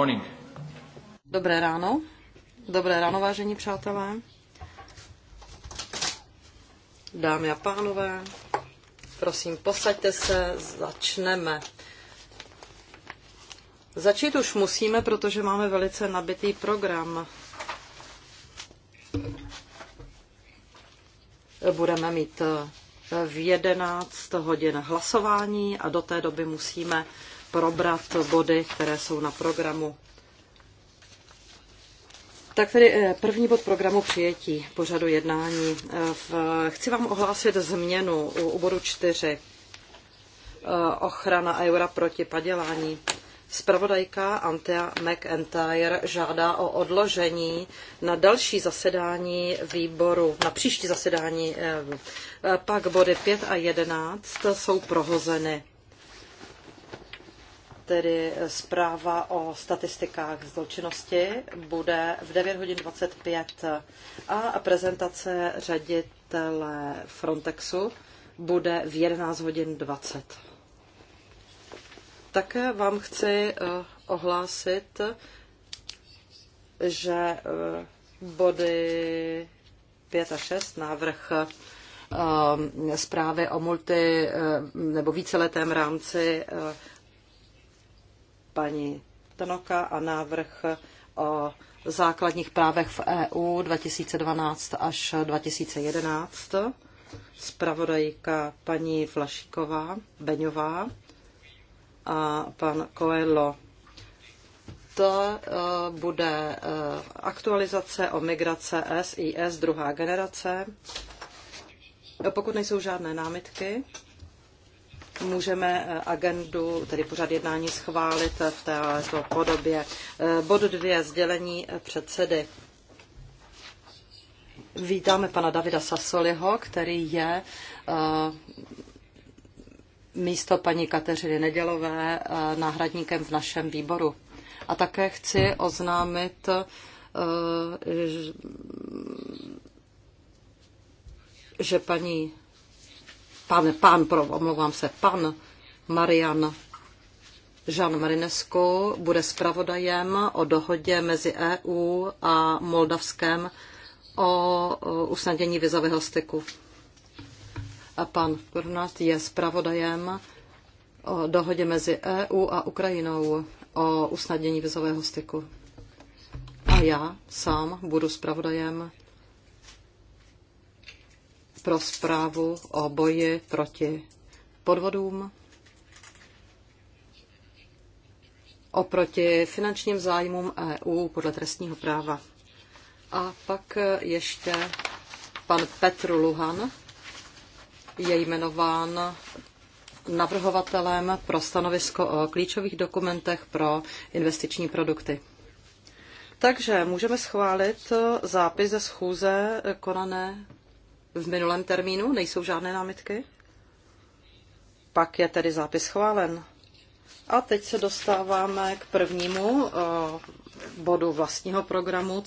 morning. Dobré ráno. Dobré ráno, vážení přátelé. Dámy a pánové, prosím, posaďte se, začneme. Začít už musíme, protože máme velice nabitý program. Budeme mít v 11 hodin hlasování a do té doby musíme probrat body, které jsou na programu. Tak tedy eh, první bod programu přijetí pořadu jednání. Eh, chci vám ohlásit změnu u bodu 4. Eh, ochrana eura proti padělání. Spravodajka Antea McIntyre žádá o odložení na další zasedání výboru, na příští zasedání. Pak body 5 a 11 jsou prohozeny tedy zpráva o statistikách zločinnosti bude v 9 hodin 25 a prezentace ředitele Frontexu bude v 11 hodin 20. Také vám chci eh, ohlásit, že eh, body 5 a 6 návrh eh, zprávy o multi nebo víceletém rámci paní Tanoka a návrh o základních právech v EU 2012 až 2011. Spravodajka paní Vlašiková, Beňová a pan Coelho. To eh, bude eh, aktualizace o migrace SIS druhá generace. Pokud nejsou žádné námitky, můžeme eh, agendu, tedy pořad jednání schválit v této podobě. Eh, bod dvě, sdělení předsedy. Vítáme pana Davida Sasoliho, který je eh, místo paní Kateřiny Nedělové náhradníkem v našem výboru. A také chci oznámit že paní pan, pan, pro, omlouvám se, pan Marian Jean Marinescu bude zpravodajem o dohodě mezi EU a Moldavskem o usnadění vizového styku. A pan Purnat je zpravodajem o dohodě mezi EU a Ukrajinou o usnadnění vizového styku. A já sám budu zpravodajem pro zprávu o boji proti podvodům oproti finančním zájmům EU podle trestního práva. A pak ještě pan Petr Luhan je jmenován navrhovatelem pro stanovisko o klíčových dokumentech pro investiční produkty. Takže můžeme schválit zápis ze schůze konané v minulém termínu? Nejsou žádné námitky? Pak je tedy zápis schválen. A teď se dostáváme k prvnímu eh, bodu vlastního programu.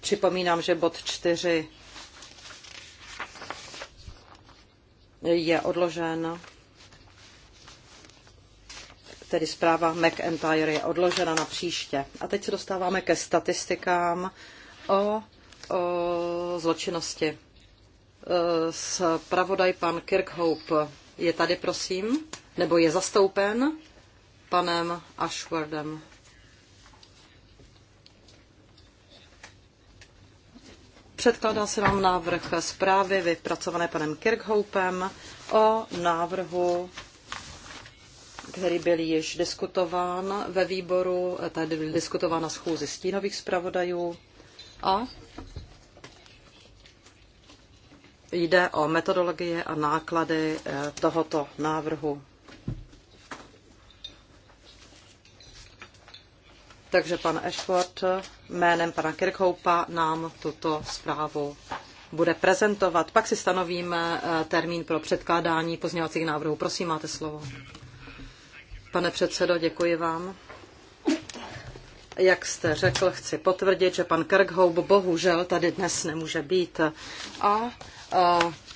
Připomínám, že bod 4 je odložen. Tedy zpráva McIntyre je odložena na příště. A teď se dostáváme ke statistikám o, o zločinnosti zpravodaj pan Kirkhope je tady, prosím, nebo je zastoupen panem Ashwardem. Předkládá se vám návrh zprávy vypracované panem Kirkhopem o návrhu, který byl již diskutován ve výboru, tady byl diskutován na schůzi stínových zpravodajů a jde o metodologie a náklady eh, tohoto návrhu. Takže pan Ashford jménem pana Kirkhoupa nám tuto zprávu bude prezentovat. Pak si stanovíme eh, termín pro předkládání pozměňovacích návrhů. Prosím, máte slovo. Pane předsedo, děkuji vám. Jak jste řekl, chci potvrdit, že pan Kirkhope bohužel tady dnes nemůže být a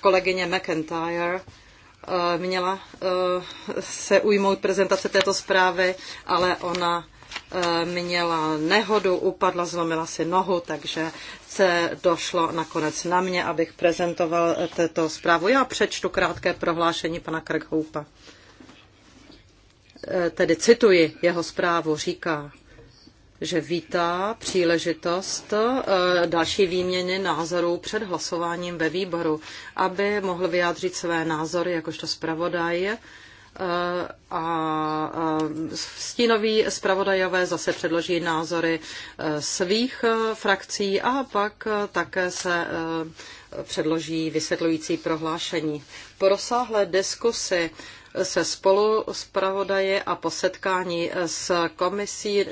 kolegyně McIntyre eh, měla eh, se ujmout prezentace této zprávy, ale ona eh, měla nehodu, upadla, zlomila si nohu, takže se došlo nakonec na mě, abych prezentoval této zprávu. Já přečtu krátké prohlášení pana Krghoupa. Tedy cituji jeho zprávu, říká, že vítá příležitost eh, další výměny názorů před hlasováním ve výboru, aby mohl vyjádřit své názory jakožto zpravodaj eh, a eh, stínoví zpravodajové zase předloží názory svých frakcí a pak také se předloží vysvětlující prohlášení. Po rozsáhlé diskusi se spolu zpravodaje a po setkání s komisí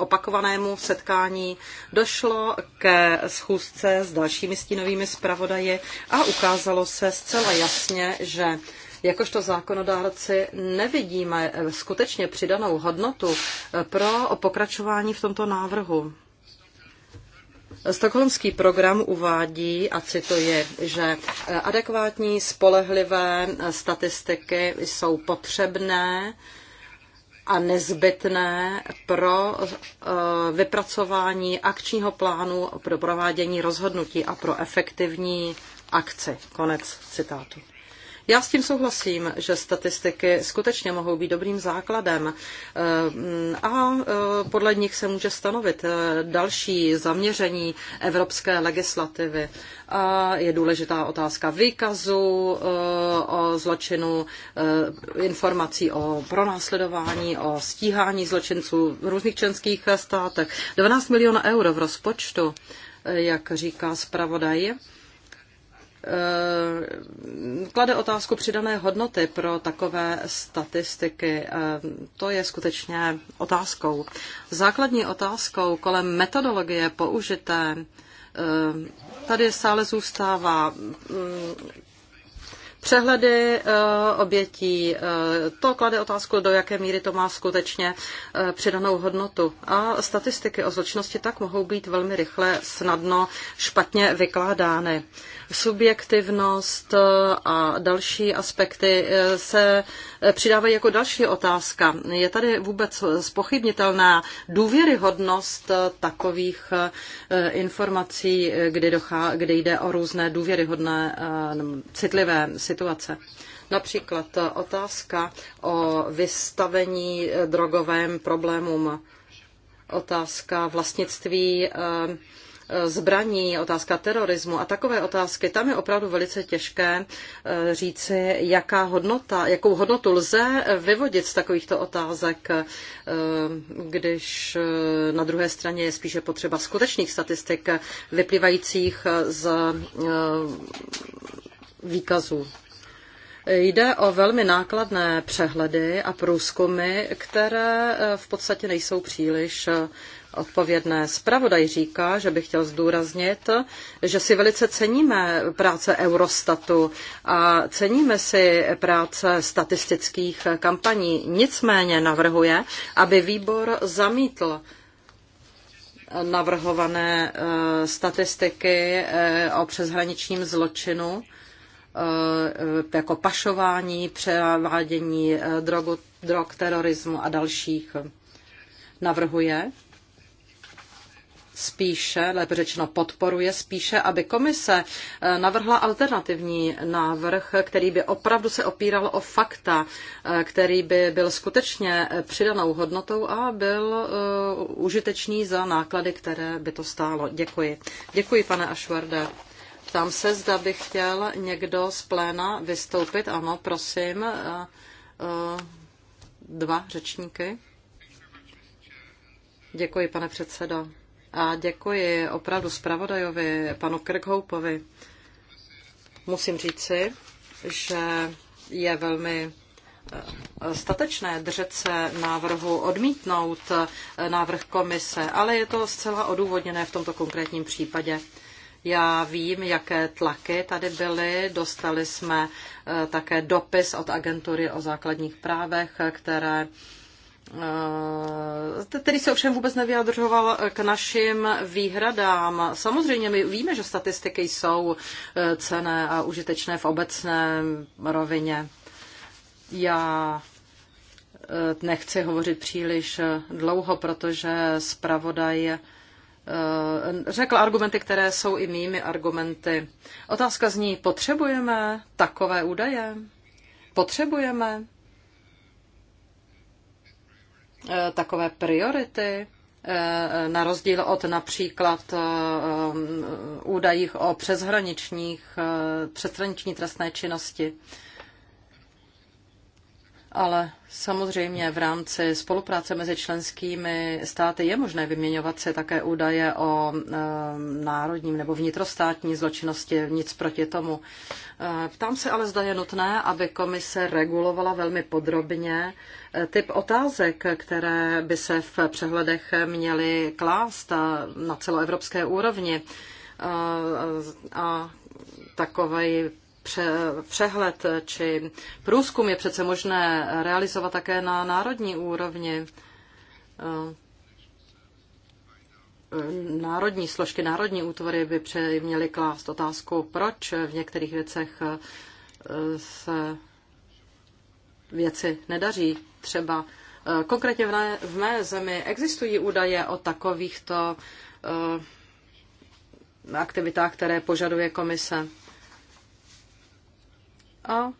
opakovanému setkání došlo ke schůzce s dalšími stínovými zpravodaji a ukázalo se zcela jasně, že jakožto zákonodárci nevidíme skutečně přidanou hodnotu pro pokračování v tomto návrhu. Stockholmský program uvádí, a cituji, že adekvátní spolehlivé statistiky jsou potřebné a nezbytné pro eh, vypracování akčního plánu pro provádění rozhodnutí a pro efektivní akci. Konec citátu. Já s tím souhlasím, že statistiky skutečně mohou být dobrým základem eh, a eh, podle nich se může stanovit eh, další zaměření evropské legislativy. A je důležitá otázka výkazu o zločinu, informací o pronásledování, o stíhání zločinců v různých členských státech. 12 milionů euro v rozpočtu, jak říká zpravodaj Eh, klade otázku přidané hodnoty pro takové statistiky. Eh, to je skutečně otázkou. Základní otázkou kolem metodologie použité eh, tady stále zůstává mm, přehledy obětí. To klade otázku, do jaké míry to má skutečně přidanou hodnotu. A statistiky o zločinnosti tak mohou být velmi rychle, snadno, špatně vykládány subjektivnost eh, a další aspekty eh, se eh, přidávají jako další otázka. Je tady vůbec spochybnitelná důvěryhodnost takových informací, kdy, dochá, kdy jde o různé důvěryhodné citlivé situace? Například otázka o vystavení drogovém problémům, otázka vlastnictví zbraní, otázka terorismu a takové otázky, tam je opravdu velice těžké eh, říci, jaká hodnota, jakou hodnotu lze vyvodit z takovýchto otázek, eh, když eh, na druhé straně je spíše potřeba skutečných statistik vyplývajících z výkazů. Jde o velmi nákladné přehledy a průzkumy, které v podstatě nejsou příliš odpovědné. zpravodaj říká, že by chtěl zdůraznit, že si velice ceníme práce Eurostatu a ceníme si práce statistických kampaní. Nicméně navrhuje, aby výbor zamítl navrhované eh, statistiky eh, o přeshraničním zločinu eh, jako pašování, převádění drogu, drog, terorismu a dalších. Navrhuje, spíše, lépe řečeno podporuje spíše, aby komise eh, navrhla alternativní návrh, který by opravdu se opíral o fakta, eh, který by byl skutečně eh, přidanou hodnotou a byl užitečný za náklady, které by to stálo. Děkuji. Děkuji, pane Ašvarde. Ptám se, zda by chtěl někdo z pléna vystoupit. Ano, prosím, dva řečníky. Děkuji, pane předsedo a děkuji opravdu zpravodajovi, panu Kirkhoupovi. Musím říci, že je velmi eh, statečné držet se návrhu odmítnout eh, návrh komise, ale je to zcela odůvodněné v tomto konkrétním případě. Já vím, jaké tlaky tady byly. Dostali jsme eh, také dopis od agentury o základních právech, které který eh, se ovšem vůbec nevyjadřoval k našim výhradám. Samozřejmě my víme, že statistiky jsou eh, cené a užitečné v obecné rovině. Já eh, nechci hovořit příliš dlouho, protože zpravodaj řekl argumenty, které jsou i mými argumenty. Otázka zní, potřebujeme takové údaje? Potřebujeme Eh, takové priority, eh, eh, na rozdíl od například údajích o přeshraničních, přeshraniční trestné činnosti ale samozřejmě v rámci spolupráce mezi členskými státy je možné vyměňovat se také údaje o eh, národním nebo vnitrostátní zločinnosti, nic proti tomu. Eh, ptám se ale, zda je nutné, aby komise regulovala velmi podrobně eh, typ otázek, které by se v přehledech měly klást na celoevropské úrovni. A takový přehled či průzkum je přece možné realizovat také na národní úrovni. Eh, národní složky, národní útvory by měly klást otázku, proč v některých věcech eh, se věci nedaří. Třeba eh, konkrétně v, mé zemi existují údaje o takovýchto aktivitách, které požaduje komise. A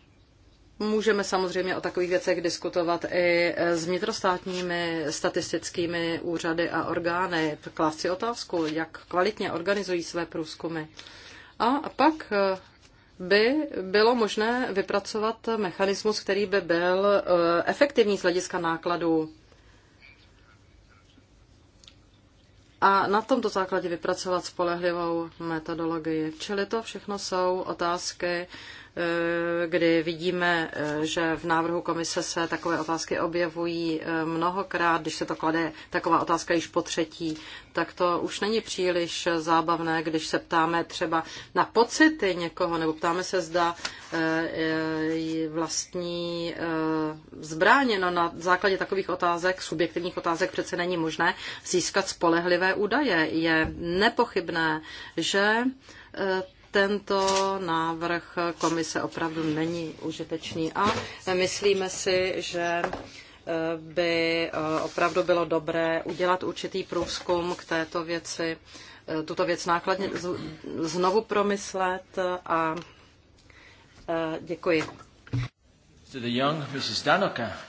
můžeme samozřejmě o takových věcech diskutovat i e, s vnitrostátními statistickými úřady a orgány, klást si otázku, jak kvalitně organizují své průzkumy. A pak e, by bylo možné vypracovat mechanismus, který by byl e, efektivní z hlediska nákladů. A na tomto základě vypracovat spolehlivou metodologii. Čili to všechno jsou otázky, Eh, kdy vidíme, eh, že v návrhu komise se takové otázky objevují eh, mnohokrát, když se to klade taková otázka již po třetí, tak to už není příliš zábavné, když se ptáme třeba na pocity někoho, nebo ptáme se, zda vlastní no na základě takových otázek, subjektivních otázek přece není možné získat spolehlivé údaje. Je nepochybné, že tento návrh komise opravdu není užitečný a myslíme si, že eh, by eh, opravdu bylo dobré udělat určitý průzkum k této věci, eh, tuto věc nákladně znovu promyslet a děkuji. To young Mrs.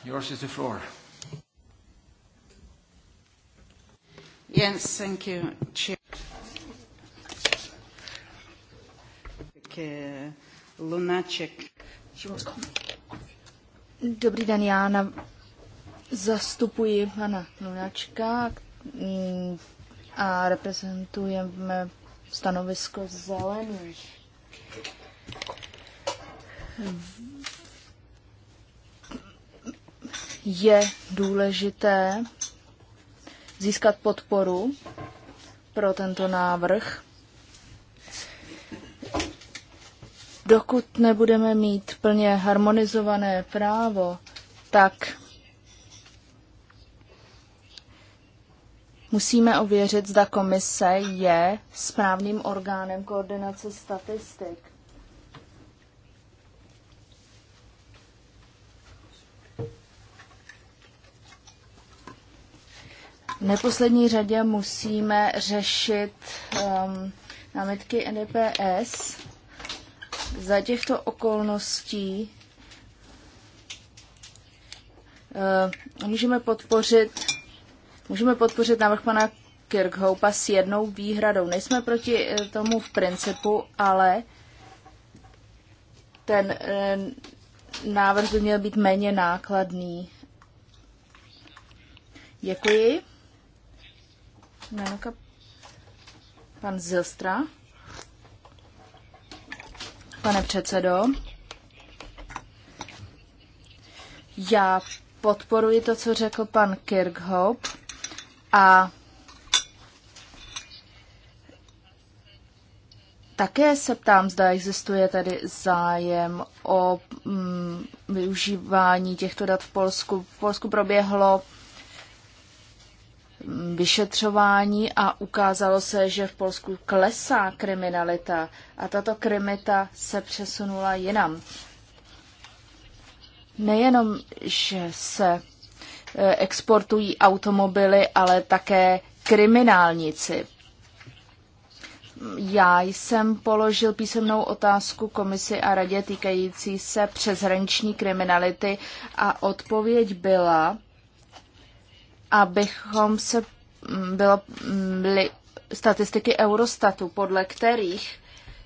yours is the floor. Yes, thank you. Lunaček. Dobrý den, já na... zastupuji pana Lunačka mm, a reprezentujeme stanovisko zelených. Je důležité získat podporu pro tento návrh Dokud nebudeme mít plně harmonizované právo, tak musíme ověřit, zda komise je správným orgánem koordinace statistik. V neposlední řadě musíme řešit um, námitky NDPS. Za těchto okolností eh, můžeme podpořit, můžeme podpořit návrh pana Kirkhoupa s jednou výhradou. Nejsme proti eh, tomu v principu, ale ten eh, návrh by měl být méně nákladný. Děkuji. pan Zilstra pane předsedo. Já podporuji to, co řekl pan Kirkhope a také se ptám, zda existuje tady zájem o mm, využívání těchto dat v Polsku. V Polsku proběhlo vyšetřování a ukázalo se, že v Polsku klesá kriminalita a tato krimita se přesunula jinam. Nejenom, že se e, exportují automobily, ale také kriminálnici. Já jsem položil písemnou otázku komisi a radě týkající se přeshraniční kriminality a odpověď byla, abychom se mm, bylo, byly mm, statistiky Eurostatu, podle kterých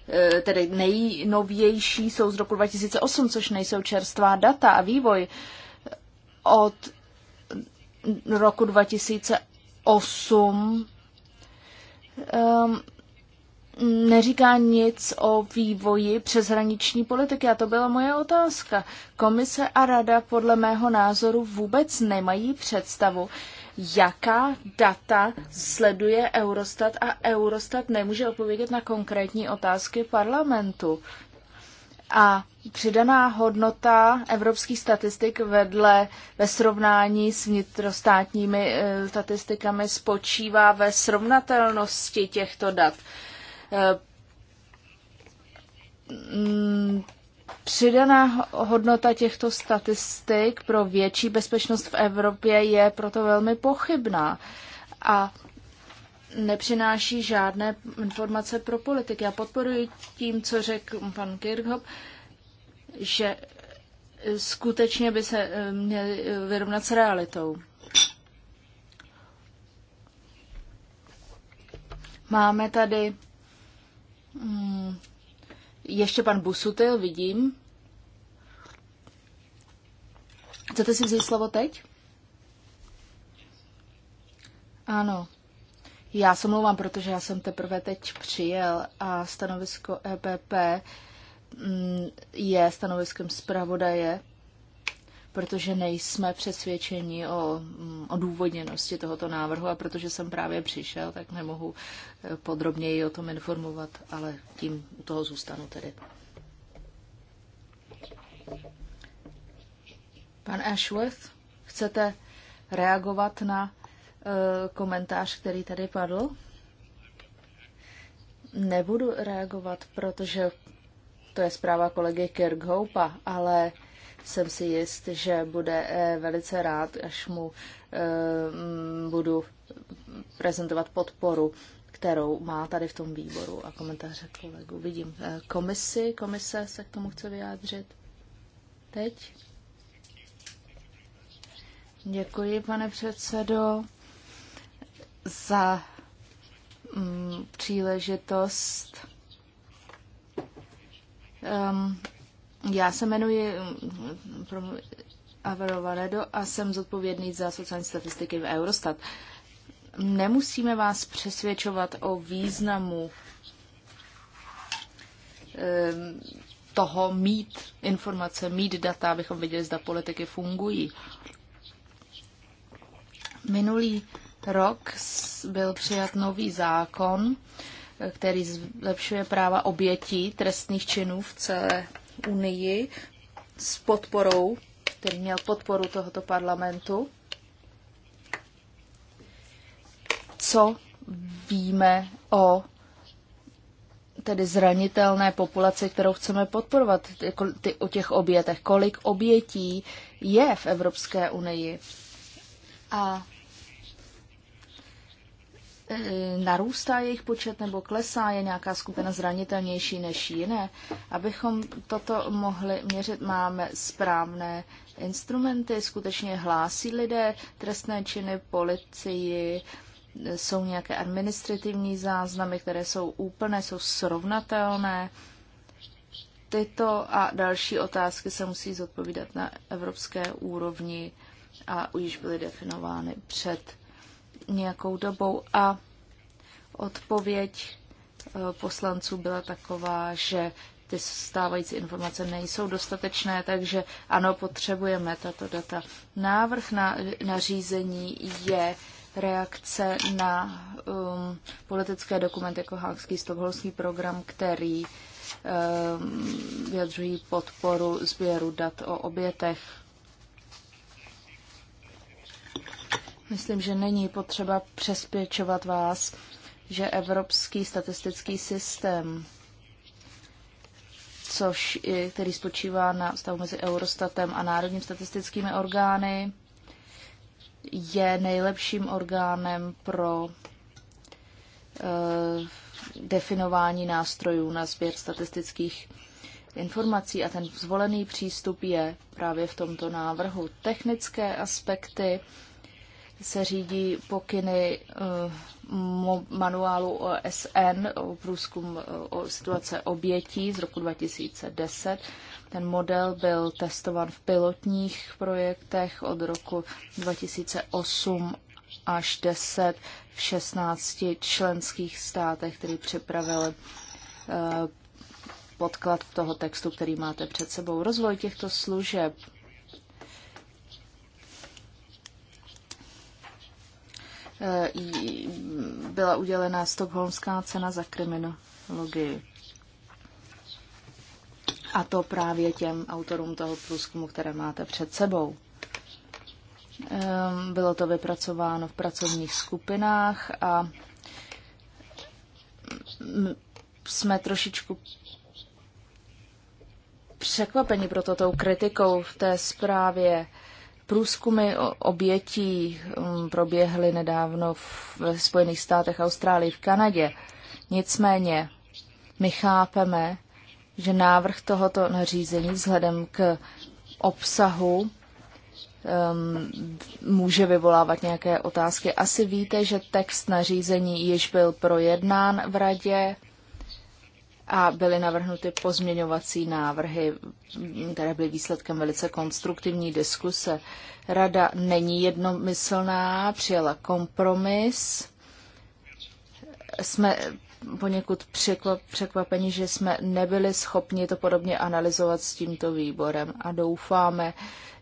e, tedy nejnovější jsou z roku 2008, což nejsou čerstvá data a vývoj od roku 2008 neříká nic o vývoji přeshraniční politiky. A to byla moje otázka. Komise a rada podle mého názoru vůbec nemají představu, jaká data sleduje Eurostat a Eurostat nemůže odpovědět na konkrétní otázky parlamentu. A přidaná hodnota evropských statistik vedle ve srovnání s vnitrostátními e, statistikami spočívá ve srovnatelnosti těchto dat. E, Přidaná hodnota těchto statistik pro větší bezpečnost v Evropě je proto velmi pochybná a nepřináší žádné informace pro politiky. Já podporuji tím, co řekl pan Kirchhoff, že skutečně by se eh, měli vyrovnat s realitou. Máme tady mm, ještě pan Busutil, vidím. Chcete si vzít slovo teď? Ano. Já se mluvám, protože já jsem teprve teď přijel a stanovisko EPP mm, je stanoviskem zpravodaje protože nejsme přesvědčeni o mm, odůvodněnosti tohoto návrhu a protože jsem právě přišel, tak nemohu eh, podrobněji o tom informovat, ale tím u toho zůstanu tedy. Pan Ashworth, chcete reagovat na eh, komentář, který tady padl? Nebudu reagovat, protože to je zpráva kolegy Kirkhoupa, ale jsem si jist, že bude eh, velice rád, až mu eh, budu prezentovat podporu, kterou má tady v tom výboru a komentáře kolegů. Vidím eh, komisi, komise se k tomu chce vyjádřit. Teď. Děkuji, pane předsedo, za mm, příležitost ehm, já se jmenuji Avero mm, Varedo a jsem zodpovědný za sociální statistiky v Eurostat. Nemusíme vás přesvědčovat o významu ehm, toho mít informace, mít data, abychom viděli, zda politiky fungují. Minulý rok byl přijat nový zákon, který zlepšuje práva obětí trestných činů v celé unii s podporou, který měl podporu tohoto parlamentu. Co víme o tedy zranitelné populaci, kterou chceme podporovat, ty, ty, o těch obětech, kolik obětí je v Evropské unii. A Eh, narůstá jejich počet nebo klesá, je nějaká skupina zranitelnější než jiné. Abychom toto mohli měřit, máme správné instrumenty, skutečně hlásí lidé trestné činy policii, eh, jsou nějaké administrativní záznamy, které jsou úplné, jsou srovnatelné. Tyto a další otázky se musí zodpovídat na evropské úrovni a už byly definovány před nějakou dobou a odpověď eh, poslanců byla taková, že ty stávající informace nejsou dostatečné, takže ano, potřebujeme tato data. Návrh na nařízení je reakce na um, politické dokumenty jako Hákský stokholmský program, který um, vyjadřují podporu sběru dat o obětech Myslím, že není potřeba přespěčovat vás, že evropský statistický systém, což, který spočívá na stavu mezi Eurostatem a národním statistickými orgány, je nejlepším orgánem pro uh, definování nástrojů na sběr statistických informací a ten zvolený přístup je právě v tomto návrhu. Technické aspekty se řídí pokyny eh, manuálu OSN o průzkum eh, o situace obětí z roku 2010. Ten model byl testován v pilotních projektech od roku 2008 až 10 v 16 členských státech, který připravil eh, podklad toho textu, který máte před sebou. Rozvoj těchto služeb Eh, byla udělena Stockholmská cena za kriminologii. A to právě těm autorům toho průzkumu, které máte před sebou. Bylo to vypracováno v pracovních skupinách a jsme trošičku překvapeni pro tou kritikou v té zprávě. Průzkumy obětí mm, proběhly nedávno v, ve Spojených státech, Austrálii, v Kanadě. Nicméně my chápeme, že návrh tohoto nařízení vzhledem k obsahu um, může vyvolávat nějaké otázky. Asi víte, že text nařízení již byl projednán v radě a byly navrhnuty pozměňovací návrhy, které byly výsledkem velice konstruktivní diskuse. Rada není jednomyslná, přijala kompromis. Jsme poněkud překvapeni, že jsme nebyli schopni to podobně analyzovat s tímto výborem a doufáme,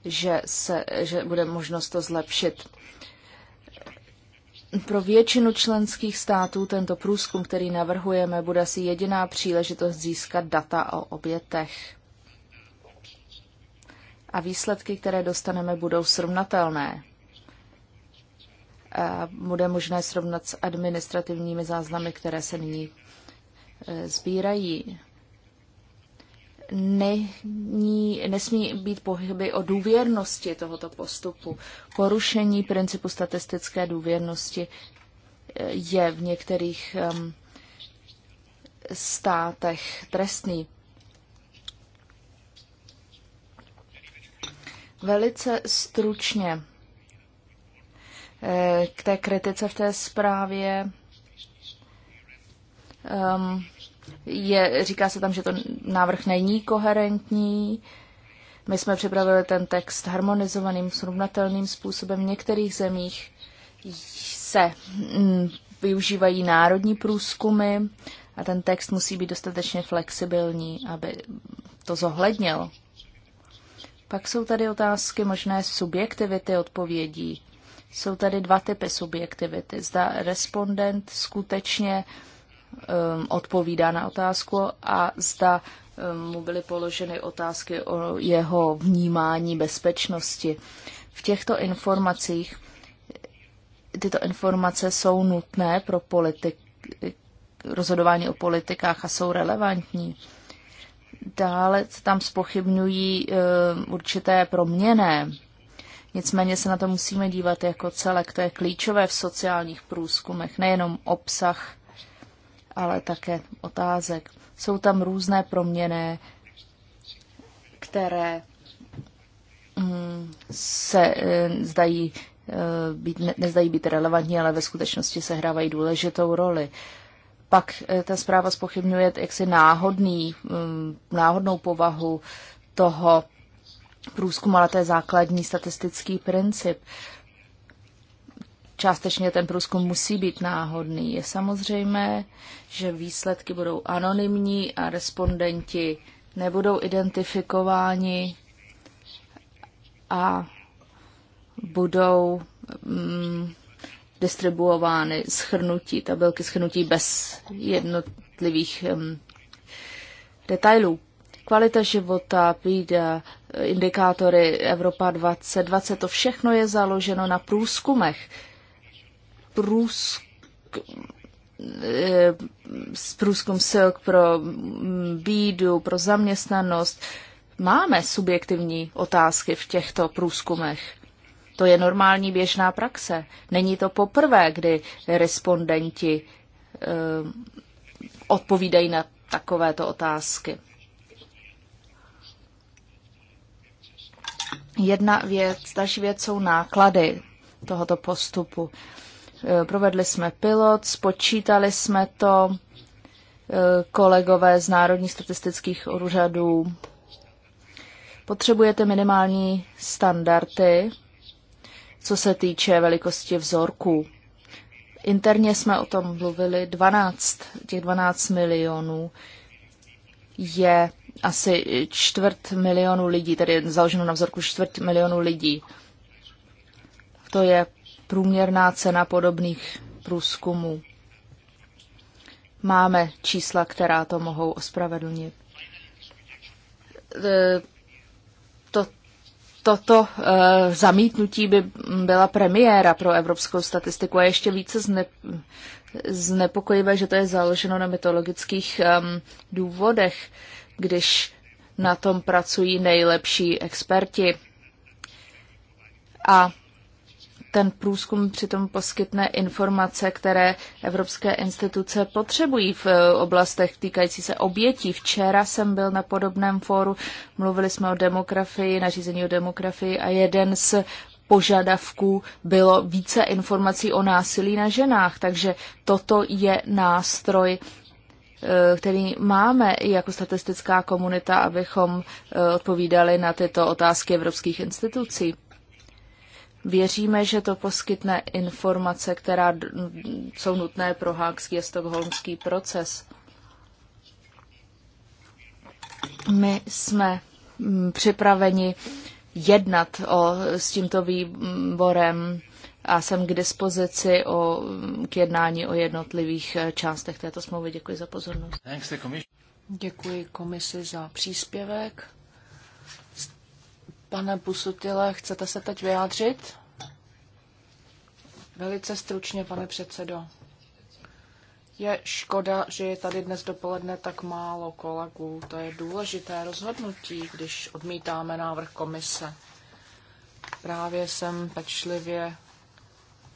že, se, že bude možnost to zlepšit pro většinu členských států tento průzkum, který navrhujeme, bude asi jediná příležitost získat data o obětech. A výsledky, které dostaneme, budou srovnatelné. A bude možné srovnat s administrativními záznamy, které se nyní e, sbírají není, nesmí být pohyby o důvěrnosti tohoto postupu. Porušení principu statistické důvěrnosti eh, je v některých um, státech trestný. Velice stručně eh, k té kritice v té zprávě. Um, je, říká se tam, že to návrh není koherentní. My jsme připravili ten text harmonizovaným, srovnatelným způsobem. V některých zemích se mm, využívají národní průzkumy a ten text musí být dostatečně flexibilní, aby to zohlednil. Pak jsou tady otázky možné subjektivity odpovědí. Jsou tady dva typy subjektivity. Zda respondent skutečně uh, Um, odpovídá na otázku a zda um, mu byly položeny otázky o jeho vnímání bezpečnosti. V těchto informacích tyto informace jsou nutné pro politik, rozhodování o politikách a jsou relevantní. Dále tam spochybňují um, určité proměné. Nicméně se na to musíme dívat jako celek. To je klíčové v sociálních průzkumech, nejenom obsah ale také otázek. Jsou tam různé proměny, které mm, se eh, zdají eh, být, ne, nezdají být relevantní, ale ve skutečnosti sehrávají důležitou roli. Pak eh, ta zpráva spochybňuje jaksi náhodný, mm, náhodnou povahu toho průzkumu, ale to je základní statistický princip částečně ten průzkum musí být náhodný. Je samozřejmé, že výsledky budou anonymní a respondenti nebudou identifikováni a budou mm, distribuovány schrnutí, tabelky schrnutí bez jednotlivých mm, detailů. Kvalita života, pída, indikátory Evropa 2020, to všechno je založeno na průzkumech s eh, průzkum silk pro bídu, pro zaměstnanost. Máme subjektivní otázky v těchto průzkumech. To je normální běžná praxe. Není to poprvé, kdy respondenti eh, odpovídají na takovéto otázky. Jedna věc, další věc jsou náklady tohoto postupu. Eh, provedli jsme pilot, spočítali jsme to, eh, kolegové z Národních statistických úřadů. Potřebujete minimální standardy, co se týče velikosti vzorků. Interně jsme o tom mluvili, 12, těch 12 milionů je asi čtvrt milionu lidí, tedy založeno na vzorku čtvrt milionu lidí. To je průměrná cena podobných průzkumů. Máme čísla, která to mohou ospravedlnit. To, toto eh, zamítnutí by byla premiéra pro evropskou statistiku a ještě více zne, znepokojivé, že to je založeno na mytologických um, důvodech, když na tom pracují nejlepší experti. A ten průzkum přitom poskytne informace, které evropské instituce potřebují v eh, oblastech týkající se obětí. Včera jsem byl na podobném fóru, mluvili jsme o demografii, nařízení o demografii a jeden z požadavků bylo více informací o násilí na ženách, takže toto je nástroj, eh, který máme i jako statistická komunita, abychom eh, odpovídali na tyto otázky evropských institucí. Věříme, že to poskytne informace, která jsou nutné pro hákský a stokholmský proces. My jsme mm, připraveni jednat o, s tímto výborem a jsem k dispozici o, k jednání o jednotlivých eh, částech této smlouvy. Děkuji za pozornost. Děkuji komisi za příspěvek. Pane Busutile, chcete se teď vyjádřit? Velice stručně, pane předsedo. Je škoda, že je tady dnes dopoledne tak málo kolegů. To je důležité rozhodnutí, když odmítáme návrh komise. Právě jsem pečlivě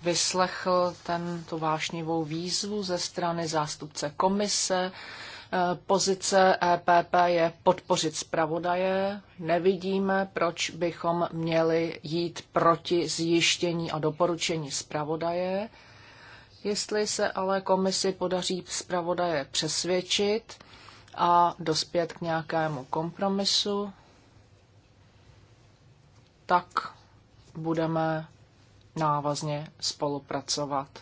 vyslechl ten, tu vášnivou výzvu ze strany zástupce komise, Eh, pozice EPP je podpořit zpravodaje. Nevidíme, proč bychom měli jít proti zjištění a doporučení zpravodaje. Jestli se ale komisi podaří zpravodaje přesvědčit a dospět k nějakému kompromisu, tak budeme návazně spolupracovat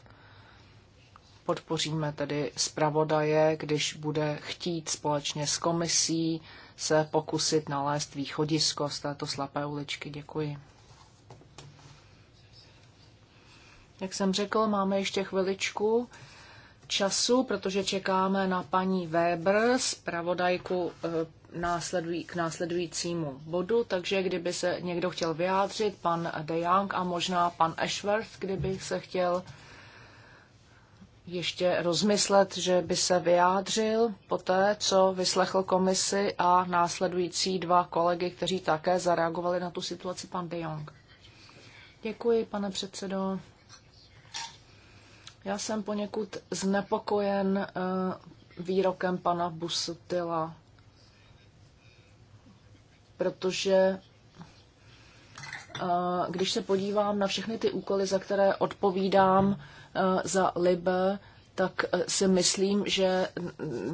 Podpoříme tedy zpravodaje, když bude chtít společně s komisí se pokusit nalézt východisko z této slepé uličky. Děkuji. Jak jsem řekl, máme ještě chviličku času, protože čekáme na paní Weber, zpravodajku eh, následují, k následujícímu bodu, takže kdyby se někdo chtěl vyjádřit, pan De Jong a možná pan Ashworth, kdyby se chtěl ještě rozmyslet, že by se vyjádřil po té, co vyslechl komisi a následující dva kolegy, kteří také zareagovali na tu situaci, pan De Jong. Děkuji, pane předsedo. Já jsem poněkud znepokojen eh, výrokem pana Busutila, protože eh, když se podívám na všechny ty úkoly, za které odpovídám, Eh, za Libe, tak eh, si myslím, že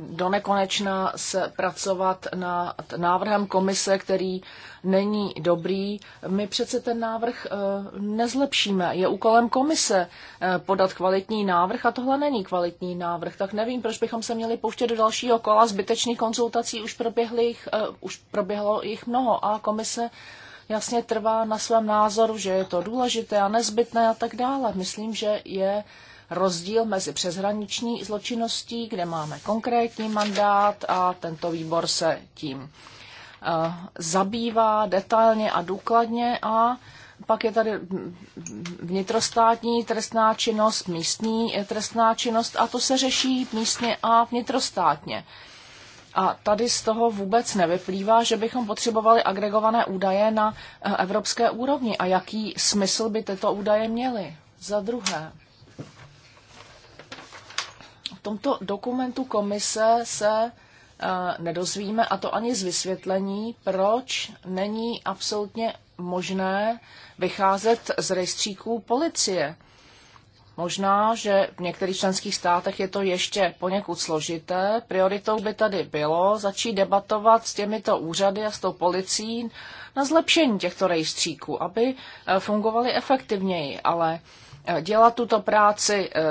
do nekonečna se pracovat na návrhem komise, který není dobrý. My přece ten návrh eh, nezlepšíme. Je úkolem komise podat kvalitní návrh a tohle není kvalitní návrh. Tak nevím, proč bychom se měli pouštět do dalšího kola. Zbytečných konzultací už, proběhly už proběhlo jich mnoho a komise jasně trvá na svém názoru, že je to důležité a nezbytné a tak dále. Myslím, že je rozdíl mezi přeshraniční zločinností, kde máme konkrétní mandát a tento výbor se tím eh, zabývá detailně a důkladně a pak je tady vnitrostátní trestná činnost, místní trestná činnost a to se řeší místně a vnitrostátně. A tady z toho vůbec nevyplývá, že bychom potřebovali agregované údaje na eh, evropské úrovni. A jaký smysl by tyto údaje měly? Za druhé, v tomto dokumentu komise se eh, nedozvíme, a to ani z vysvětlení, proč není absolutně možné vycházet z rejstříků policie. Možná, že v některých členských státech je to ještě poněkud složité. Prioritou by tady bylo začít debatovat s těmito úřady a s tou policií na zlepšení těchto rejstříků, aby eh, fungovaly efektivněji, ale eh, dělat tuto práci eh,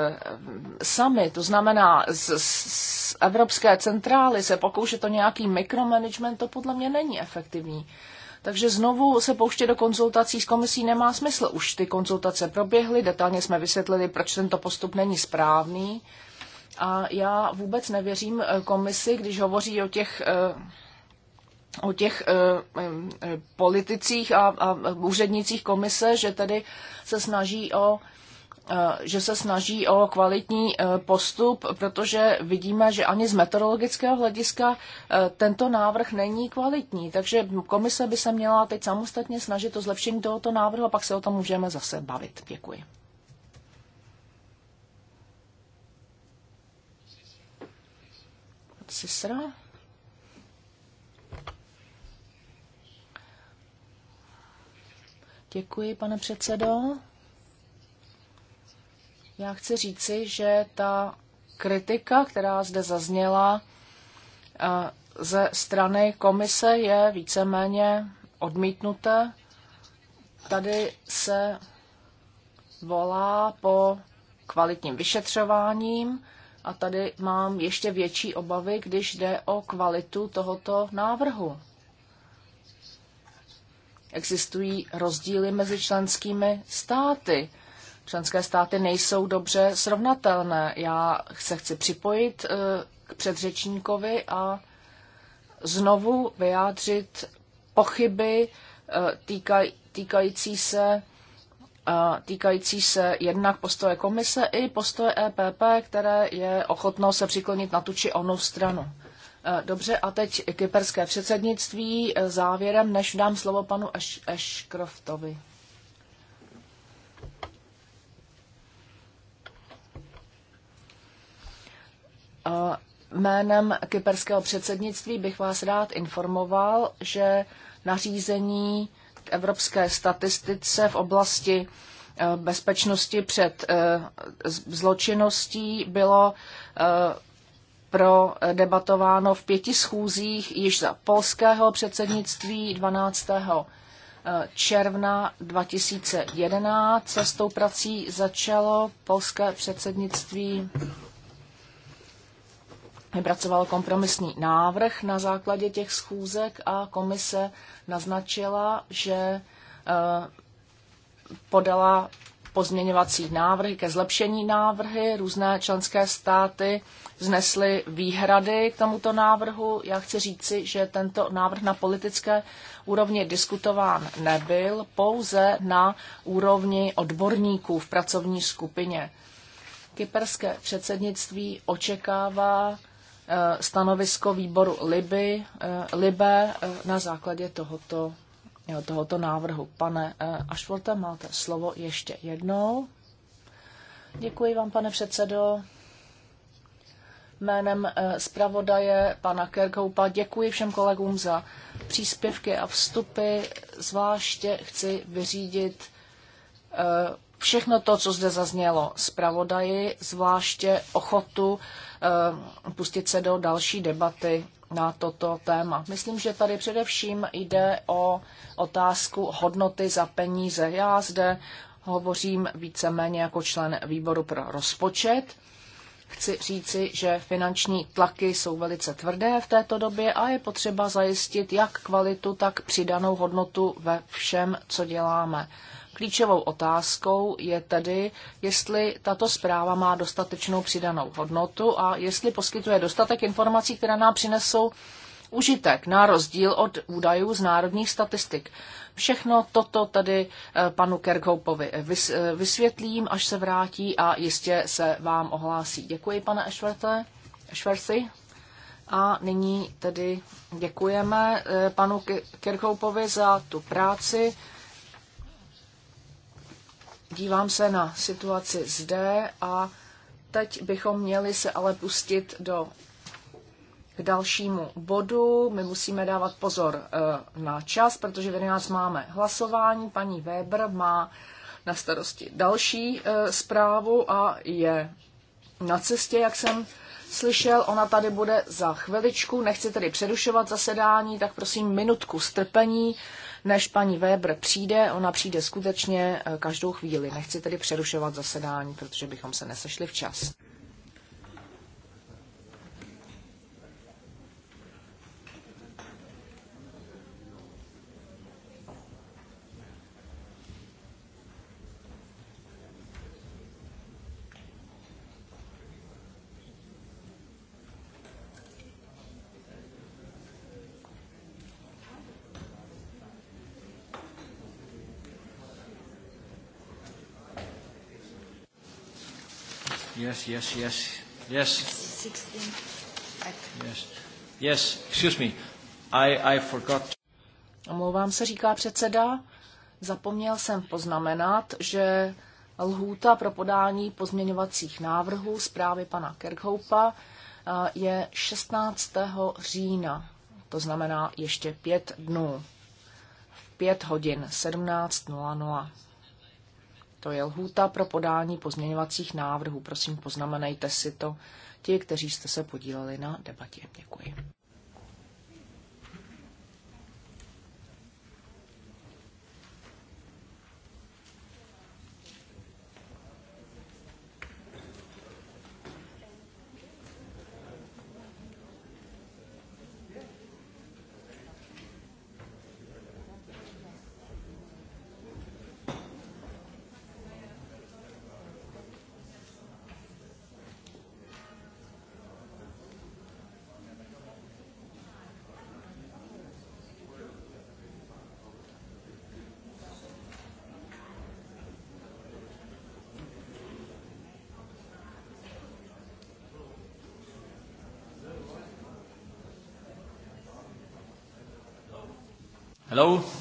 sami, to znamená z, z evropské centrály se pokoušet o nějaký mikromanagement, to podle mě není efektivní. Takže znovu se pouštět do konzultací s komisí nemá smysl. Už ty konzultace proběhly, detailně jsme vysvětlili, proč tento postup není správný. A já vůbec nevěřím eh, komisi, když hovoří o těch eh, o těch eh, politicích a, a úřednicích komise, že tedy se snaží o Eh, že se snaží o kvalitní eh, postup, protože vidíme, že ani z meteorologického hlediska eh, tento návrh není kvalitní. Takže komise by se měla teď samostatně snažit o zlepšení tohoto návrhu a pak se o tom můžeme zase bavit. Děkuji. Cicera. Děkuji, pane předsedo. Já chci říci, že ta kritika, která zde zazněla eh, ze strany komise, je víceméně odmítnuté. Tady se volá po kvalitním vyšetřováním a tady mám ještě větší obavy, když jde o kvalitu tohoto návrhu. Existují rozdíly mezi členskými státy členské státy nejsou dobře srovnatelné. Já se chci připojit eh, k předřečníkovi a znovu vyjádřit pochyby eh, týkaj, týkající se eh, týkající se jednak postoje komise i postoje EPP, které je ochotno se přiklonit na tu či onu stranu. Dobře, a teď kyperské předsednictví závěrem, než dám slovo panu Ashcroftovi. Eš- Jménem kyperského předsednictví bych vás rád informoval, že nařízení k evropské statistice v oblasti e, bezpečnosti před e, zločinností bylo e, pro debatováno v pěti schůzích již za polského předsednictví 12. června 2011. Cestou prací začalo polské předsednictví vypracoval kompromisní návrh na základě těch schůzek a komise naznačila, že eh, podala pozměňovací návrhy ke zlepšení návrhy. Různé členské státy vznesly výhrady k tomuto návrhu. Já chci říci, že tento návrh na politické úrovni diskutován nebyl, pouze na úrovni odborníků v pracovní skupině. Kyperské předsednictví očekává Eh, stanovisko výboru Liby, eh, Libe eh, na základě tohoto, tohoto návrhu. Pane Ašvolte, máte slovo ještě jednou. Děkuji vám, pane předsedo. Jménem zpravodaje pana Kerkoupa děkuji všem kolegům za příspěvky a vstupy. Zvláště chci vyřídit všechno to, co zde zaznělo zpravodaji, zvláště ochotu Eh, pustit se do další debaty na toto téma. Myslím, že tady především jde o otázku hodnoty za peníze. Já zde hovořím víceméně jako člen výboru pro rozpočet. Chci říci, že finanční tlaky jsou velice tvrdé v této době a je potřeba zajistit jak kvalitu, tak přidanou hodnotu ve všem, co děláme. Klíčovou otázkou je tedy, jestli tato zpráva má dostatečnou přidanou hodnotu a jestli poskytuje dostatek informací, které nám přinesou užitek, na rozdíl od údajů z národních statistik. Všechno toto tady eh, panu Kerkhoupovi eh, eh, vysvětlím, až se vrátí a jistě se vám ohlásí. Děkuji, pane Ešverci. A nyní tedy děkujeme panu Kerkhoupovi za tu práci. Dívám se na situaci zde a teď bychom měli se ale pustit do k dalšímu bodu. My musíme dávat pozor eh, na čas, protože v 11 máme hlasování. Paní Weber má na starosti další eh, zprávu a je na cestě, jak jsem slyšel. Ona tady bude za chviličku. Nechci tedy přerušovat zasedání, tak prosím minutku strpení než paní Weber přijde. Ona přijde skutečně eh, každou chvíli. Nechci tedy přerušovat zasedání, protože bychom se nesešli včas. yes, yes, yes, yes. 16. Yes. yes, excuse me. I, I forgot. Omlouvám se, říká předseda. Zapomněl jsem poznamenat, že lhůta pro podání pozměňovacích návrhů zprávy pana Kerkhoupa eh, je 16. října, to znamená ještě pět dnů, v pět hodin 17.00. To je lhůta pro podání pozměňovacích návrhů. Prosím, poznamenejte si to ti, kteří jste se podíleli na debatě. Děkuji.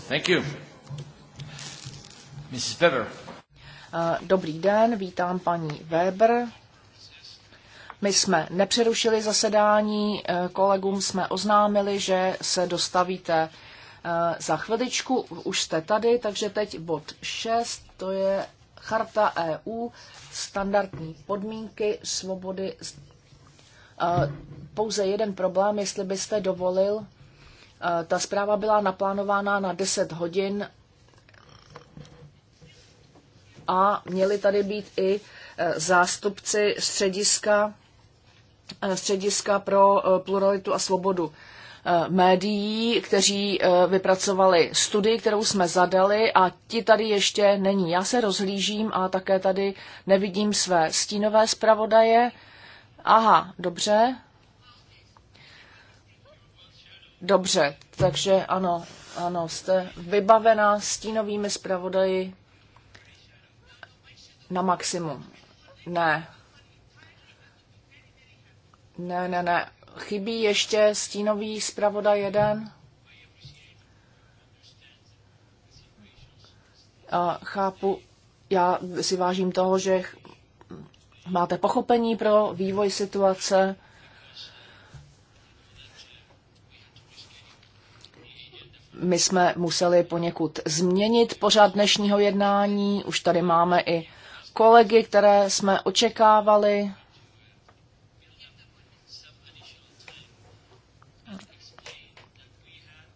thank you. Mrs. Weber. Eh, dobrý den, vítám paní Weber. My jsme nepřerušili zasedání, eh, kolegům jsme oznámili, že se dostavíte eh, za chviličku. Už jste tady, takže teď bod 6, to je Charta EU, standardní podmínky svobody. Pouze jeden problém, jestli byste dovolil Eh, ta zpráva byla naplánována na 10 hodin a měli tady být i eh, zástupci střediska, eh, střediska pro pluralitu a svobodu médií, kteří vypracovali studii, kterou jsme zadali a ti tady ještě není. Já se rozhlížím a také tady nevidím své stínové zpravodaje. Aha, dobře, Dobře, takže ano, ano, jste vybavená stínovými zpravodaji na maximum. Ne. Ne, ne, ne. Chybí ještě stínový zpravodaj jeden. A chápu, já si vážím toho, že máte pochopení pro vývoj situace. my jsme museli poněkud změnit pořád dnešního jednání. Už tady máme i kolegy, které jsme očekávali.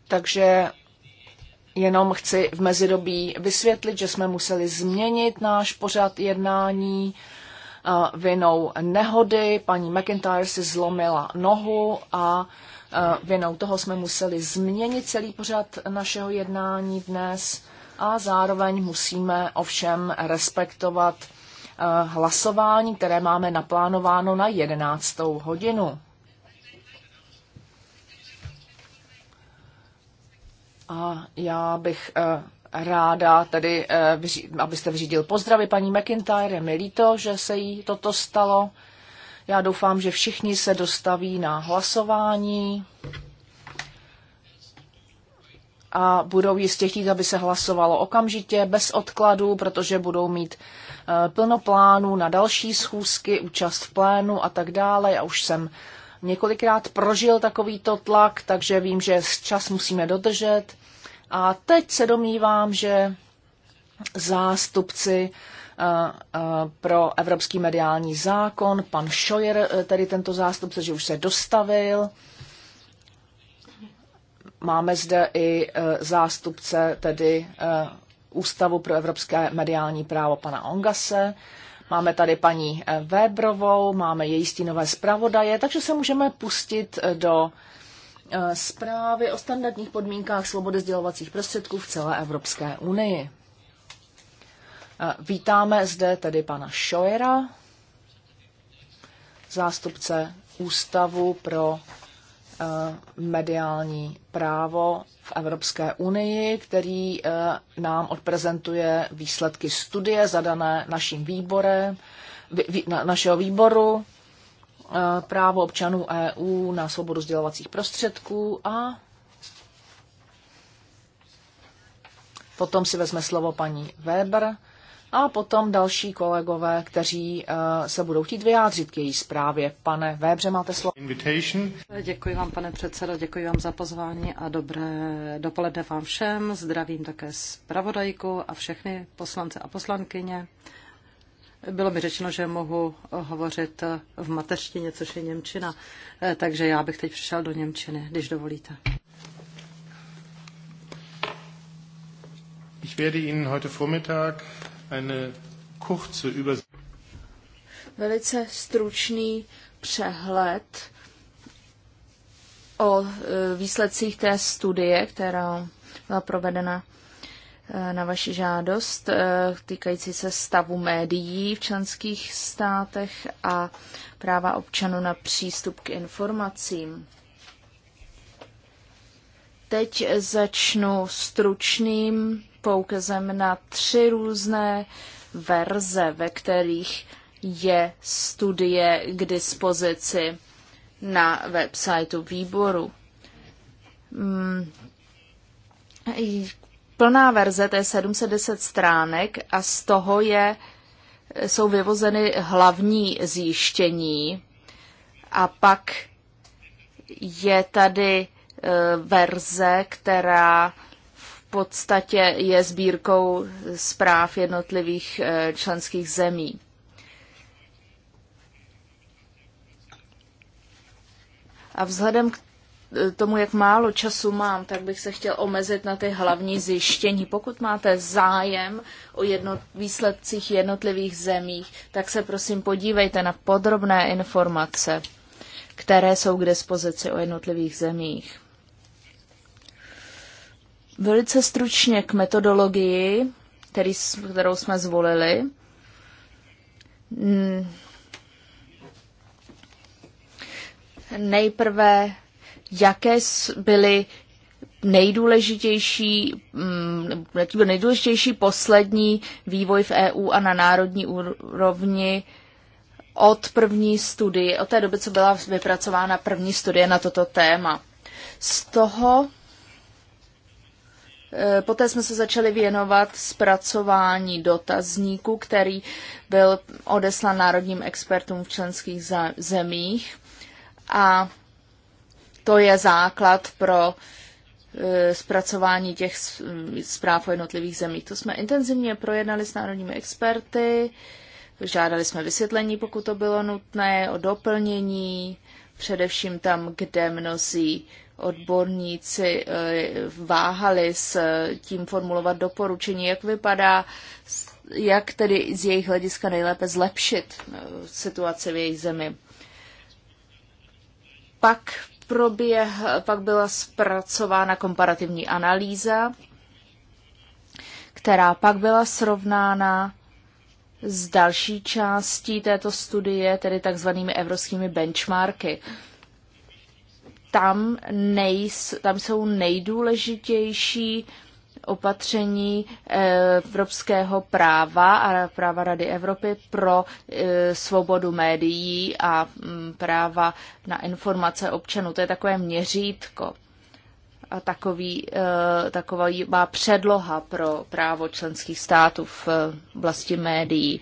Takže jenom chci v mezidobí vysvětlit, že jsme museli změnit náš pořad jednání eh, vinou nehody. Paní McIntyre si zlomila nohu a vinou toho jsme museli změnit celý pořad našeho jednání dnes a zároveň musíme ovšem respektovat eh, hlasování, které máme naplánováno na 11. hodinu. A já bych eh, ráda tedy, eh, abyste vyřídil pozdravy paní McIntyre, je mi líto, že se jí toto stalo. Já doufám, že všichni se dostaví na hlasování a budou jistě chtít, aby se hlasovalo okamžitě, bez odkladu, protože budou mít eh, plno plánů na další schůzky, účast v plénu a tak dále. Já už jsem několikrát prožil takovýto tlak, takže vím, že čas musíme dodržet. A teď se domnívám, že zástupci Eh, eh, pro evropský mediální zákon. Pan Šojer, eh, tedy tento zástupce, že už se dostavil. Máme zde i zástupce tedy Ústavu pro evropské mediální právo pana Ongase. Máme tady paní Webrovou, máme její stínové zpravodaje, takže se můžeme pustit do zprávy o standardních podmínkách svobody sdělovacích prostředků v celé Evropské unii. Vítáme zde tedy pana Šojera, zástupce Ústavu pro eh, mediální právo v Evropské unii, který eh, nám odprezentuje výsledky studie zadané naším výborem, našeho výboru eh, právo občanů EU na svobodu sdělovacích prostředků a potom si vezme slovo paní Weber, a potom další kolegové, kteří eh, se budou chtít vyjádřit k její zprávě. Pane Vébře, máte slovo. Invitation. Děkuji vám, pane předsedo, děkuji vám za pozvání a dobré dopoledne vám všem. Zdravím také zpravodajku a všechny poslance a poslankyně. Bylo mi řečeno, že mohu hovořit v mateřštině, což je Němčina, eh, takže já bych teď přišel do Němčiny, když dovolíte. Ich werde Ihnen heute Vormittag Velice stručný přehled o e, výsledcích té studie, která byla provedena e, na vaši žádost e, týkající se stavu médií v členských státech a práva občanů na přístup k informacím. Teď začnu stručným poukazem na tři různé verze, ve kterých je studie k dispozici na websiteu výboru. Hmm. Plná verze, to je 710 stránek a z toho je, jsou vyvozeny hlavní zjištění a pak je tady eh, verze, která podstatě je sbírkou zpráv jednotlivých eh, členských zemí. A vzhledem k eh, tomu, jak málo času mám, tak bych se chtěl omezit na ty hlavní zjištění. Pokud máte zájem o jedno, výsledcích jednotlivých zemích, tak se prosím podívejte na podrobné informace, které jsou k dispozici o jednotlivých zemích. Velice stručně k metodologii, který, kterou jsme zvolili. Hmm. Nejprve, jaké byly nejdůležitější, hmm, jaký byl nejdůležitější poslední vývoj v EU a na národní úrovni od první studie, od té doby, co byla vypracována první studie na toto téma. Z toho Eh, poté jsme se začali věnovat zpracování dotazníku, který byl odeslan národním expertům v členských zemích. A to je základ pro eh, zpracování těch zpráv o jednotlivých zemích. To jsme intenzivně projednali s národními experty, žádali jsme vysvětlení, pokud to bylo nutné, o doplnění, především tam, kde mnozí odborníci eh, váhali s tím formulovat doporučení, jak vypadá, jak tedy z jejich hlediska nejlépe zlepšit eh, situaci v jejich zemi. Pak, proběh, pak byla zpracována komparativní analýza, která pak byla srovnána s další částí této studie, tedy takzvanými evropskými benchmarky. Uh, tam, nejs, tam jsou nejdůležitější opatření eh, evropského práva a práva Rady Evropy pro eh, svobodu médií a mm, práva na informace občanů. To je takové měřítko a takový, eh, taková má předloha pro právo členských států v oblasti médií.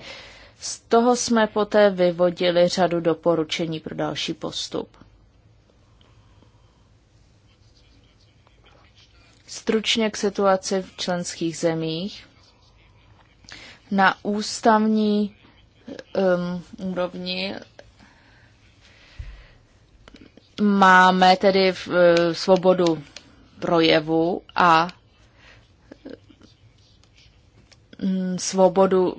Z toho jsme poté vyvodili řadu doporučení pro další postup. Stručně k situaci v členských zemích. Na ústavní um, úrovni máme tedy v, uh, svobodu projevu a mm, svobodu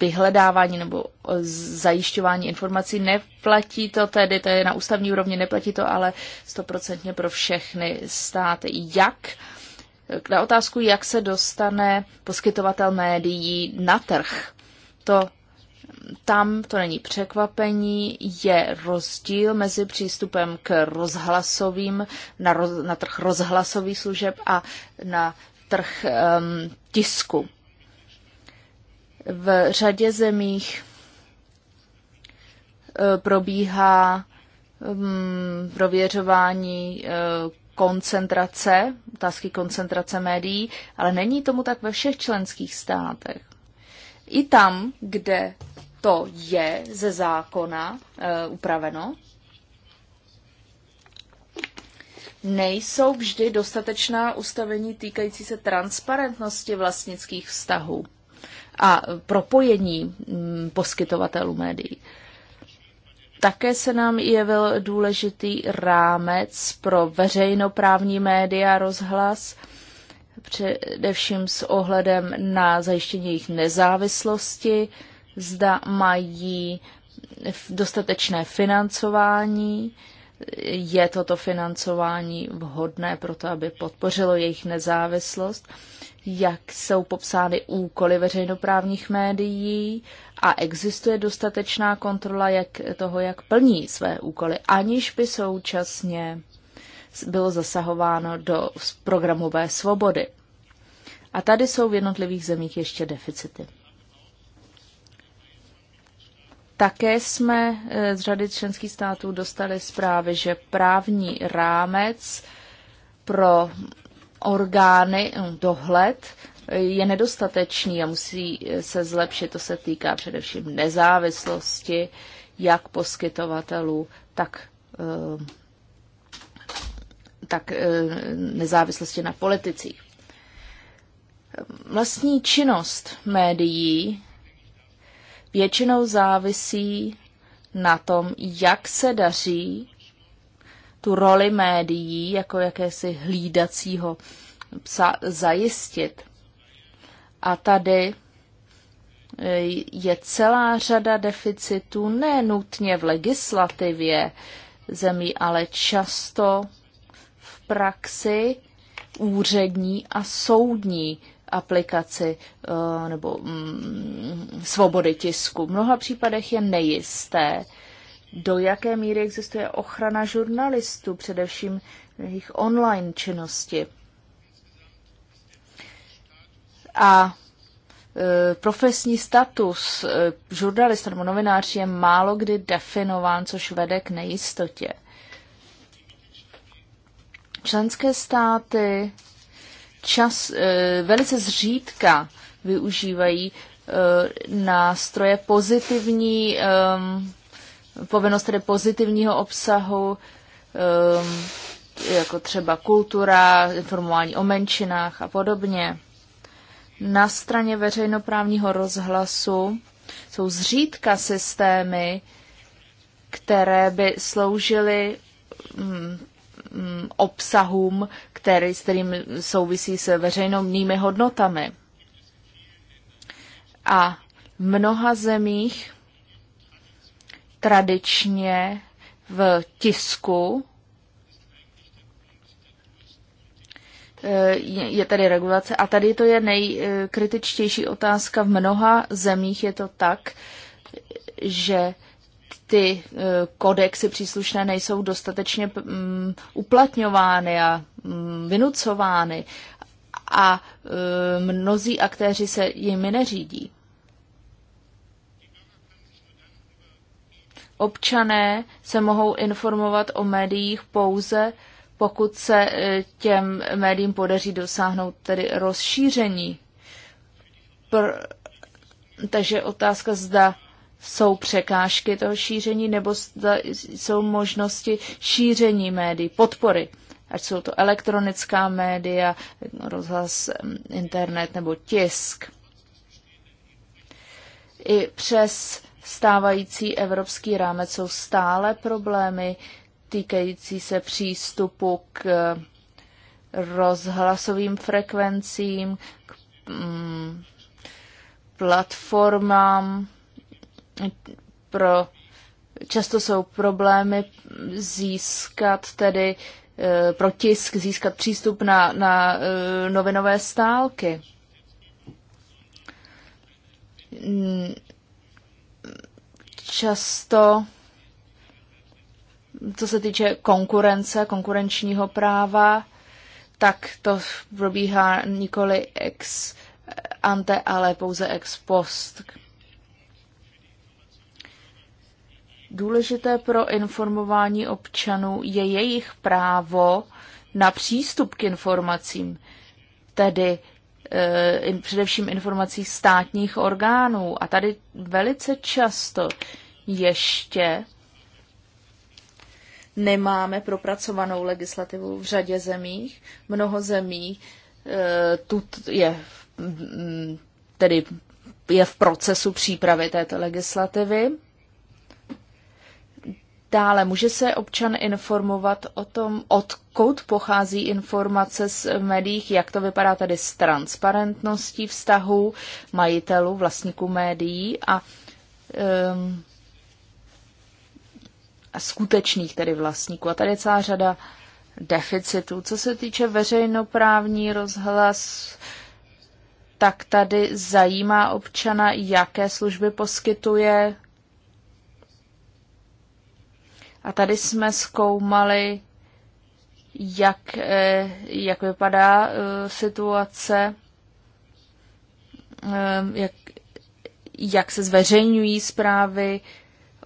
vyhledávání nebo zajišťování informací. Neplatí to tedy, to je na ústavní úrovni, neplatí to ale stoprocentně pro všechny státy. Jak na otázku, jak se dostane poskytovatel médií na trh. To tam to není překvapení, je rozdíl mezi přístupem k rozhlasovým, na, roz, na trh rozhlasových služeb a na trh um, tisku. V řadě zemích e, probíhá um, prověřování uh, koncentrace, otázky koncentrace médií, ale není tomu tak ve všech členských státech. I tam, kde to je ze zákona uh, upraveno, nejsou vždy dostatečná ustavení týkající se transparentnosti vlastnických vztahů a propojení mm, poskytovatelů médií. Také se nám jevil důležitý rámec pro veřejnoprávní média rozhlas, především s ohledem na zajištění jejich nezávislosti, zda mají dostatečné financování, je toto financování vhodné pro to, aby podpořilo jejich nezávislost jak jsou popsány úkoly veřejnoprávních médií a existuje dostatečná kontrola jak toho, jak plní své úkoly, aniž by současně bylo zasahováno do programové svobody. A tady jsou v jednotlivých zemích ještě deficity. Také jsme e, z řady členských států dostali zprávy, že právní rámec pro orgány, no, dohled je nedostatečný a musí se zlepšit. To se týká především nezávislosti, jak poskytovatelů, tak, eh, tak eh, nezávislosti na politicích. Vlastní činnost médií většinou závisí na tom, jak se daří tu roli médií jako jakési hlídacího psa zajistit. A tady eh, je celá řada deficitů, ne nutně v legislativě zemí, ale často v praxi úřední a soudní aplikaci eh, nebo mm, svobody tisku. V mnoha případech je nejisté, do jaké míry existuje ochrana žurnalistů, především jejich online činnosti. A e, profesní status e, žurnalista nebo novinář je málo kdy definován, což vede k nejistotě. Členské státy čas, e, velice zřídka využívají nástroje pozitivní povinnost tedy pozitivního obsahu, um, jako třeba kultura, informování o menšinách a podobně. Na straně veřejnoprávního rozhlasu jsou zřídka systémy, které by sloužily mm, mm, obsahům, který, s kterým souvisí se veřejnými hodnotami. A v mnoha zemích tradičně v tisku. Je tady regulace a tady to je nejkritičtější otázka. V mnoha zemích je to tak, že ty eh, kodexy příslušné nejsou dostatečně mm, uplatňovány a mm, vynucovány a eh, mnozí aktéři se jimi neřídí. Občané se mohou informovat o médiích pouze, pokud se e, těm médiím podaří dosáhnout tedy rozšíření. Pr- takže otázka zda jsou překážky toho šíření nebo zda jsou možnosti šíření médií, podpory ať jsou to elektronická média, rozhlas, internet nebo tisk. I přes stávající evropský rámec jsou stále problémy týkající se přístupu k rozhlasovým frekvencím, k mm, platformám pro často jsou problémy získat tedy e, pro tisk, získat přístup na, na e, novinové stálky často, co se týče konkurence, konkurenčního práva, tak to probíhá nikoli ex ante, ale pouze ex post. Důležité pro informování občanů je jejich právo na přístup k informacím, tedy Eh, především informací státních orgánů. A tady velice často ještě nemáme propracovanou legislativu v řadě zemích. Mnoho zemí eh, tu je tedy je v procesu přípravy této legislativy. Dále může se občan informovat o tom, odkud pochází informace z médií, jak to vypadá tady s transparentností vztahu majitelů, vlastníků médií a, um, a skutečných tedy vlastníků. A tady je celá řada deficitů. Co se týče veřejnoprávní rozhlas, tak tady zajímá občana, jaké služby poskytuje, a tady jsme zkoumali, jak, eh, jak vypadá eh, situace, eh, jak, jak se zveřejňují zprávy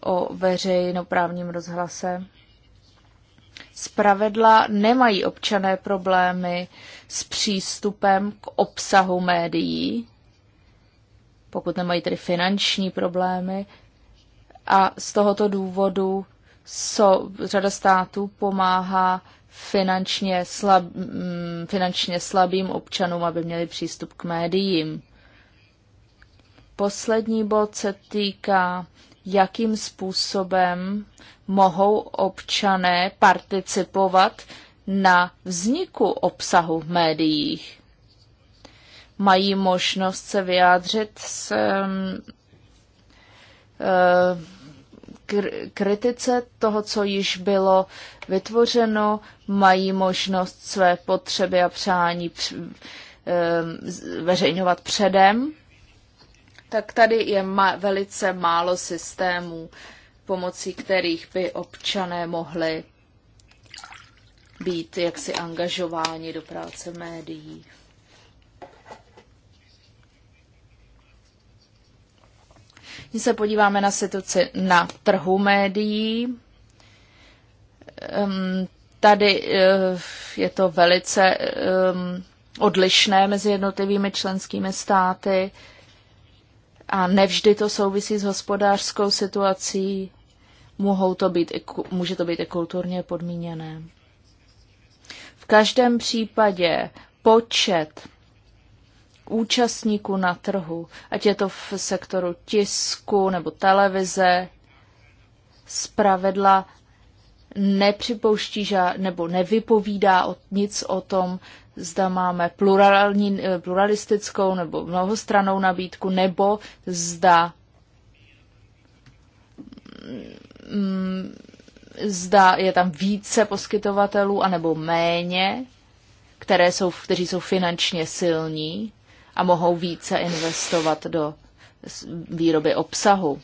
o veřejnoprávním rozhlase. Zpravedla nemají občané problémy s přístupem k obsahu médií, pokud nemají tedy finanční problémy. A z tohoto důvodu so, řada států pomáhá finančně, slab, mm, finančně slabým občanům, aby měli přístup k médiím. Poslední bod se týká, jakým způsobem mohou občané participovat na vzniku obsahu v médiích. Mají možnost se vyjádřit s, um, kritice toho, co již bylo vytvořeno, mají možnost své potřeby a přání veřejňovat předem, tak tady je velice málo systémů, pomocí kterých by občané mohli být jaksi angažováni do práce médií. Když se podíváme na situaci na trhu médií, tady eh, je to velice odlišné mezi jednotlivými členskými státy a nevždy to souvisí s hospodářskou situací, mohou to být i, může to být i kulturně podmíněné. V každém případě počet účastníků na trhu, ať je to v sektoru tisku nebo televize, zpravedla nepřipouští žád, nebo nevypovídá o, nic o tom, zda máme plurální, eh, pluralistickou nebo mnohostranou nabídku, nebo zda mm, zda je tam více poskytovatelů anebo méně, které jsou, kteří jsou finančně silní a mohou více investovat do výroby obsahu.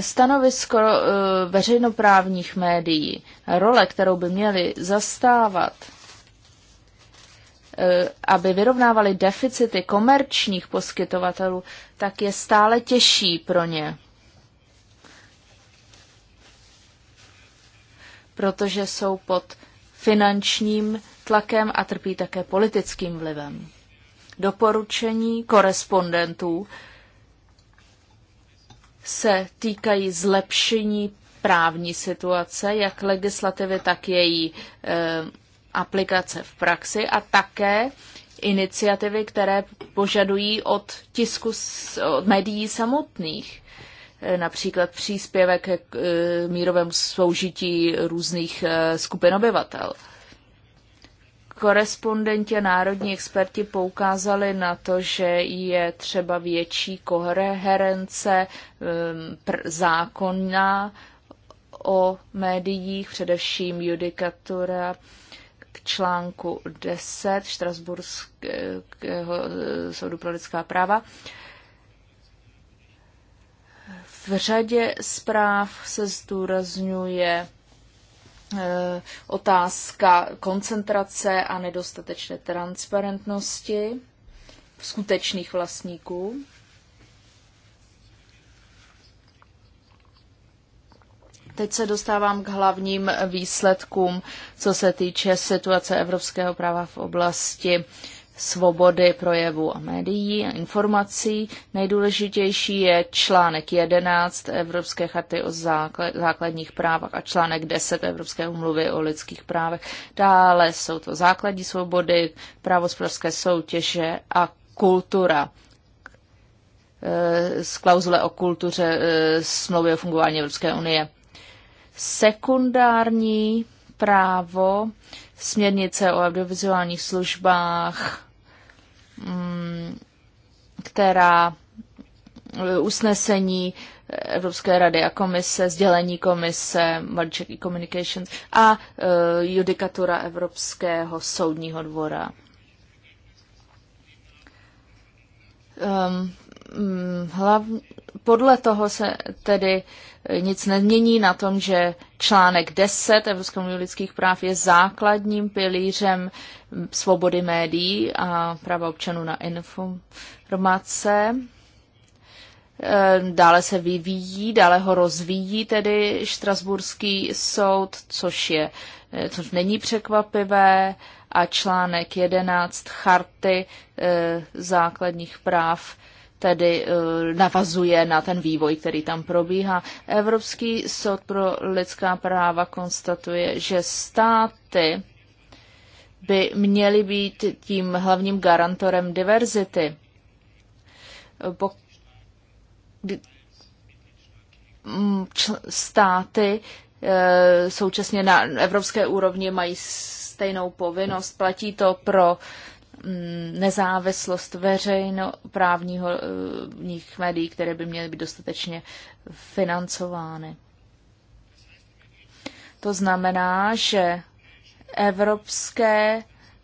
Stanovisko eh, veřejnoprávních médií, role, kterou by měly zastávat, eh, aby vyrovnávali deficity komerčních poskytovatelů, tak je stále těžší pro ně. Protože jsou pod finančním tlakem a trpí také politickým vlivem. Doporučení korespondentů se týkají zlepšení právní situace, jak legislativy, tak její e, aplikace v praxi a také iniciativy, které požadují od tisku, od médií samotných. Eh, například příspěvek k eh, mírovému soužití různých skupin obyvatel. Korespondenti národní experti poukázali na to, že je třeba větší koherence um, zákonná o médiích, především judikatura k článku 10 Štrasburského eh, soudu pro lidská práva. V řadě zpráv se zdůrazňuje Eh, otázka koncentrace a nedostatečné transparentnosti skutečných vlastníků. Teď se dostávám k hlavním výsledkům, co se týče situace evropského práva v oblasti svobody projevu a médií a informací. Nejdůležitější je článek 11 Evropské charty o základních právech a článek 10 Evropské umluvy o lidských právech. Dále jsou to základní svobody, právo soutěže a kultura eh, z klauzule o kultuře eh, smlouvy o fungování Evropské unie. Sekundární právo, směrnice o audiovizuálních službách, Mm, která eh, usnesení Evropské rady a komise, sdělení komise, i Communications a uh, judikatura Evropského soudního dvora. Um, hlav, podle toho se tedy nic nemění na tom, že článek 10 Evropské unie lidských práv je základním pilířem svobody médií a práva občanů na informace. E, dále se vyvíjí, dále ho rozvíjí tedy Štrasburský soud, což, je, e, což není překvapivé a článek 11 Charty e, základních práv tedy eh, navazuje na ten vývoj, který tam probíhá. Evropský soud pro lidská práva konstatuje, že státy by měly být tím hlavním garantorem diverzity. Eh, mm, státy eh, současně na evropské úrovni mají stejnou povinnost. Platí to pro Mm, nezávislost veřejnoprávního eh, médií, které by měly být dostatečně financovány. To znamená, že evropské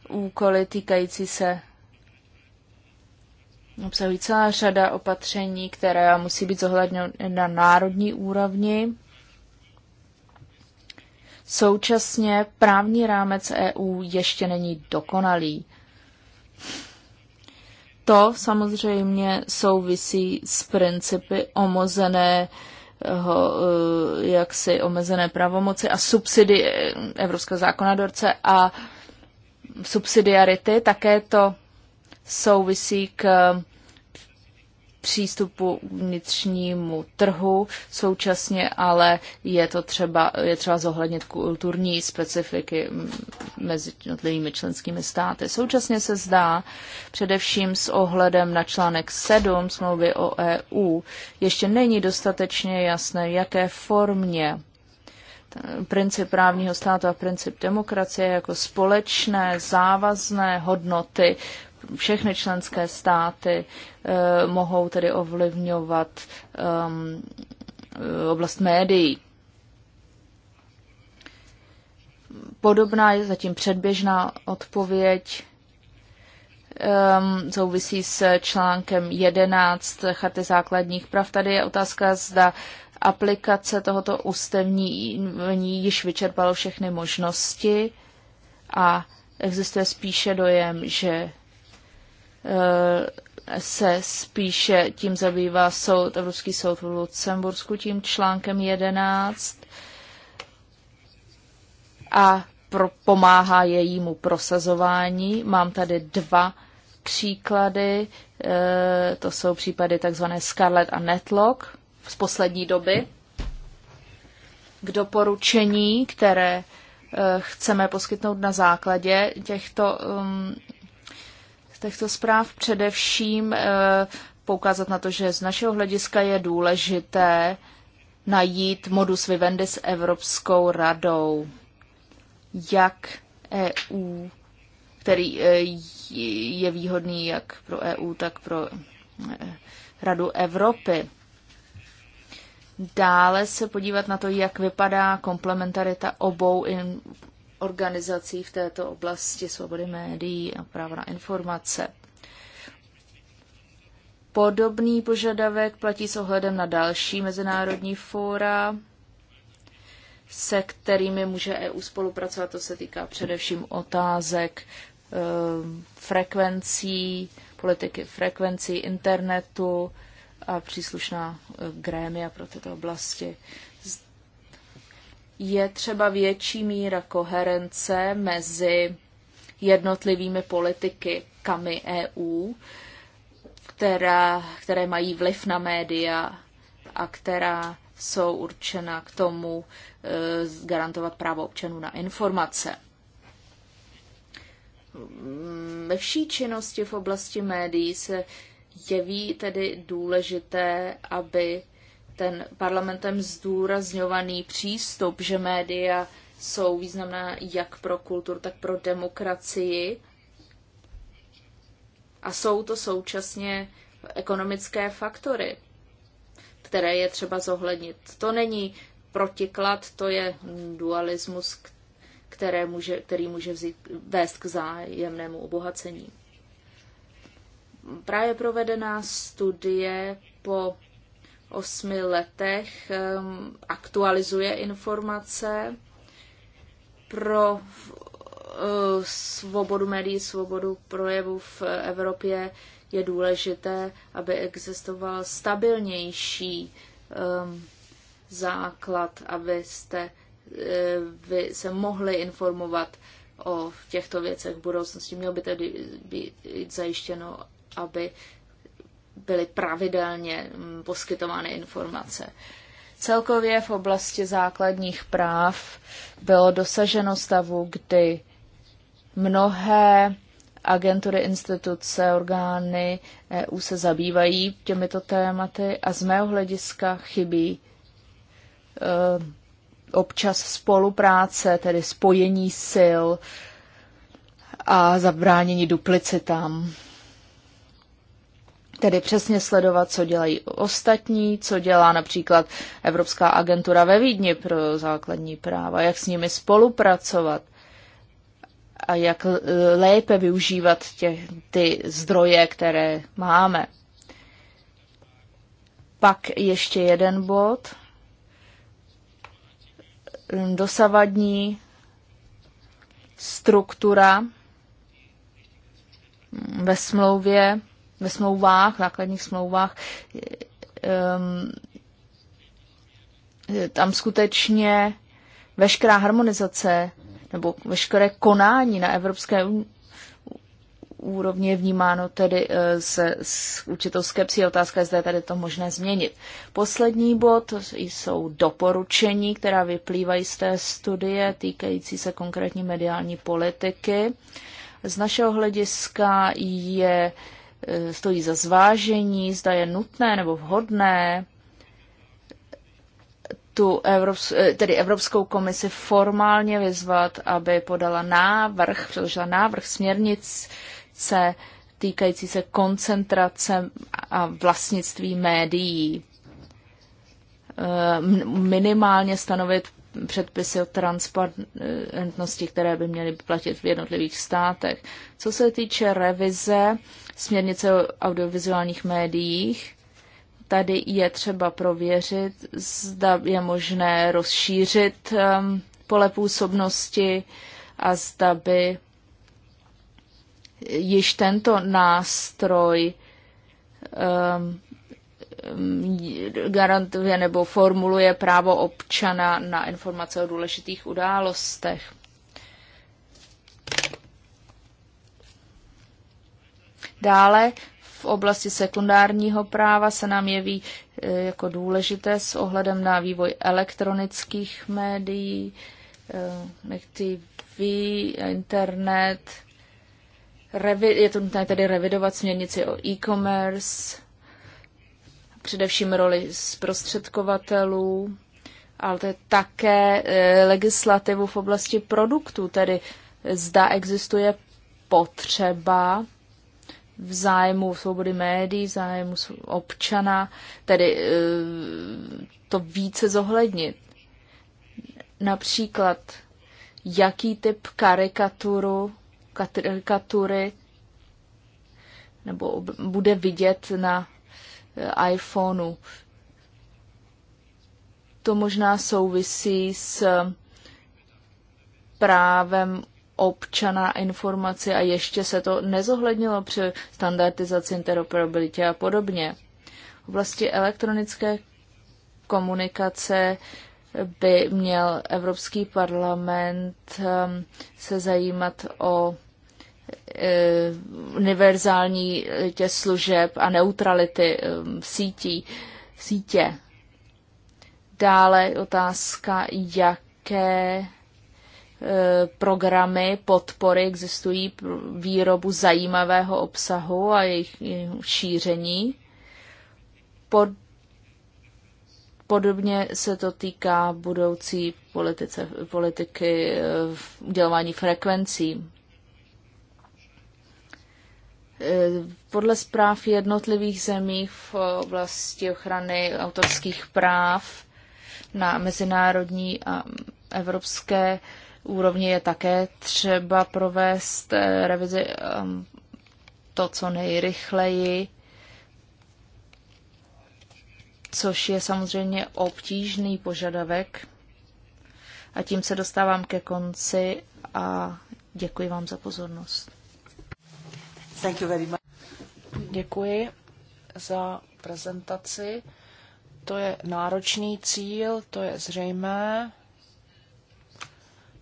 úkoly týkající se obsahují celá řada opatření, která musí být zohledněna na národní úrovni. Současně právní rámec EU ještě není dokonalý. To samozřejmě souvisí s principy omozené eh, jaksi omezené pravomoci a subsidi eh, Evropského zákonodorce a subsidiarity. Také to souvisí k přístupu k vnitřnímu trhu. Současně ale je to třeba, je třeba zohlednit kulturní specifiky mezi jednotlivými členskými státy. Současně se zdá, především s ohledem na článek 7 smlouvy o EU, ještě není dostatečně jasné, jaké formě princip právního státu a princip demokracie jako společné závazné hodnoty všechny členské státy eh, mohou tedy ovlivňovat ehm, eh, oblast médií. Podobná je zatím předběžná odpověď um, souvisí s článkem 11 Charty základních prav. Tady je otázka, zda aplikace tohoto ústavní již vyčerpalo všechny možnosti a existuje spíše dojem, že Eh, se spíše tím zabývá soud, Evropský soud v Lucembursku tím článkem 11 a pro, pomáhá jejímu prosazování. Mám tady dva příklady, e, to jsou případy tzv. Scarlett a Netlock z poslední doby. K doporučení, které e, chceme poskytnout na základě těchto um, těchto zpráv především eh, poukázat na to, že z našeho hlediska je důležité najít modus vivendi s Evropskou radou. Jak EU, který eh, je výhodný jak pro EU, tak pro eh, Radu Evropy. Dále se podívat na to, jak vypadá komplementarita obou organizací v této oblasti svobody médií a práva na informace. Podobný požadavek platí s ohledem na další mezinárodní fóra, se kterými může EU spolupracovat. To se týká především otázek e, frekvencí, politiky frekvencí internetu a příslušná eh, grémia pro tyto oblasti je třeba větší míra koherence mezi jednotlivými politiky kamy EU, která, které mají vliv na média a která jsou určena k tomu e, garantovat právo občanů na informace. Ve vší činnosti v oblasti médií se jeví tedy důležité, aby ten parlamentem zdůrazňovaný přístup, že média jsou významná jak pro kulturu, tak pro demokracii. A jsou to současně ekonomické faktory, které je třeba zohlednit. To není protiklad, to je dualismus, které může, který může vzít, vést k zájemnému obohacení. Právě provedená studie po osmi letech aktualizuje informace pro e, svobodu médií, svobodu projevu v Evropě je důležité, aby existoval stabilnější základ, abyste e, vy se mohli informovat o těchto věcech v budoucnosti. Mělo by tedy být zajištěno, aby byly pravidelně mm, poskytovány informace. Celkově v oblasti základních práv bylo dosaženo stavu, kdy mnohé agentury, instituce, orgány EU se zabývají těmito tématy a z mého hlediska chybí eh, občas spolupráce, tedy spojení sil a zabránění duplicitám tedy přesně sledovat, co dělají ostatní, co dělá například Evropská agentura ve Vídni pro základní práva, jak s nimi spolupracovat a jak lépe využívat tě, ty zdroje, které máme. Pak ještě jeden bod. Dosavadní struktura ve smlouvě ve smlouvách, základních smlouvách, ehm, tam skutečně veškerá harmonizace nebo veškeré konání na evropské úrovni je vnímáno tedy eh, se, s určitou skepsí. Otázka je, zda je tady to možné změnit. Poslední bod jsou doporučení, která vyplývají z té studie týkající se konkrétní mediální politiky. Z našeho hlediska je E, stojí za zvážení, zda je nutné nebo vhodné tu Evrops, e, tedy Evropskou komisi formálně vyzvat, aby podala návrh, předložila návrh směrnice týkající se koncentrace a vlastnictví médií. E, minimálně stanovit předpisy o transparentnosti, které by měly platit v jednotlivých státech. Co se týče revize směrnice o audiovizuálních médiích. Tady je třeba prověřit, zda je možné rozšířit um, pole působnosti a zda by již tento nástroj um, um garantuje nebo formuluje právo občana na informace o důležitých událostech. Dále v oblasti sekundárního práva se nám jeví eh, jako důležité s ohledem na vývoj elektronických médií, eh, TV, internet, je to nutné tedy revidovat směrnici o e-commerce, především roli zprostředkovatelů, ale to je také eh, legislativu v oblasti produktů, tedy zda existuje potřeba v zájmu svobody médií, v zájmu občana, tedy eh, to více zohlednit. Například, jaký typ karikaturu, karikatury nebo bude vidět na eh, iPhoneu. To možná souvisí s eh, právem občana informaci a ještě se to nezohlednilo při standardizaci interoperabilitě a podobně. V oblasti elektronické komunikace by měl Evropský parlament ehm, se zajímat o eh, univerzální tě služeb a neutrality ehm, sítí, sítě. Dále otázka, jaké Eh, programy podpory existují pro výrobu zajímavého obsahu a jejich šíření. Pod, podobně se to týká budoucí politice, politiky eh, udělování frekvencí. Eh, podle zpráv jednotlivých zemí v oblasti ochrany autorských práv na mezinárodní a evropské úrovni je také třeba provést eh, revizi ehm, to, co nejrychleji, což je samozřejmě obtížný požadavek. A tím se dostávám ke konci a děkuji vám za pozornost. Thank you very much. Děkuji za prezentaci. To je náročný cíl, to je zřejmé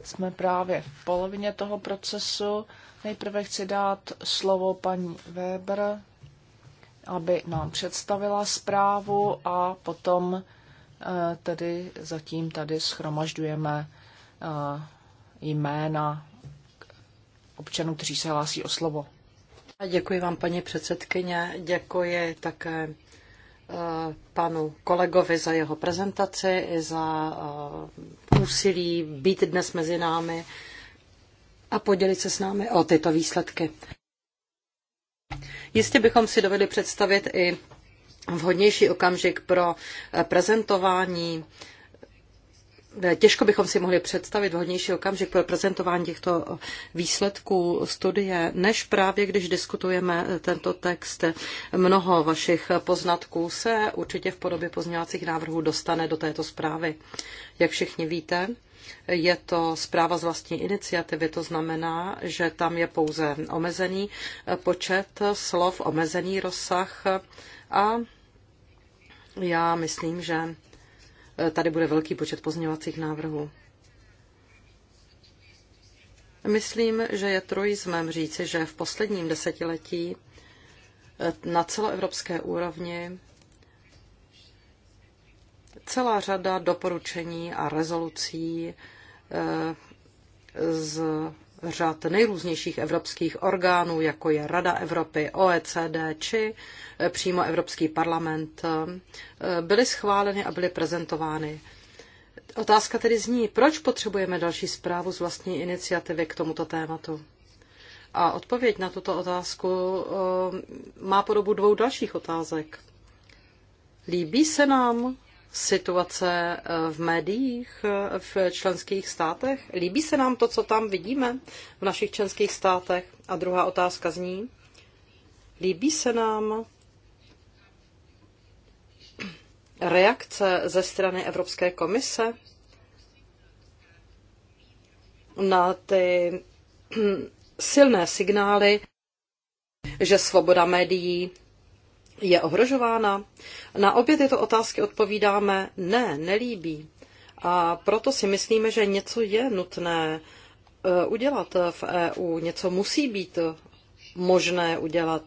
jsme právě v polovině toho procesu. Nejprve chci dát slovo paní Weber, aby nám představila zprávu a potom eh, tedy zatím tady schromažďujeme eh, jména občanů, kteří se hlásí o slovo. Děkuji vám, paní předsedkyně. Děkuji také Eh, panu kolegovi za jeho prezentaci i za eh, úsilí být dnes mezi námi a podělit se s námi o tyto výsledky. Jistě bychom si dovedli představit i vhodnější okamžik pro eh, prezentování Těžko bychom si mohli představit vhodnější okamžik pro prezentování těchto výsledků studie, než právě když diskutujeme tento text. Mnoho vašich poznatků se určitě v podobě pozměňovacích návrhů dostane do této zprávy. Jak všichni víte, je to zpráva z vlastní iniciativy, to znamená, že tam je pouze omezený počet slov, omezený rozsah a já myslím, že Tady bude velký počet pozměňovacích návrhů. Myslím, že je truismem říci, že v posledním desetiletí eh, na celoevropské úrovni celá řada doporučení a rezolucí eh, z řad nejrůznějších evropských orgánů, jako je Rada Evropy, OECD či eh, přímo Evropský parlament, eh, byly schváleny a byly prezentovány. Otázka tedy zní, proč potřebujeme další zprávu z vlastní iniciativy k tomuto tématu? A odpověď na tuto otázku eh, má podobu dvou dalších otázek. Líbí se nám situace eh, v médiích eh, v členských státech? Líbí se nám to, co tam vidíme v našich členských státech? A druhá otázka zní, líbí se nám reakce ze strany Evropské komise na ty silné signály, že svoboda médií je ohrožována? Na obě tyto otázky odpovídáme ne, nelíbí. A proto si myslíme, že něco je nutné e, udělat v EU, něco musí být možné udělat,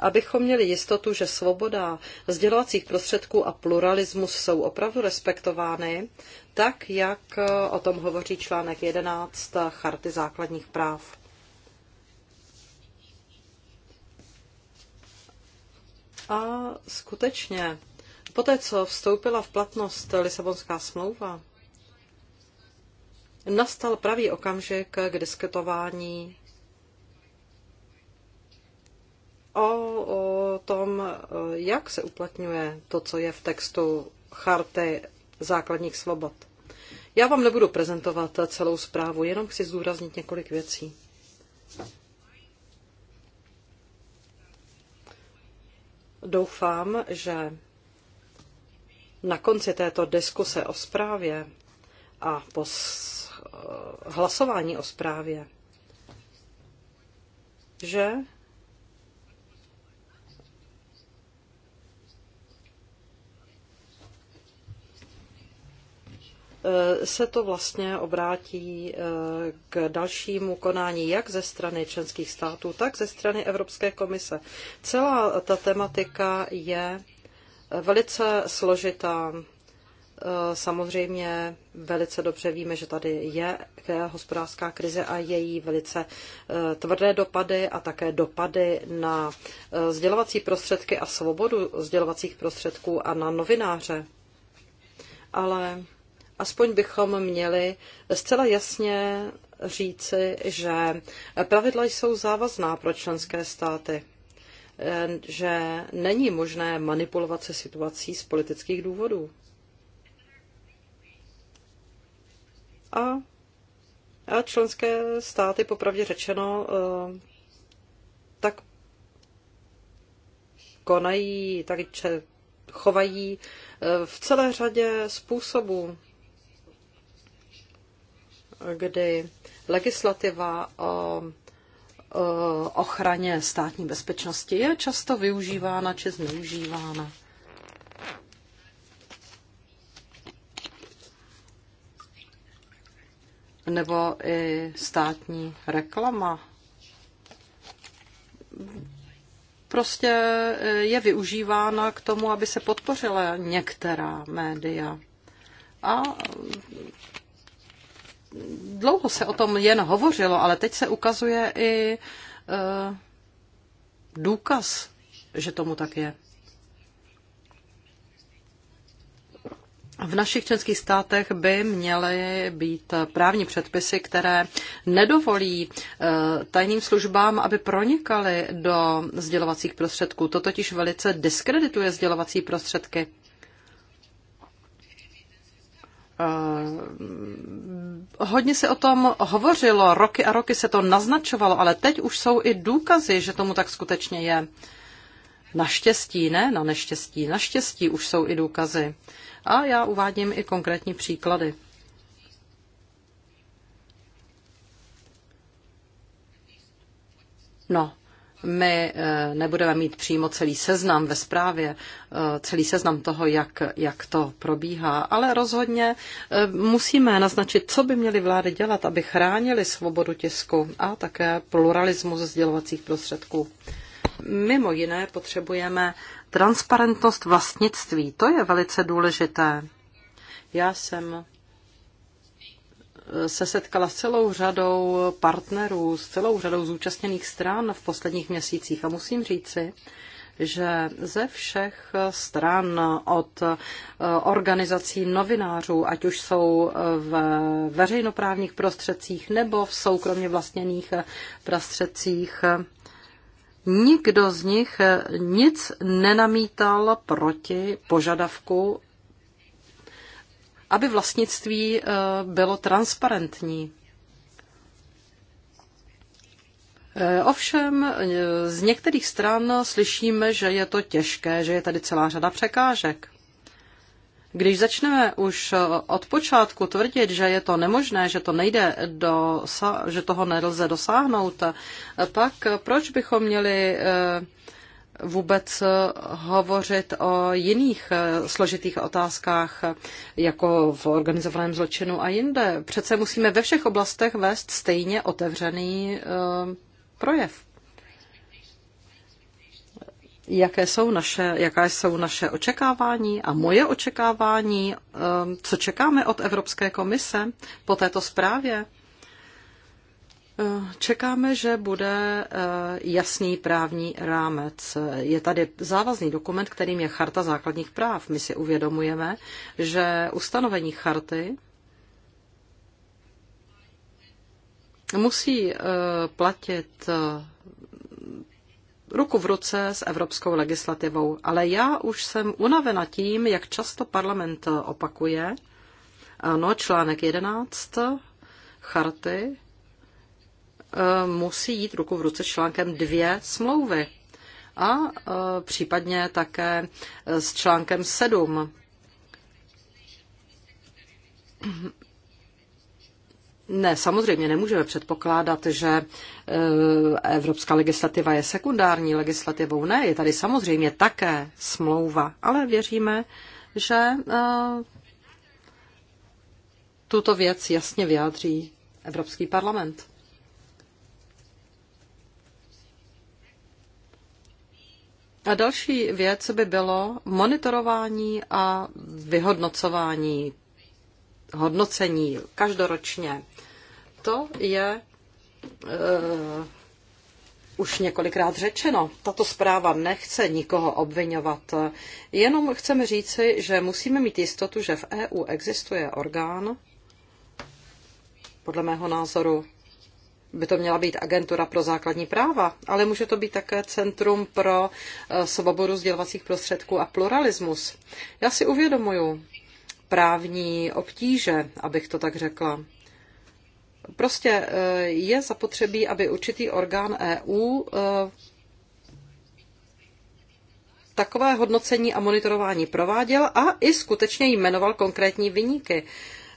abychom měli jistotu, že svoboda sdělovacích prostředků a pluralismus jsou opravdu respektovány, tak jak o tom hovoří článek 11 Charty základních práv. A skutečně, poté co vstoupila v platnost Lisabonská smlouva, nastal pravý okamžik k diskutování o, o tom, jak se uplatňuje to, co je v textu Charty základních svobod. Já vám nebudu prezentovat celou zprávu, jenom chci zdůraznit několik věcí. Doufám, že na konci této diskuse o zprávě a po eh, hlasování o zprávě, že Eh, se to vlastně obrátí eh, k dalšímu konání jak ze strany členských států, tak ze strany Evropské komise. Celá ta tematika je eh, velice složitá. Samozřejmě velice dobře víme, že tady je hospodářská krize a její velice tvrdé dopady a také dopady na sdělovací prostředky a svobodu sdělovacích prostředků a na novináře. Ale aspoň bychom měli zcela jasně říci, že pravidla jsou závazná pro členské státy, že není možné manipulovat se situací z politických důvodů. A, a členské státy, popravdě řečeno, eh, tak konají, tak chovají eh, v celé řadě způsobů kdy legislativa o ochraně státní bezpečnosti je často využívána či zneužívána. Nebo i státní reklama. Prostě je využívána k tomu, aby se podpořila některá média. A dlouho se o tom jen hovořilo, ale teď se ukazuje i e, důkaz, že tomu tak je. V našich členských státech by měly být právní předpisy, které nedovolí e, tajným službám, aby pronikaly do sdělovacích prostředků. To totiž velice diskredituje sdělovací prostředky. Eh, hodně se o tom hovořilo, roky a roky se to naznačovalo, ale teď už jsou i důkazy, že tomu tak skutečně je. Naštěstí, ne na neštěstí, naštěstí už jsou i důkazy. A já uvádím i konkrétní příklady. No, my eh, nebudeme mít přímo celý seznam ve zprávě, eh, celý seznam toho, jak, jak to probíhá, ale rozhodně eh, musíme naznačit, co by měly vlády dělat, aby chránili svobodu tisku a také pluralismus sdělovacích prostředků. Mimo jiné potřebujeme transparentnost vlastnictví. To je velice důležité. Já jsem se setkala s celou řadou partnerů, s celou řadou zúčastněných stran v posledních měsících a musím říci, že ze všech stran od eh, organizací novinářů, ať už jsou v veřejnoprávních prostředcích nebo v soukromě vlastněných eh, prostředcích, nikdo z nich eh, nic nenamítal proti požadavku aby vlastnictví eh, bylo transparentní. Eh, ovšem eh, z některých stran slyšíme, že je to těžké, že je tady celá řada překážek. Když začneme už od počátku tvrdit, že je to nemožné, že to nejde, do, že toho nelze dosáhnout, pak proč bychom měli vůbec eh, hovořit o jiných eh, složitých otázkách, eh, jako v organizovaném zločinu a jinde. Přece musíme ve všech oblastech vést stejně otevřený projev. Jaké jsou naše, jaká jsou naše očekávání a moje očekávání, co čekáme od Evropské komise po této zprávě? Eh, čekáme, že bude eh, jasný právní rámec. Je tady závazný dokument, kterým je Charta základních práv. My si uvědomujeme, že ustanovení charty musí eh, platit ruku v ruce s evropskou legislativou. Ale já už jsem unavena tím, jak často parlament opakuje, ano, článek 11 charty Eh, musí jít ruku v ruce článkem dvě smlouvy a eh, případně také eh, s článkem sedm. Ne, samozřejmě nemůžeme předpokládat, že evropská legislativa je sekundární legislativou. Ne, je tady samozřejmě také smlouva, ale věříme, že tuto věc jasně vyjádří Evropský parlament. A další věc by bylo monitorování a vyhodnocování, hodnocení každoročně. To je uh, už několikrát řečeno. Tato zpráva nechce nikoho obvinovat. Jenom chceme říci, že musíme mít jistotu, že v EU existuje orgán, podle mého názoru by to měla být agentura pro základní práva, ale může to být také centrum pro eh, svobodu sdělovacích prostředků a pluralismus. Já si uvědomuju právní obtíže, abych to tak řekla. Prostě eh, je zapotřebí, aby určitý orgán EU eh, takové hodnocení a monitorování prováděl a i skutečně jmenoval konkrétní vyníky.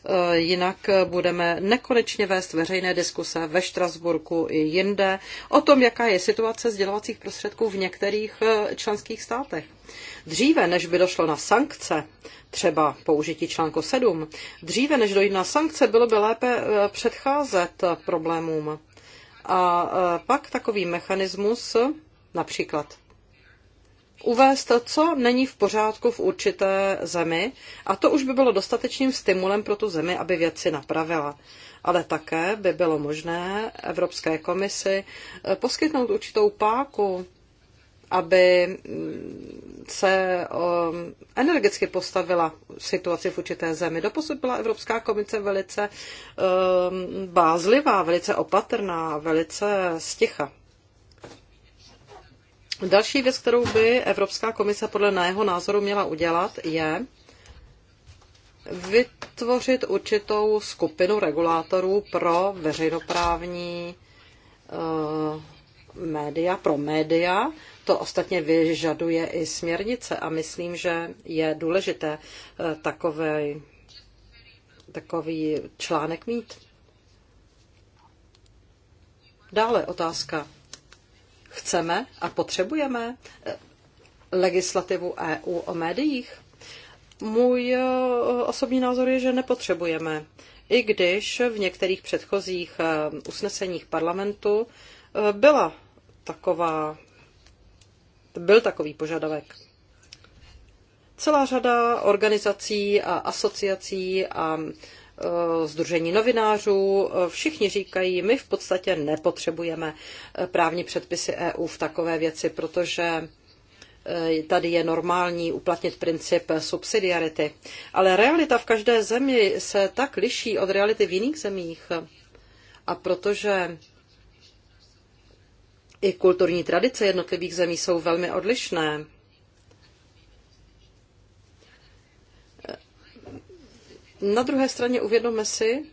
Eh, jinak budeme nekonečně vést veřejné diskuse ve Štrasburku i jinde o tom, jaká je situace sdělovacích prostředků v některých eh, členských státech. Dříve, než by došlo na sankce, třeba použití článku 7, dříve, než dojde na sankce, bylo by lépe eh, předcházet problémům. A pak takový mechanismus, například uvést, to, co není v pořádku v určité zemi a to už by bylo dostatečným stimulem pro tu zemi, aby věci napravila. Ale také by bylo možné Evropské komisi eh, poskytnout určitou páku, aby mm, se eh, energeticky postavila situaci v určité zemi. Doposud byla Evropská komise velice eh, bázlivá, velice opatrná, velice sticha. Další věc, kterou by Evropská komise podle mého názoru měla udělat, je vytvořit určitou skupinu regulátorů pro veřejnoprávní uh, média, pro média. To ostatně vyžaduje i směrnice a myslím, že je důležité uh, eh, takový, takový článek mít. Dále otázka Chceme a potřebujeme eh, legislativu EU o médiích? Můj eh, osobní názor je, že nepotřebujeme. I když v některých předchozích eh, usneseních parlamentu byla taková, byl takový požadavek. Celá řada organizací a asociací a Združení eh, novinářů, eh, všichni říkají, my v podstatě nepotřebujeme eh, právní předpisy EU v takové věci, protože tady je normální uplatnit princip subsidiarity. Ale realita v každé zemi se tak liší od reality v jiných zemích. A protože i kulturní tradice jednotlivých zemí jsou velmi odlišné, Na druhé straně uvědomme si,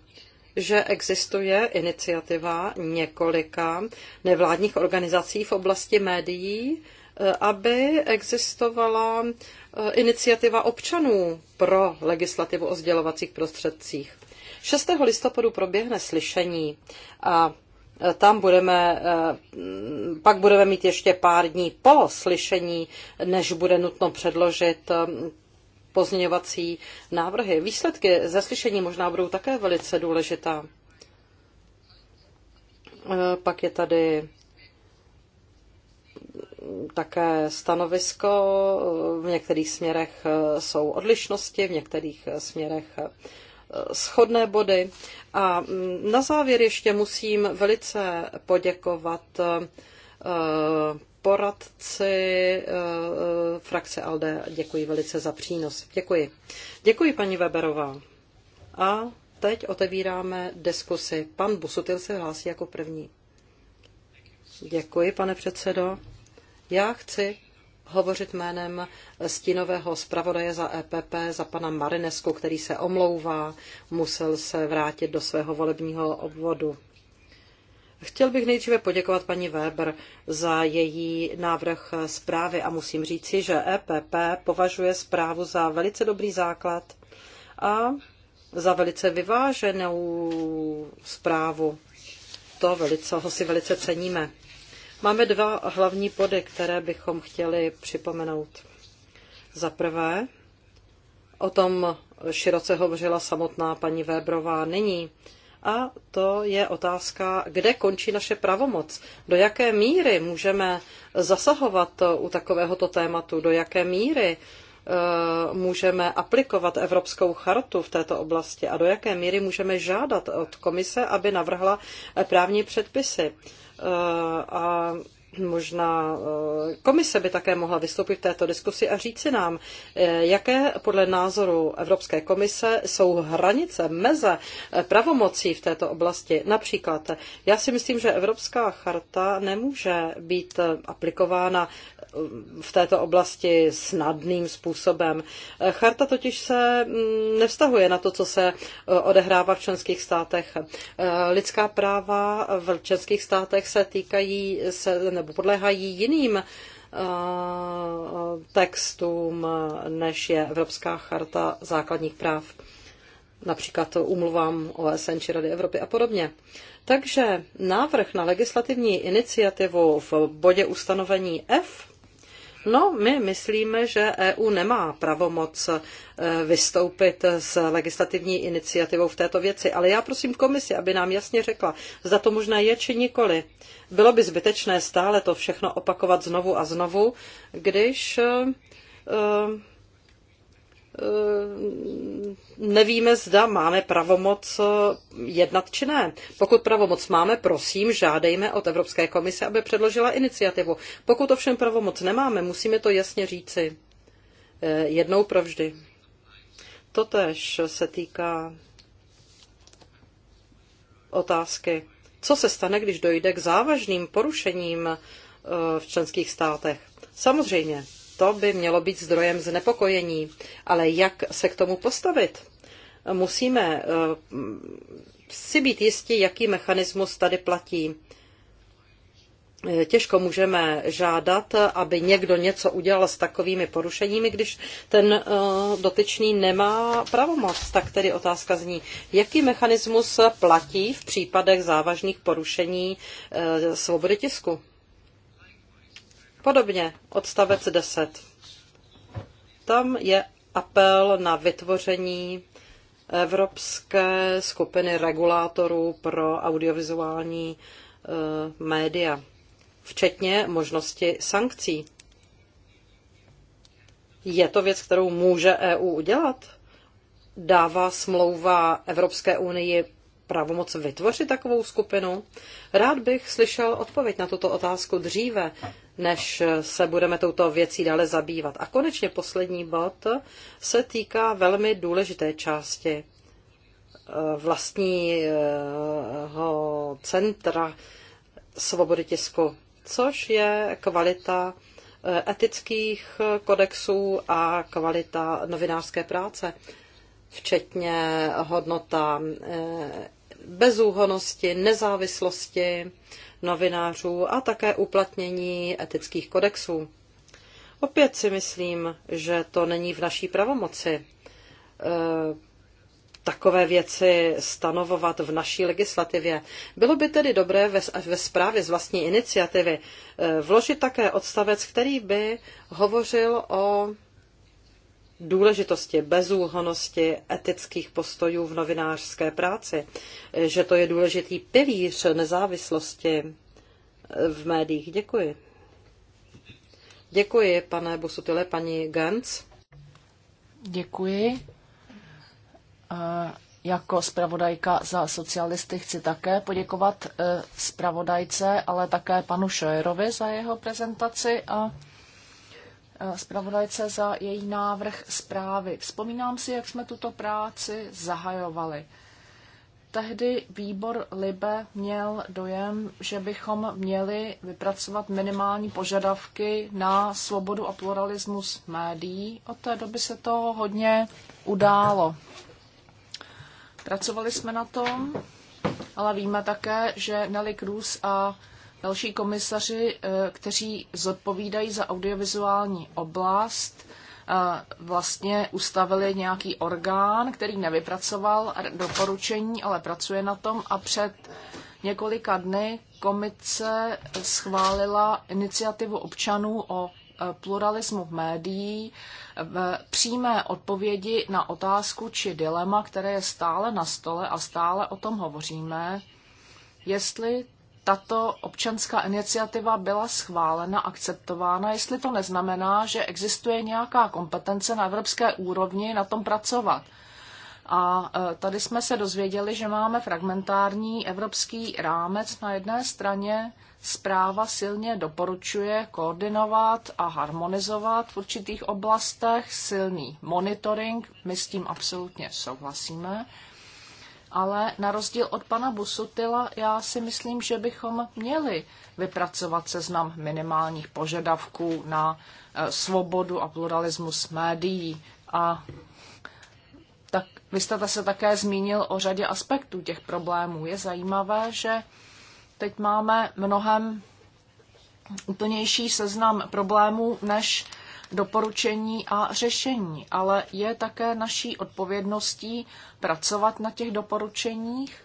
že existuje iniciativa několika nevládních organizací v oblasti médií, eh, aby existovala eh, iniciativa občanů pro legislativu o sdělovacích prostředcích. 6. listopadu proběhne slyšení a eh, tam budeme, pak budeme mít ještě pár dní po slyšení, než bude nutno předložit pozměňovací návrhy. Výsledky ze slyšení možná budou také velice důležitá. Eh, pak je tady také stanovisko. V některých směrech eh, jsou odlišnosti, v některých eh, směrech schodné body. A mm, na závěr ještě musím velice poděkovat Eh, poradci eh, frakce ALDE. Děkuji velice za přínos. Děkuji. Děkuji, paní Weberová. A teď otevíráme diskusy. Pan Busutil se hlásí jako první. Děkuji, pane předsedo. Já chci hovořit jménem stínového zpravodaje za EPP, za pana Marinesku, který se omlouvá, musel se vrátit do svého volebního obvodu. Chtěl bych nejdříve poděkovat paní Weber za její návrh zprávy a musím říci, že EPP považuje zprávu za velice dobrý základ a za velice vyváženou zprávu. To velice, ho si velice ceníme. Máme dva hlavní body, které bychom chtěli připomenout. Za prvé, o tom široce hovořila samotná paní Weberová, nyní, a to je otázka, kde končí naše pravomoc, do jaké míry můžeme zasahovat u takovéhoto tématu, do jaké míry e, můžeme aplikovat Evropskou chartu v této oblasti a do jaké míry můžeme žádat od komise, aby navrhla právní předpisy. E, a Možná eh, komise by také mohla vystoupit v této diskusi a říci nám, eh, jaké podle názoru Evropské komise jsou hranice, meze eh, pravomocí v této oblasti. Například, já si myslím, že Evropská charta nemůže být aplikována v této oblasti snadným způsobem. Charta totiž se mm, nevztahuje na to, co se odehrává v členských státech. Lidská práva v členských státech se týkají se, nebo nebo podléhají jiným eh, textům, než je Evropská charta základních práv, například umluvám OSN či Rady Evropy a podobně. Takže návrh na legislativní iniciativu v bodě ustanovení F No, my myslíme, že EU nemá pravomoc eh, vystoupit s legislativní iniciativou v této věci, ale já prosím komisi, aby nám jasně řekla, zda to možná je či nikoli. Bylo by zbytečné stále to všechno opakovat znovu a znovu, když eh, eh, Eh, nevíme, zda máme pravomoc eh, jednat či ne. Pokud pravomoc máme, prosím, žádejme od Evropské komise, aby předložila iniciativu. Pokud ovšem pravomoc nemáme, musíme to jasně říci. Eh, jednou provždy. Totež se týká otázky, co se stane, když dojde k závažným porušením v členských státech. Samozřejmě, to by mělo být zdrojem znepokojení. Ale jak se k tomu postavit? Musíme eh, si být jistí, jaký mechanismus tady platí. Těžko můžeme žádat, aby někdo něco udělal s takovými porušeními, když ten eh, dotyčný nemá pravomoc. Tak tedy otázka zní, jaký mechanismus platí v případech závažných porušení eh, svobody tisku? Podobně odstavec 10. Tam je apel na vytvoření Evropské skupiny regulátorů pro audiovizuální e, média, včetně možnosti sankcí. Je to věc, kterou může EU udělat? Dává smlouva Evropské unii pravomoc vytvořit takovou skupinu? Rád bych slyšel odpověď na tuto otázku dříve, než se budeme touto věcí dále zabývat. A konečně poslední bod se týká velmi důležité části eh, vlastního centra svobody tisku, což je kvalita eh, etických kodexů a kvalita novinářské práce, včetně hodnota eh, bezúhonosti, nezávislosti novinářů a také uplatnění etických kodexů. Opět si myslím, že to není v naší pravomoci eh, takové věci stanovovat v naší legislativě. Bylo by tedy dobré ve, ve zprávě z vlastní iniciativy eh, vložit také odstavec, který by hovořil o důležitosti bezúhonosti etických postojů v novinářské práci, že to je důležitý pilíř nezávislosti v médiích. Děkuji. Děkuji, pane Busutile, paní Gens. Děkuji. E, jako zpravodajka za socialisty chci také poděkovat e, zpravodajce, ale také panu Šojerovi za jeho prezentaci a Eh, zpravodajce za její návrh zprávy. Vzpomínám si, jak jsme tuto práci zahajovali. Tehdy výbor Libe měl dojem, že bychom měli vypracovat minimální požadavky na svobodu a pluralismus médií. Od té doby se to hodně událo. Pracovali jsme na tom, ale víme také, že Nelly Cruz a další komisaři, eh, kteří zodpovídají za audiovizuální oblast, eh, vlastně ustavili nějaký orgán, který nevypracoval doporučení, ale pracuje na tom a před několika dny komice schválila iniciativu občanů o eh, pluralismu médií v přímé odpovědi na otázku či dilema, které je stále na stole a stále o tom hovoříme, jestli tato občanská iniciativa byla schválena, akceptována, jestli to neznamená, že existuje nějaká kompetence na evropské úrovni na tom pracovat. A e, tady jsme se dozvěděli, že máme fragmentární evropský rámec. Na jedné straně zpráva silně doporučuje koordinovat a harmonizovat v určitých oblastech silný monitoring, my s tím absolutně souhlasíme ale na rozdíl od pana Busutila, já si myslím, že bychom měli vypracovat seznam minimálních požadavků na e, svobodu a pluralismus médií. A tak, vy jste se také zmínil o řadě aspektů těch problémů. Je zajímavé, že teď máme mnohem úplnější seznam problémů, než doporučení a řešení, ale je také naší odpovědností pracovat na těch doporučeních.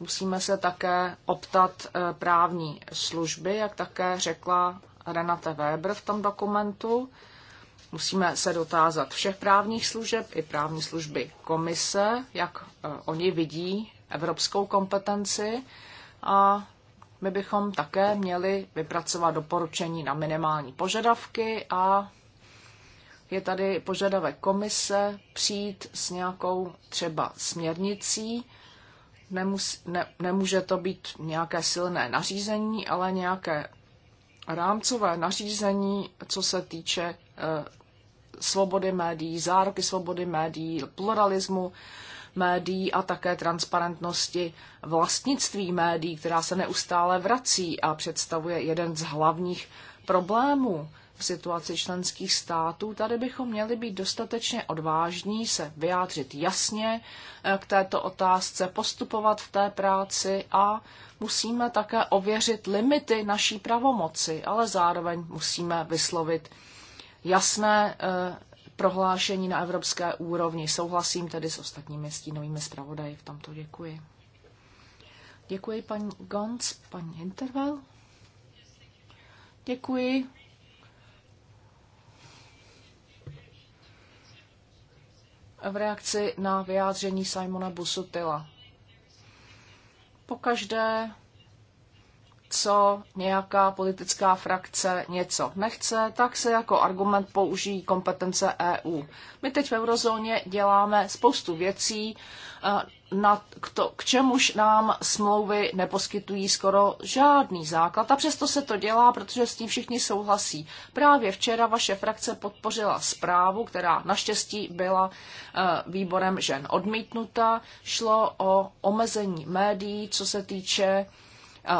Musíme se také optat eh, právní služby, jak také řekla Renate Weber v tom dokumentu. Musíme se dotázat všech právních služeb i právní služby komise, jak eh, oni vidí evropskou kompetenci a my bychom také měli vypracovat doporučení na minimální požadavky a je tady požadavek komise přijít s nějakou třeba směrnicí. Nemus, ne, nemůže to být nějaké silné nařízení, ale nějaké rámcové nařízení, co se týče e, svobody médií, zároky svobody médií, pluralismu médií a také transparentnosti vlastnictví médií, která se neustále vrací a představuje jeden z hlavních problémů v situaci členských států. Tady bychom měli být dostatečně odvážní, se vyjádřit jasně eh, k této otázce, postupovat v té práci a musíme také ověřit limity naší pravomoci, ale zároveň musíme vyslovit jasné eh, prohlášení na evropské úrovni. Souhlasím tedy s ostatními stínovými zpravodaji v tomto. Děkuji. Děkuji paní Gons, paní Interval. Děkuji. V reakci na vyjádření Simona Busutila. Pokaždé co nějaká politická frakce něco nechce, tak se jako argument použijí kompetence EU. My teď v eurozóně děláme spoustu věcí, eh, na k, to, k čemuž nám smlouvy neposkytují skoro žádný základ. A přesto se to dělá, protože s tím všichni souhlasí. Právě včera vaše frakce podpořila zprávu, která naštěstí byla eh, výborem žen odmítnuta. Šlo o omezení médií, co se týče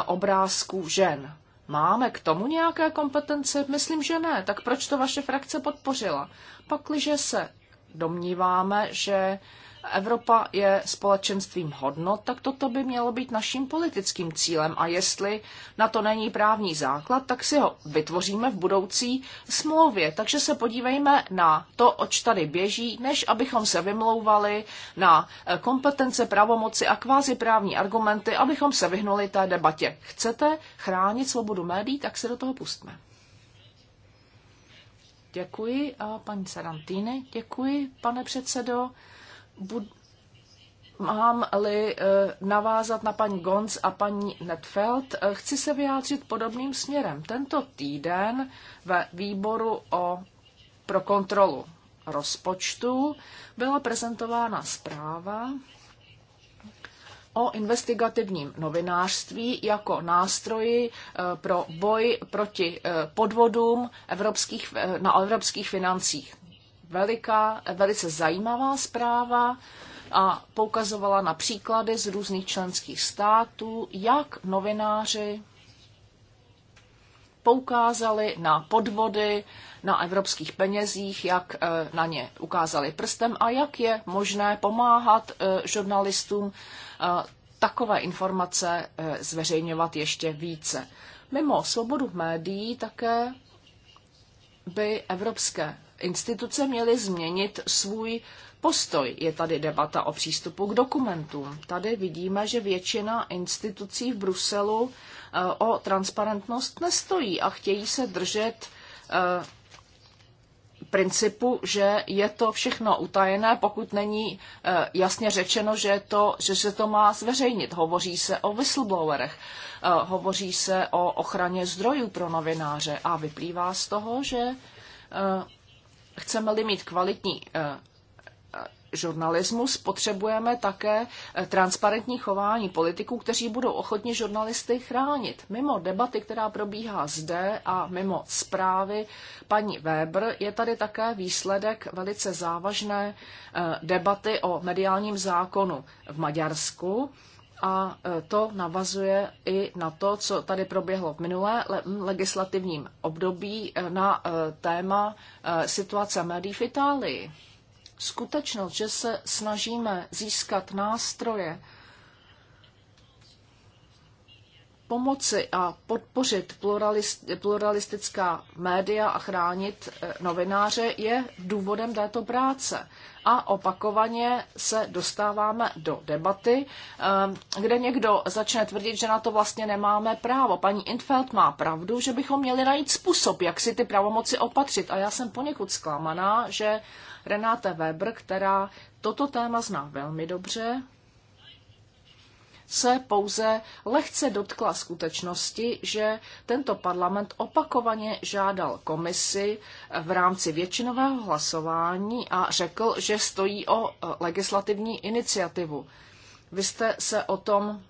obrázků žen. Máme k tomu nějaké kompetence? Myslím, že ne. Tak proč to vaše frakce podpořila? Pakliže se domníváme, že Evropa je společenstvím hodnot, tak toto by mělo být naším politickým cílem a jestli na to není právní základ, tak si ho vytvoříme v budoucí smlouvě. Takže se podívejme na to, oč tady běží, než abychom se vymlouvali na eh, kompetence, pravomoci a kvázi právní argumenty, abychom se vyhnuli té debatě. Chcete chránit svobodu médií, tak se do toho pustme. Děkuji, a paní Sarantýny. Děkuji, pane předsedo bud- mám-li eh, navázat na paní Gons a paní Netfeld, eh, chci se vyjádřit podobným směrem. Tento týden ve výboru o, pro kontrolu rozpočtu byla prezentována zpráva o investigativním novinářství jako nástroji eh, pro boj proti podvodům evropských, na evropských financích veliká, velice zajímavá zpráva a poukazovala na příklady z různých členských států, jak novináři poukázali na podvody na evropských penězích, jak eh, na ně ukázali prstem a jak je možné pomáhat eh, žurnalistům eh, takové informace zveřejňovat ještě více. Mimo svobodu médií také by evropské instituce měly změnit svůj postoj. Je tady debata o přístupu k dokumentům. Tady vidíme, že většina institucí v Bruselu eh, o transparentnost nestojí a chtějí se držet eh, principu, že je to všechno utajené, pokud není eh, jasně řečeno, že, to, že se to má zveřejnit. Hovoří se o whistleblowerech, hovoří se o ochraně zdrojů pro novináře a vyplývá z toho, že Chceme-li mít kvalitní eh, eh, žurnalismus, potřebujeme také eh, transparentní chování politiků, kteří budou ochotni žurnalisty chránit. Mimo debaty, která probíhá zde a mimo zprávy paní Weber, je tady také výsledek velice závažné debaty o mediálním zákonu v Maďarsku a e, to navazuje i na to, co tady proběhlo v minulé legislativním období e, na e, téma situace médií v Itálii. Skutečnost, že se snažíme získat nástroje pomoci a podpořit pluralist, pluralistická média a chránit eh, novináře je důvodem této práce. A opakovaně se dostáváme do debaty, eh, kde někdo začne tvrdit, že na to vlastně nemáme právo. Paní Infeld má pravdu, že bychom měli najít způsob, jak si ty pravomoci opatřit. A já jsem poněkud zklamaná, že Renáte Weber, která toto téma zná velmi dobře, se pouze lehce dotkla skutečnosti, že tento parlament opakovaně žádal komisi v rámci většinového hlasování a řekl, že stojí o legislativní iniciativu. Vy jste se o tom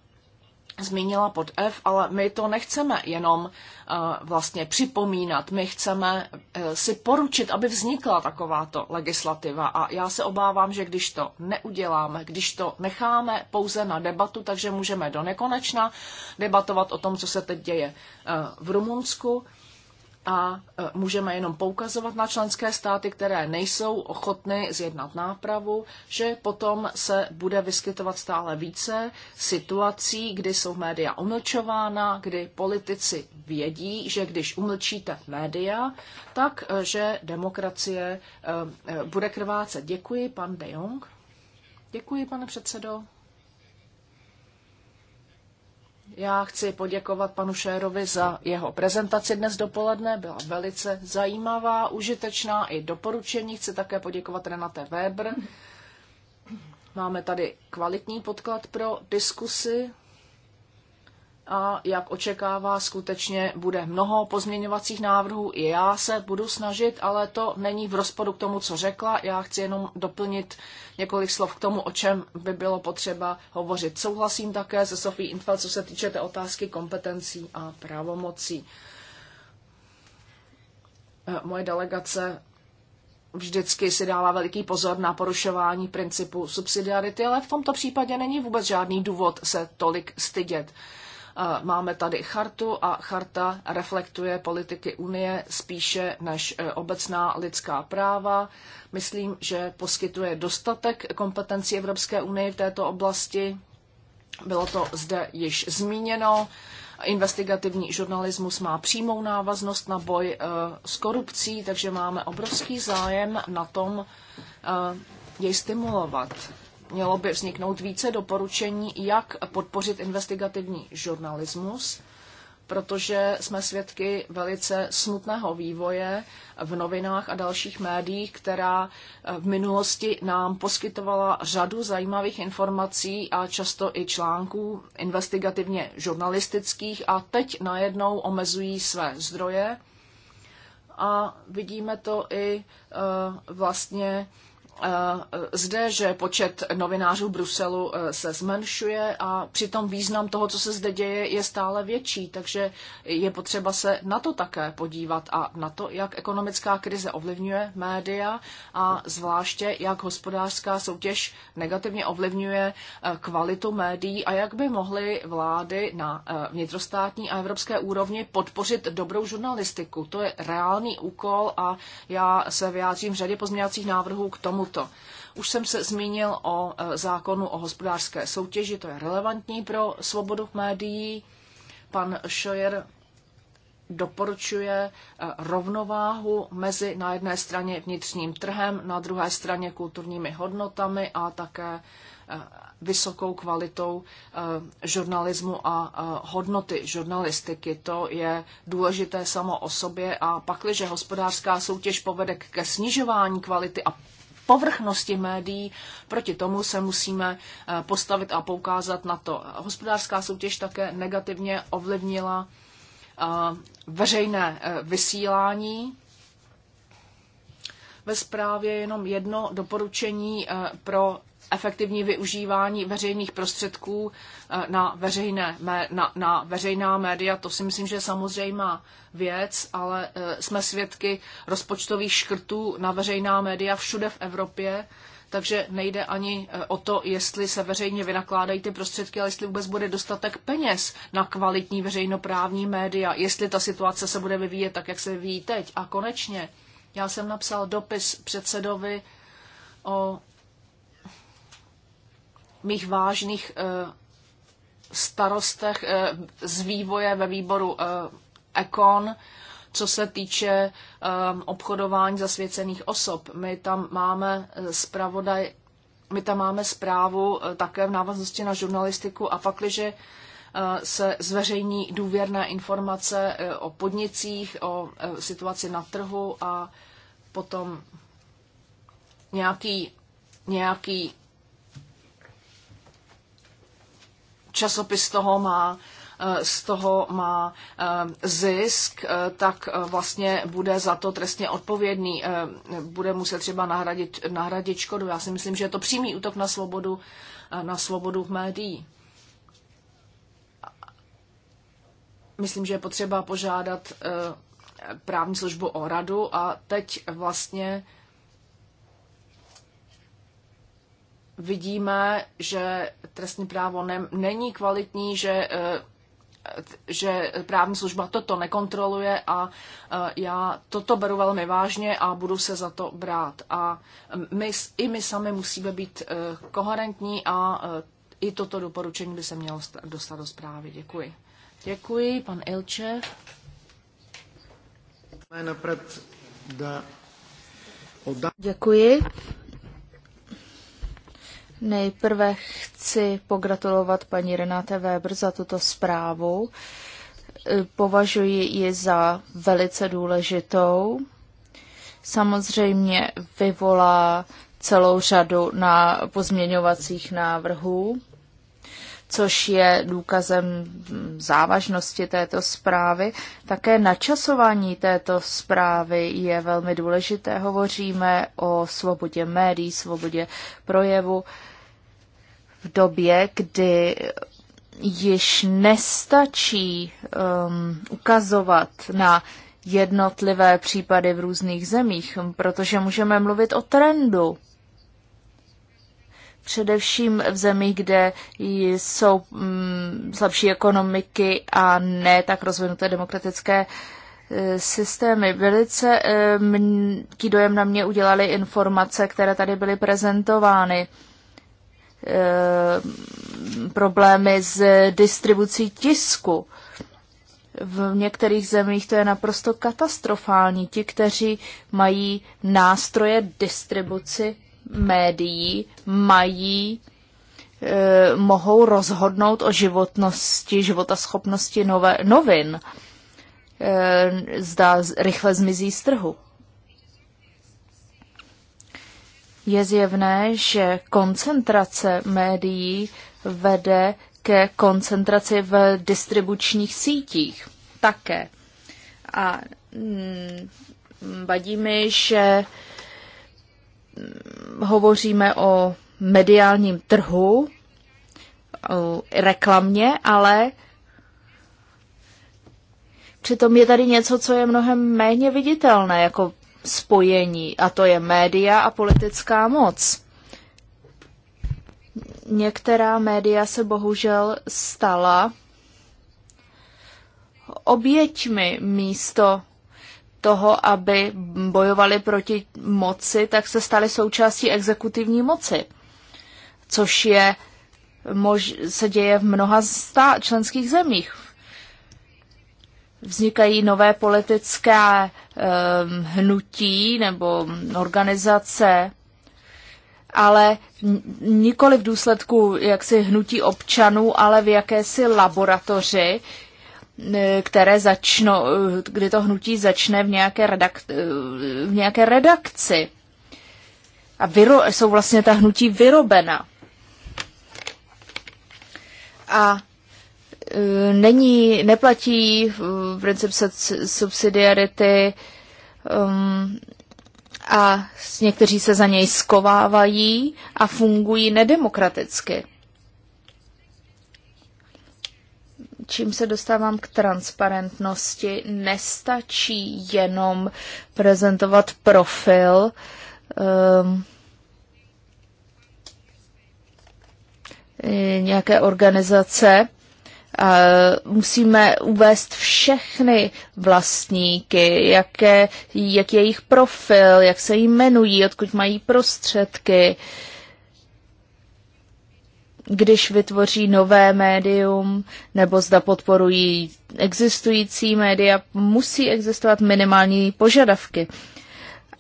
zmínila pod F, ale my to nechceme jenom eh, vlastně připomínat. My chceme eh, si poručit, aby vznikla takováto legislativa. A já se obávám, že když to neuděláme, když to necháme pouze na debatu, takže můžeme do nekonečna debatovat o tom, co se teď děje eh, v Rumunsku, a e, můžeme jenom poukazovat na členské státy, které nejsou ochotny zjednat nápravu, že potom se bude vyskytovat stále více situací, kdy jsou média umlčována, kdy politici vědí, že když umlčíte média, tak e, že demokracie e, bude krvácet. Děkuji, pan De Jong. Děkuji, pane předsedo. Já chci poděkovat panu Šérovi za jeho prezentaci dnes dopoledne. Byla velice zajímavá, užitečná i doporučení. Chci také poděkovat Renate Weber. Máme tady kvalitní podklad pro diskusy a jak očekává, skutečně bude mnoho pozměňovacích návrhů. I já se budu snažit, ale to není v rozporu k tomu, co řekla. Já chci jenom doplnit několik slov k tomu, o čem by bylo potřeba hovořit. Souhlasím také se Sofí Infel, co se týče té otázky kompetencí a právomocí. Eh, moje delegace vždycky si dává veliký pozor na porušování principu subsidiarity, ale v tomto případě není vůbec žádný důvod se tolik stydět. Máme tady chartu a charta reflektuje politiky Unie spíše než e, obecná lidská práva. Myslím, že poskytuje dostatek kompetencí Evropské unie v této oblasti. Bylo to zde již zmíněno. Investigativní žurnalismus má přímou návaznost na boj e, s korupcí, takže máme obrovský zájem na tom e, jej stimulovat mělo by vzniknout více doporučení, jak podpořit investigativní žurnalismus, protože jsme svědky velice smutného vývoje v novinách a dalších médiích, která eh, v minulosti nám poskytovala řadu zajímavých informací a často i článků investigativně žurnalistických a teď najednou omezují své zdroje. A vidíme to i eh, vlastně Eh, zde, že počet novinářů v Bruselu eh, se zmenšuje a přitom význam toho, co se zde děje, je stále větší, takže je potřeba se na to také podívat a na to, jak ekonomická krize ovlivňuje média a zvláště, jak hospodářská soutěž negativně ovlivňuje eh, kvalitu médií a jak by mohly vlády na vnitrostátní a evropské úrovni podpořit dobrou žurnalistiku. To je reálný úkol a já se vyjádřím v řadě pozměňovacích návrhů k tomu, tomuto. Už jsem se zmínil o e, zákonu o hospodářské soutěži, to je relevantní pro svobodu médií. Pan Scheuer doporučuje e, rovnováhu mezi na jedné straně vnitřním trhem, na druhé straně kulturními hodnotami a také e, vysokou kvalitou žurnalismu a hodnoty žurnalistiky. To je důležité samo o sobě a pakliže hospodářská soutěž povede ke snižování kvality a povrchnosti médií. Proti tomu se musíme eh, postavit a poukázat na to. Hospodářská soutěž také negativně ovlivnila eh, veřejné eh, vysílání. Ve zprávě jenom jedno doporučení pro efektivní využívání veřejných prostředků eh, na, veřejné, na, na veřejná média. To si myslím, že je samozřejmá věc, ale eh, jsme svědky rozpočtových škrtů na veřejná média všude v Evropě. Takže nejde ani eh, o to, jestli se veřejně vynakládají ty prostředky, ale jestli vůbec bude dostatek peněz na kvalitní veřejnoprávní média, jestli ta situace se bude vyvíjet tak, jak se vyvíjí teď. A konečně, já jsem napsal dopis předsedovi o mých vážných eh, starostech eh, z vývoje ve výboru eh, Econ, co se týče ehm, obchodování zasvěcených osob. My tam máme zpravodaj, my tam máme zprávu také v návaznosti na žurnalistiku a pakliže se zveřejní důvěrné informace o podnicích, o situaci na trhu a potom nějaký, nějaký časopis toho má eh, z toho má eh, zisk, eh, tak vlastně bude za to trestně odpovědný. Bude muset třeba nahradit, nahradit škodu. Já si myslím, že je to přímý útok na svobodu, na svobodu v médií. Myslím, že je potřeba požádat právní službu o radu a teď vlastně vidíme, že trestní právo ne, není kvalitní, že, eh, že právní služba toto nekontroluje a eh, já toto beru velmi vážně a budu se za to brát. A my, i my sami musíme být eh, koherentní a i toto doporučení by se mělo dostat do zprávy. Děkuji. Děkuji, pan Ilče. Děkuji. Nejprve chci pogratulovat paní Renáte Weber za tuto zprávu. E, považuji ji za velice důležitou. Samozřejmě vyvolá celou řadu na pozměňovacích návrhů což je důkazem závažnosti této zprávy. Také načasování této zprávy je velmi důležité. Hovoříme o svobodě médií, svobodě projevu v době, kdy již nestačí um, ukazovat na jednotlivé případy v různých zemích, protože můžeme mluvit o trendu především v zemích, kde jsou mm, slabší ekonomiky a ne tak rozvinuté demokratické e, systémy. Velice e, mký dojem na mě udělaly informace, které tady byly prezentovány. E, problémy s distribucí tisku. V některých zemích to je naprosto katastrofální. Ti, kteří mají nástroje distribuci médií mají eh, mohou rozhodnout o životnosti, životaschopnosti nové, novin. Eh, Zdá rychle zmizí z trhu. Je zjevné, že koncentrace médií vede ke koncentraci v distribučních sítích také. A mm, vadí mi, že hovoříme o mediálním trhu, o reklamě, ale přitom je tady něco, co je mnohem méně viditelné jako spojení, a to je média a politická moc. Některá média se bohužel stala oběťmi místo toho, aby bojovali proti moci, tak se stali součástí exekutivní moci, což je, mož, se děje v mnoha stá, členských zemích. Vznikají nové politické eh, hnutí nebo organizace, ale nikoli v důsledku jaksi hnutí občanů, ale v jakési laboratoři, Eh, které začnou, eh, kdy to hnutí začne v nějaké, redak, eh, v nějaké redakci. A vyro, jsou vlastně ta hnutí vyrobena. A není, neplatí princip subsidiarity um, a někteří se za něj skovávají a fungují nedemokraticky. čím se dostávám k transparentnosti, nestačí jenom prezentovat profil. Um, nějaké organizace, musíme uvést všechny vlastníky, jaké, jak je jejich profil, jak se jim jmenují, odkud mají prostředky, když vytvoří nové médium, nebo zda podporují existující média, musí existovat minimální požadavky.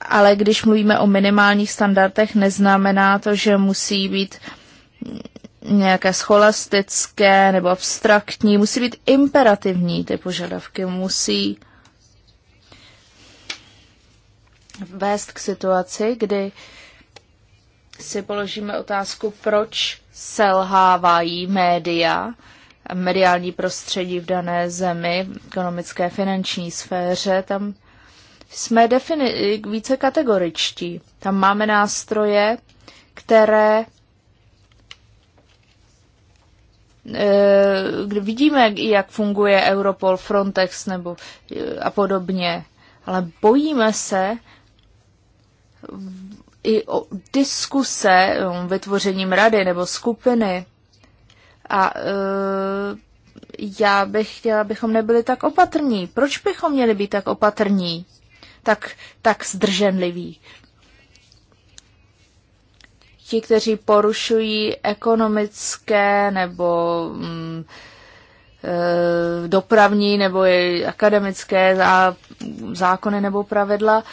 Ale když mluvíme o minimálních standardech, neznamená to, že musí být nějaké scholastické nebo abstraktní, musí být imperativní ty požadavky, musí vést k situaci, kdy si položíme otázku, proč selhávají média, mediální prostředí v dané zemi, v ekonomické finanční sféře, tam jsme defini- více kategoričtí. Tam máme nástroje, které e, vidíme, jak funguje Europol, Frontex nebo eh, a podobně, ale bojíme se i o diskuse um, vytvořením rady nebo skupiny. A e, já bych chtěla, abychom nebyli tak opatrní. Proč bychom měli být tak opatrní? Tak, tak zdrženliví. Ti, kteří porušují ekonomické nebo mm, e, dopravní nebo akademické zá, zákony nebo pravidla, e,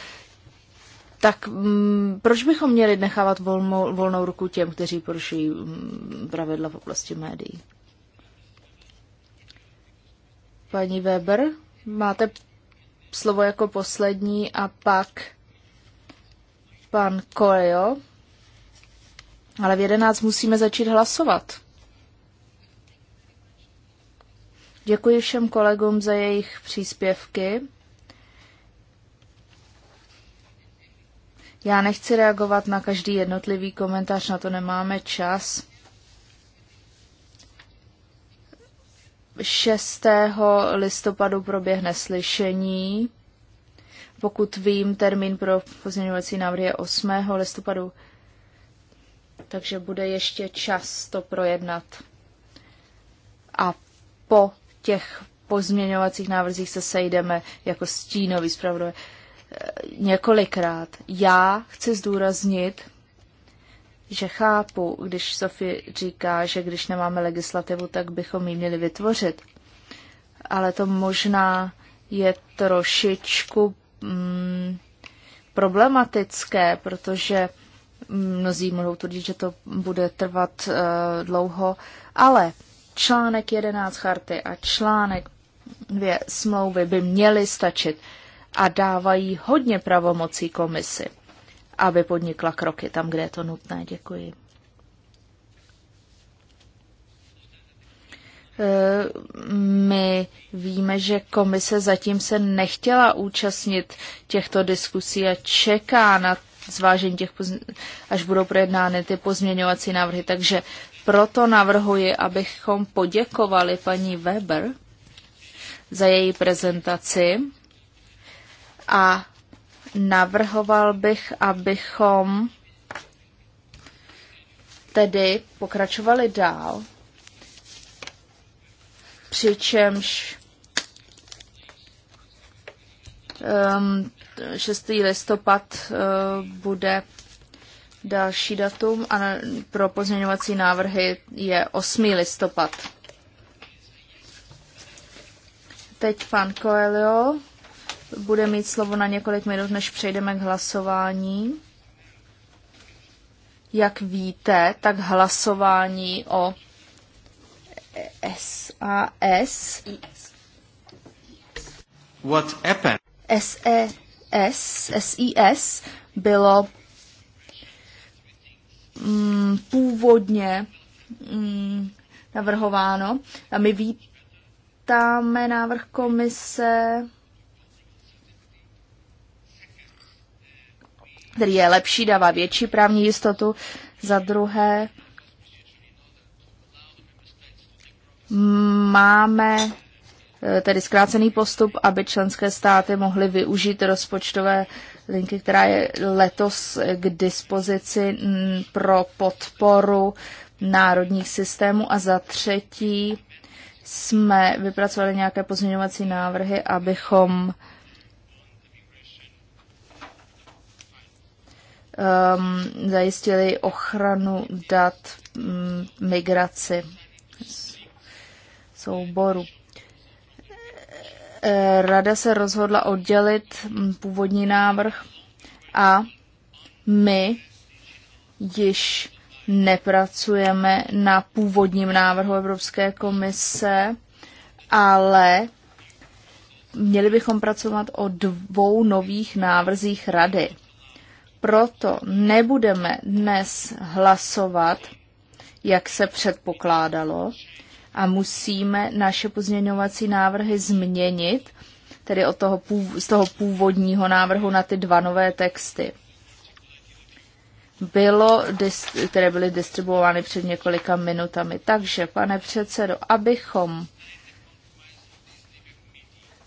tak mm, proč bychom měli nechávat volnou, volnou ruku těm, kteří porušují mm, pravidla v oblasti médií? Paní Weber, máte slovo jako poslední a pak pan Coelho. Ale v 11 musíme začít hlasovat. Děkuji všem kolegům za jejich příspěvky. Já nechci reagovat na každý jednotlivý komentář, na to nemáme čas. 6. listopadu proběhne slyšení. Pokud vím, termín pro pozměňovací návrh je 8. listopadu, takže bude ještě čas to projednat. A po těch pozměňovacích návrzích se sejdeme jako stínový zpravodaj několikrát. Já chci zdůraznit, že chápu, když Sofie říká, že když nemáme legislativu, tak bychom ji měli vytvořit. Ale to možná je trošičku mm, problematické, protože mnozí mohou tvrdit, že to bude trvat uh, dlouho, ale článek 11 charty a článek 2 smlouvy by měly stačit a dávají hodně pravomocí komisi, aby podnikla kroky tam, kde je to nutné. Děkuji. E, my víme, že komise zatím se nechtěla účastnit těchto diskusí a čeká na zvážení těch, až budou projednány ty pozměňovací návrhy. Takže proto navrhuji, abychom poděkovali paní Weber za její prezentaci a navrhoval bych, abychom tedy pokračovali dál, přičemž um, ehm, 6. listopad uh, bude další datum a na, pro pozměňovací návrhy je 8. listopad. Teď pan Coelho bude mít slovo na několik minut, než přejdeme k hlasování. Jak víte, tak hlasování o SAS What happened? SES, e S bylo mm, původně mm, navrhováno. A my vítáme návrh komise který je lepší, dává větší právní jistotu. Za druhé, máme eh, tedy zkrácený postup, aby členské státy mohly využít rozpočtové linky, která je letos k dispozici mm, pro podporu národních systémů. A za třetí jsme vypracovali nějaké pozměňovací návrhy, abychom um, zajistili ochranu dat um, migraci souboru. Rada se rozhodla oddělit původní návrh a my již nepracujeme na původním návrhu Evropské komise, ale měli bychom pracovat o dvou nových návrzích rady. Proto nebudeme dnes hlasovat, jak se předpokládalo, a musíme naše pozměňovací návrhy změnit, tedy od toho, z toho původního návrhu na ty dva nové texty. Bylo, které byly distribuovány před několika minutami. Takže, pane předsedo, abychom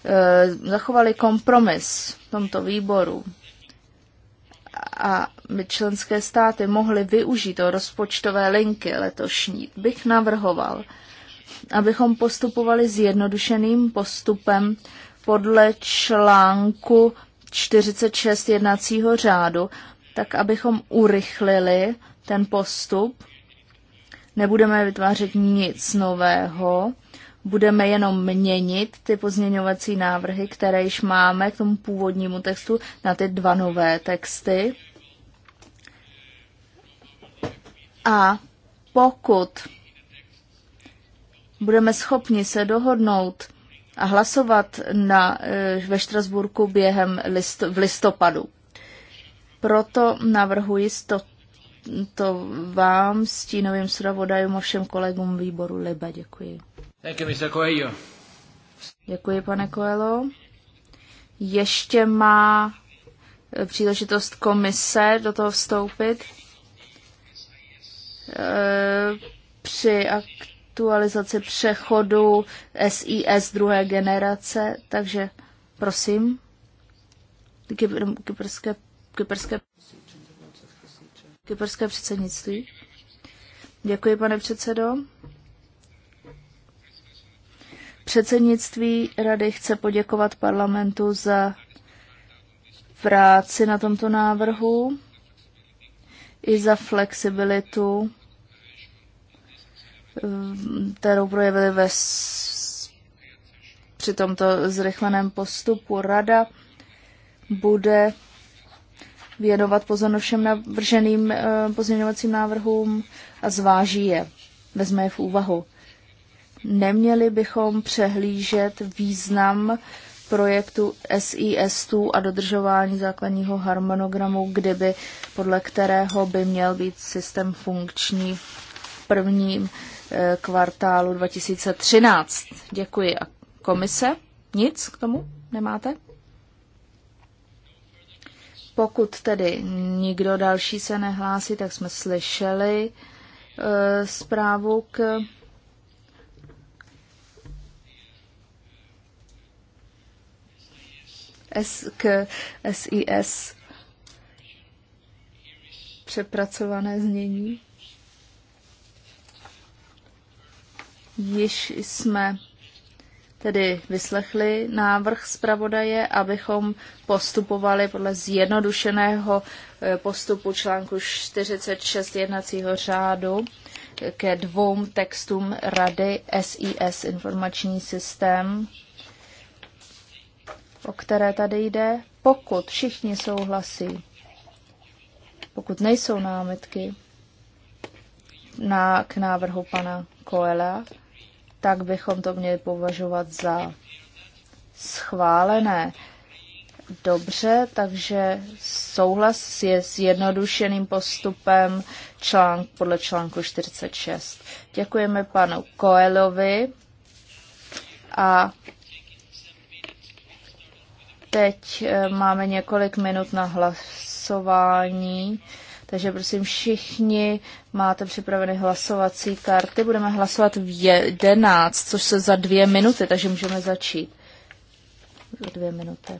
eh, zachovali kompromis v tomto výboru, a členské státy mohly využít o rozpočtové linky letošní, bych navrhoval, abychom postupovali zjednodušeným postupem podle článku 46 jednacího řádu, tak abychom urychlili ten postup. Nebudeme vytvářet nic nového, budeme jenom měnit ty pozměňovací návrhy, které již máme k tomu původnímu textu, na ty dva nové texty. A pokud budeme schopni se dohodnout a hlasovat na, e, ve Štrasburku během list, v listopadu. Proto navrhuji to, to vám, stínovým zpravodajům a všem kolegům výboru Liba. Děkuji. Thank you, Mr. Coelho. Děkuji, pane Coelho. Ještě má eh, příležitost komise do toho vstoupit. Eh, při aktualizaci přechodu SIS druhé generace, takže prosím, kyperské, kyperské, kyperské předsednictví. Děkuji, pane předsedo. Předsednictví rady chce poděkovat parlamentu za práci na tomto návrhu i za flexibilitu, ehm, kterou projevili ve při tomto zrychleném postupu. Rada bude věnovat pozornost všem navrženým ehm, pozměňovacím návrhům a zváží je, vezme je v úvahu. Neměli bychom přehlížet význam projektu SIS a dodržování základního harmonogramu, kdyby, podle kterého by měl být systém funkční v prvním eh, kvartálu 2013. Děkuji. A komise? Nic k tomu nemáte? Pokud tedy nikdo další se nehlásí, tak jsme slyšeli e, zprávu k S, k SIS přepracované znění. Již jsme tedy vyslechli návrh zpravodaje, abychom postupovali podle zjednodušeného eh, postupu článku 46 jednacího řádu ke dvou textům Rady SIS informační systém o které tady jde, pokud všichni souhlasí, pokud nejsou námitky na, k návrhu pana Koela, tak bychom to měli považovat za schválené. Dobře, takže souhlas je s jednodušeným postupem článk, podle článku 46. Děkujeme panu Koelovi a Teď eh, máme několik minut na hlasování, takže prosím všichni máte připraveny hlasovací karty. Budeme hlasovat v 11, což se za dvě minuty, takže můžeme začít. Za dvě minuty.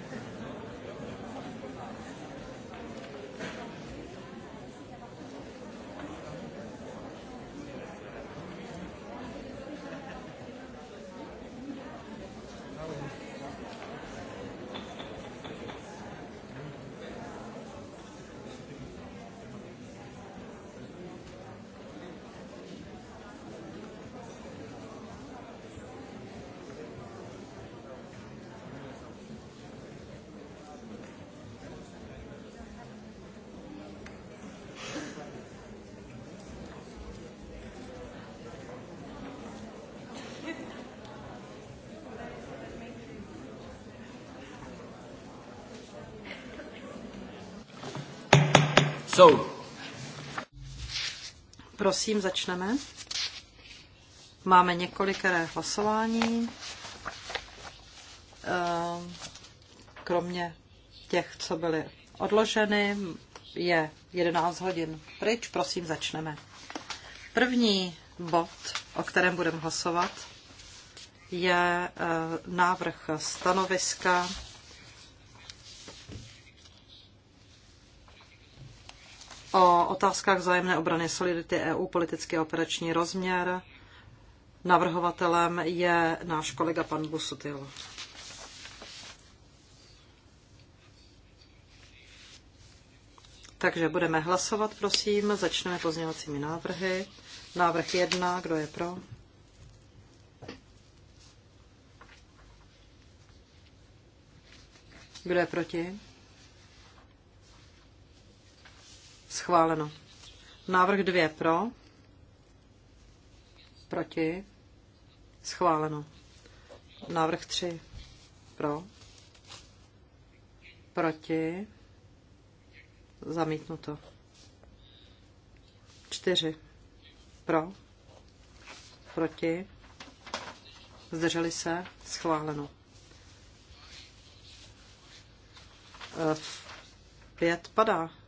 So. Prosím, začneme. Máme několikeré hlasování. Ehm, kromě těch, co byly odloženy, je 11 hodin pryč. Prosím, začneme. První bod, o kterém budeme hlasovat, je eh, návrh stanoviska otázkách vzájemné obrany solidity EU politický a operační rozměr. Navrhovatelem je náš kolega pan Busutil. Takže budeme hlasovat, prosím. Začneme pozměňovacími návrhy. Návrh 1, kdo je pro? Kdo je proti? Schváleno. Návrh 2 pro. Proti. Schváleno. Návrh 3 pro. Proti. Zamítnuto. 4 pro. Proti. Zdrželi se. Schváleno. 5 e, padá.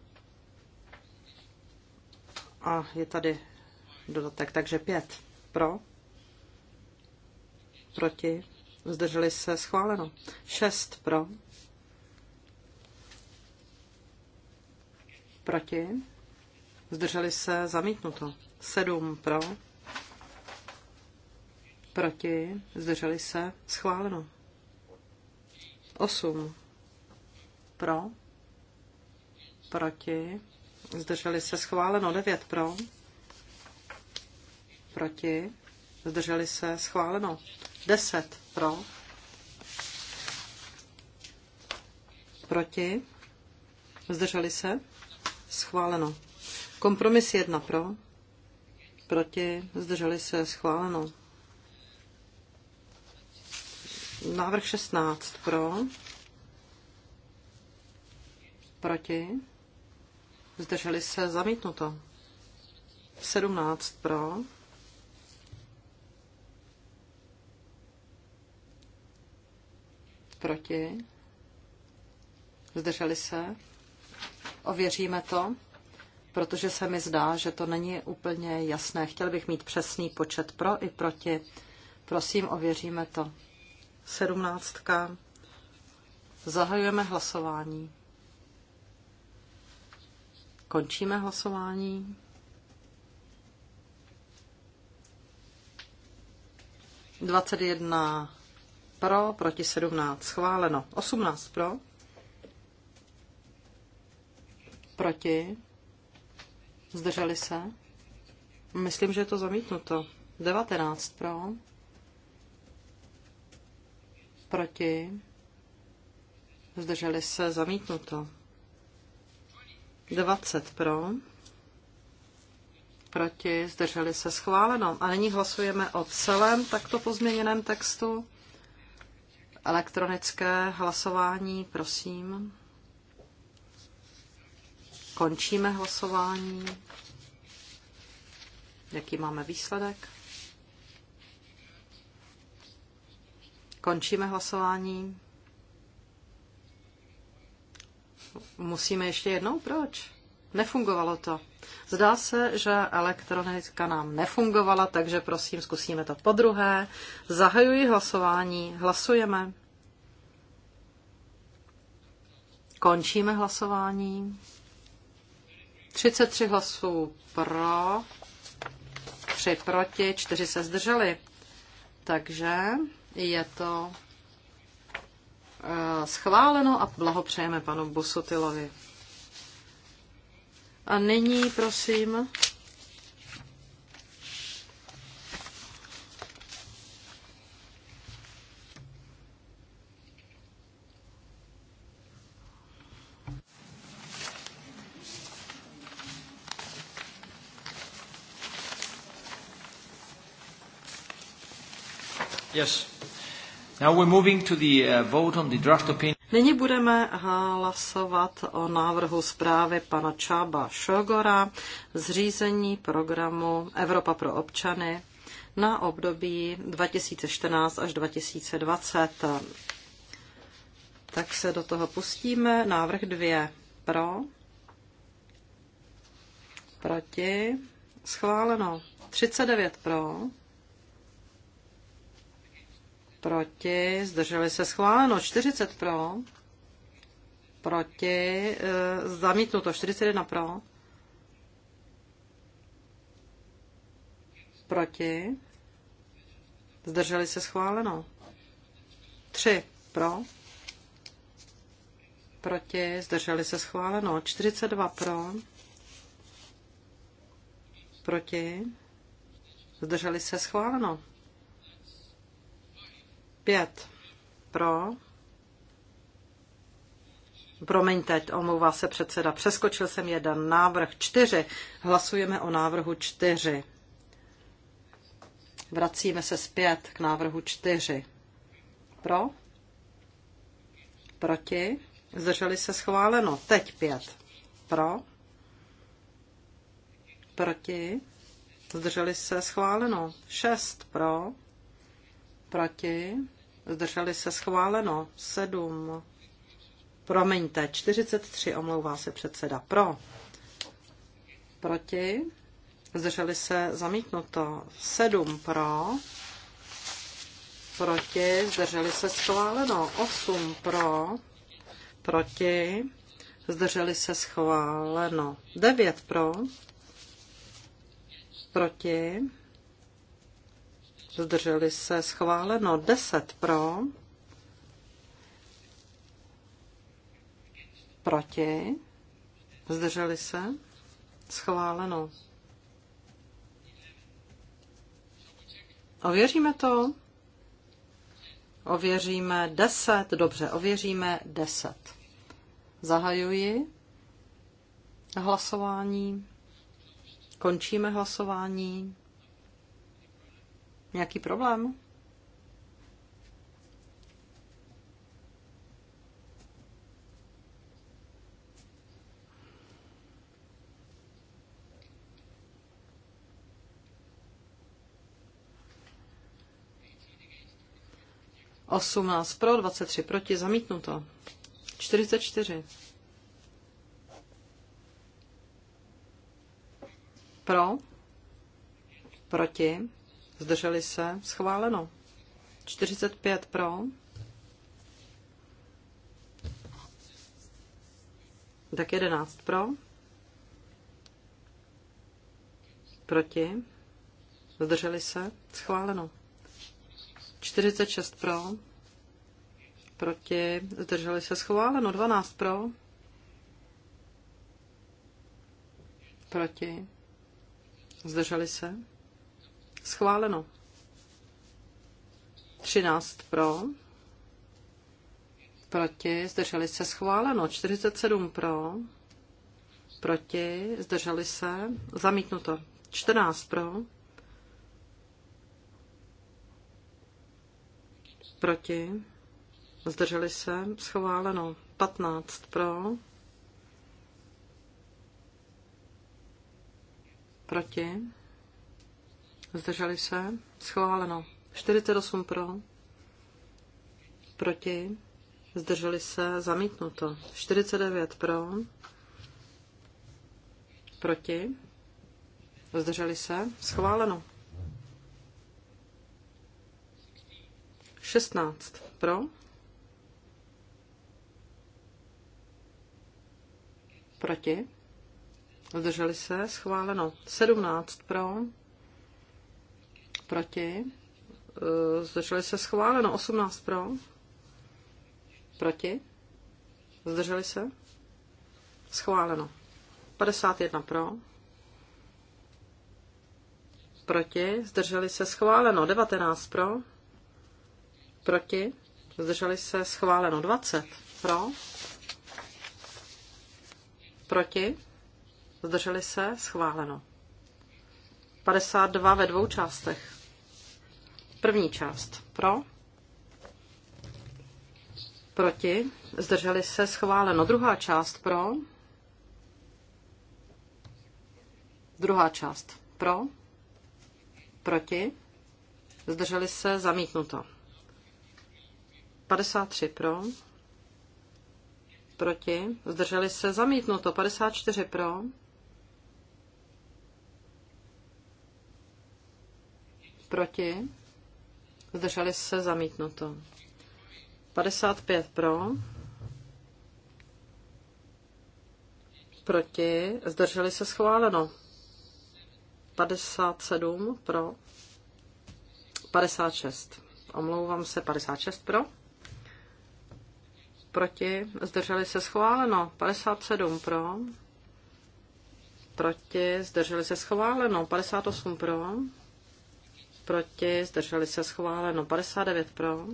A je tady dodatek, takže pět pro, proti, zdrželi se, schváleno. Šest pro, proti, zdrželi se, zamítnuto. Sedm pro, proti, zdrželi se, schváleno. Osm pro, proti, zdrželi se schváleno 9 pro, proti, zdrželi se schváleno 10 pro, proti, zdrželi se schváleno. Kompromis 1 pro, proti, zdrželi se schváleno. Návrh 16 pro, proti, zdrželi se zamítnuto. 17 pro, proti, zdrželi se. Ověříme to, protože se mi zdá, že to není úplně jasné. Chtěl bych mít přesný počet pro i proti. Prosím, ověříme to. Sedmnáctka. Zahajujeme hlasování. Končíme hlasování. Dvacet jedna pro, proti 17 schváleno. 18 pro, proti, zdrželi se. Myslím, že je to zamítnuto. 19 pro, proti, zdrželi se, zamítnuto. 20 pro, proti, zdrželi se schváleno. A nyní hlasujeme o celém takto pozměněném textu. Elektronické hlasování, prosím. Končíme hlasování. Jaký máme výsledek? Končíme hlasování. Musíme ještě jednou? Proč? Nefungovalo to. Zdá se, že elektronika nám nefungovala, takže prosím, zkusíme to po druhé. Zahajuji hlasování. Hlasujeme. Končíme hlasování. 33 hlasů pro, 3 proti, 4 se zdrželi. Takže je to Eh, schváleno a blahopřejeme panu Bosotilovi. A nyní, prosím, Yes. Now we're moving to the uh, vote on the draft opinion. Nyní budeme hlasovat o návrhu zprávy pana Čába Šogora zřízení programu Evropa pro občany na období 2014 až 2020. Tak se do toho pustíme. Návrh 2 pro, proti, schváleno. 39 pro, proti, zdrželi se schváleno, 40 pro, proti, e, zamítnuto, 41 pro, proti, zdrželi se schváleno, 3 pro, proti, zdrželi se schváleno, 42 pro, proti, zdrželi se schváleno. 5 pro. Promiňte, omlouvá se předseda. Přeskočil jsem jeden návrh. 4. Hlasujeme o návrhu 4. Vracíme se zpět k návrhu 4. Pro? Proti? Zdrželi se schváleno. Teď 5. Pro? Proti? Zdrželi se schváleno. 6. Pro? Proti? zdrželi se schváleno, 7, promiňte, 43, omlouvá se předseda, pro, proti, zdrželi se zamítnuto, 7 pro, proti, zdrželi se schváleno, 8 pro, proti, zdrželi se schváleno, 9 pro, proti, zdrželi se schváleno 10 pro, proti, zdrželi se schváleno. Ověříme to? Ověříme 10, dobře, ověříme 10. Zahajuji hlasování. Končíme hlasování. Nějaký problém? Osmnáct pro, dvacet tři proti, zamítnuto. Čtyřicet čtyři. Pro, proti, zdrželi se, schváleno. 45 pro, tak 11 pro, proti, zdrželi se, schváleno. 46 pro, proti, zdrželi se, schváleno. 12 pro, proti, zdrželi se, Schváleno. 13 pro. Proti. Zdrželi se. Schváleno. 47 pro. Proti. Zdrželi se. Zamítnuto. 14 pro. Proti. Zdrželi se. Schváleno. 15 pro. Proti. Zdrželi se? Schváleno. 48 pro. Proti. Zdrželi se? Zamítnuto. 49 pro. Proti. Zdrželi se? Schváleno. 16 pro. Proti. Zdrželi se? Schváleno. 17 pro proti, e, zdrželi se schváleno, 18 pro, proti, zdrželi se, schváleno, 51 pro, proti, zdrželi se, schváleno, 19 pro, proti, zdrželi se, schváleno, 20 pro, proti, zdrželi se, schváleno. 52 ve dvou částech. První část pro, proti, zdrželi se, schváleno. Druhá část pro, druhá část pro, proti, zdrželi se, zamítnuto. 53 pro, proti, zdrželi se, zamítnuto. 54 pro, Proti? Zdrželi se zamítnuto. 55 pro. Proti? Zdrželi se schváleno. 57 pro. 56. Omlouvám se, 56 pro. Proti? Zdrželi se schváleno. 57 pro. Proti? Zdrželi se schváleno. 58 pro proti, zdrželi se schváleno 59 pro,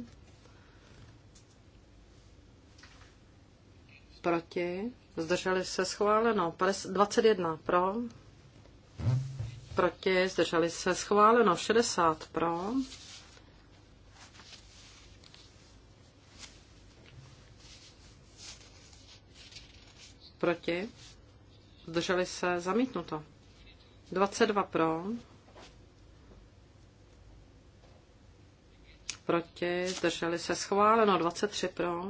proti, zdrželi se schváleno 21 pro, proti, zdrželi se schváleno 60 pro, proti, zdrželi se zamítnuto 22 pro, proti, zdrželi se schváleno, 23 pro,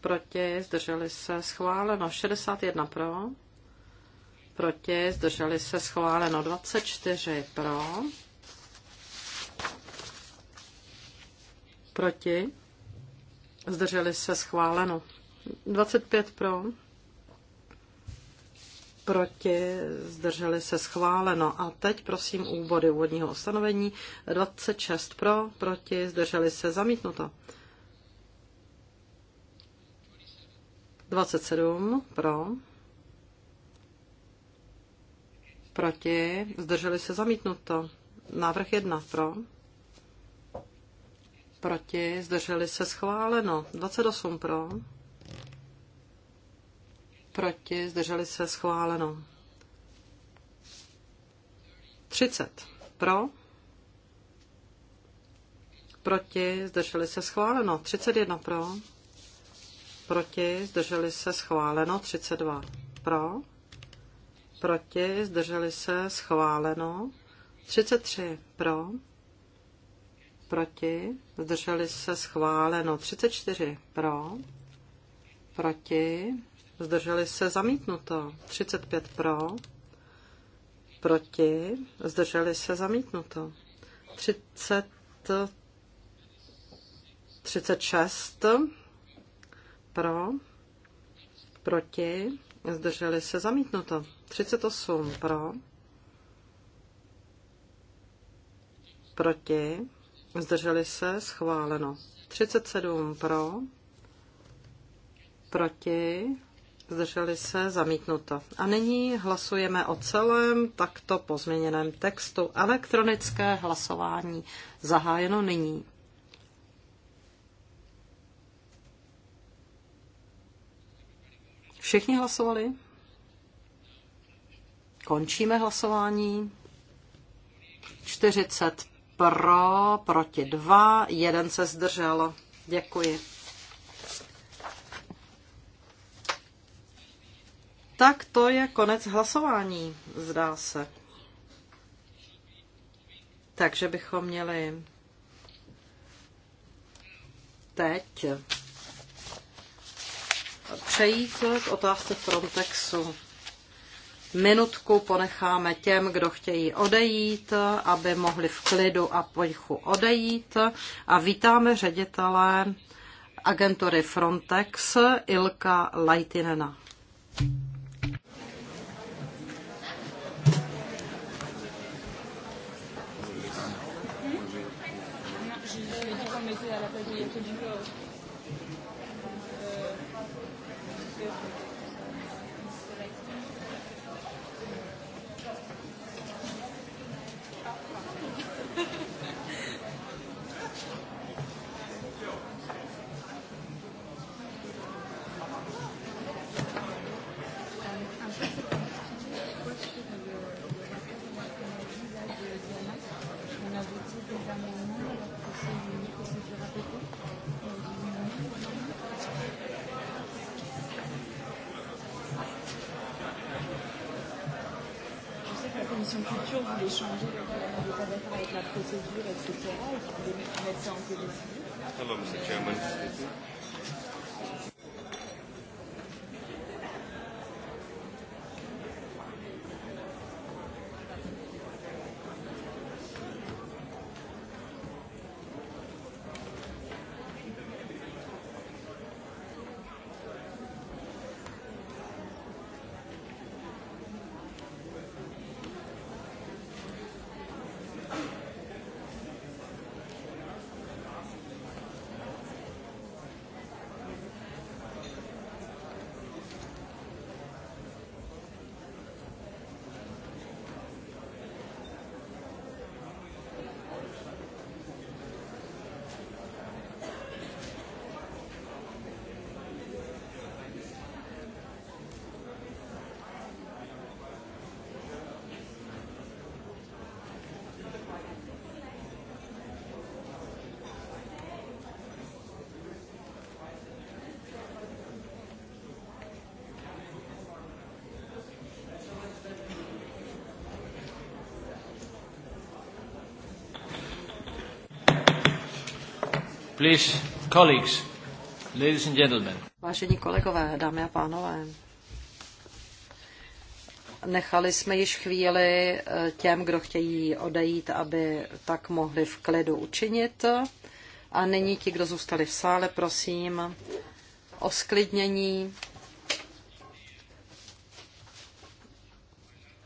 proti, zdrželi se schváleno, 61 pro, proti, zdrželi se schváleno, 24 pro, proti, zdrželi se schváleno, 25 pro, proti, zdrželi se schváleno. A teď prosím úvody úvodního ustanovení 26 pro, proti, zdrželi se zamítnuto. 27 pro, proti, zdrželi se zamítnuto. Návrh 1 pro, proti, zdrželi se schváleno. 28 pro, proti, zdrželi se, schváleno. 30 pro, proti, zdrželi se, schváleno. 31 pro, proti, zdrželi se, schváleno. 32 pro, proti, zdrželi se, schváleno. 33 pro, proti, zdrželi se schváleno 34 pro, proti, zdrželi se zamítnuto. 35 pro, proti, zdrželi se zamítnuto. 30, 36 pro, proti, zdrželi se zamítnuto. 38 pro, proti, zdrželi se schváleno. 37 pro, proti, zdrželi se, zamítnuto. A nyní hlasujeme o celém takto pozměněném textu. Elektronické hlasování zahájeno nyní. Všichni hlasovali? Končíme hlasování. 40 pro, proti 2, jeden se zdržel. Děkuji. Tak to je konec hlasování, zdá se. Takže bychom měli teď přejít k otázce Frontexu. Minutku ponecháme těm, kdo chtějí odejít, aby mohli v klidu a pojichu odejít. A vítáme ředitele agentury Frontex Ilka Lajtinena. Please, colleagues, ladies and gentlemen. Vážení kolegové, dámy a pánové, nechali jsme již chvíli eh, těm, kdo chtějí odejít, aby tak mohli v klidu učinit. A nyní ti, kdo zůstali v sále, prosím o sklidnění.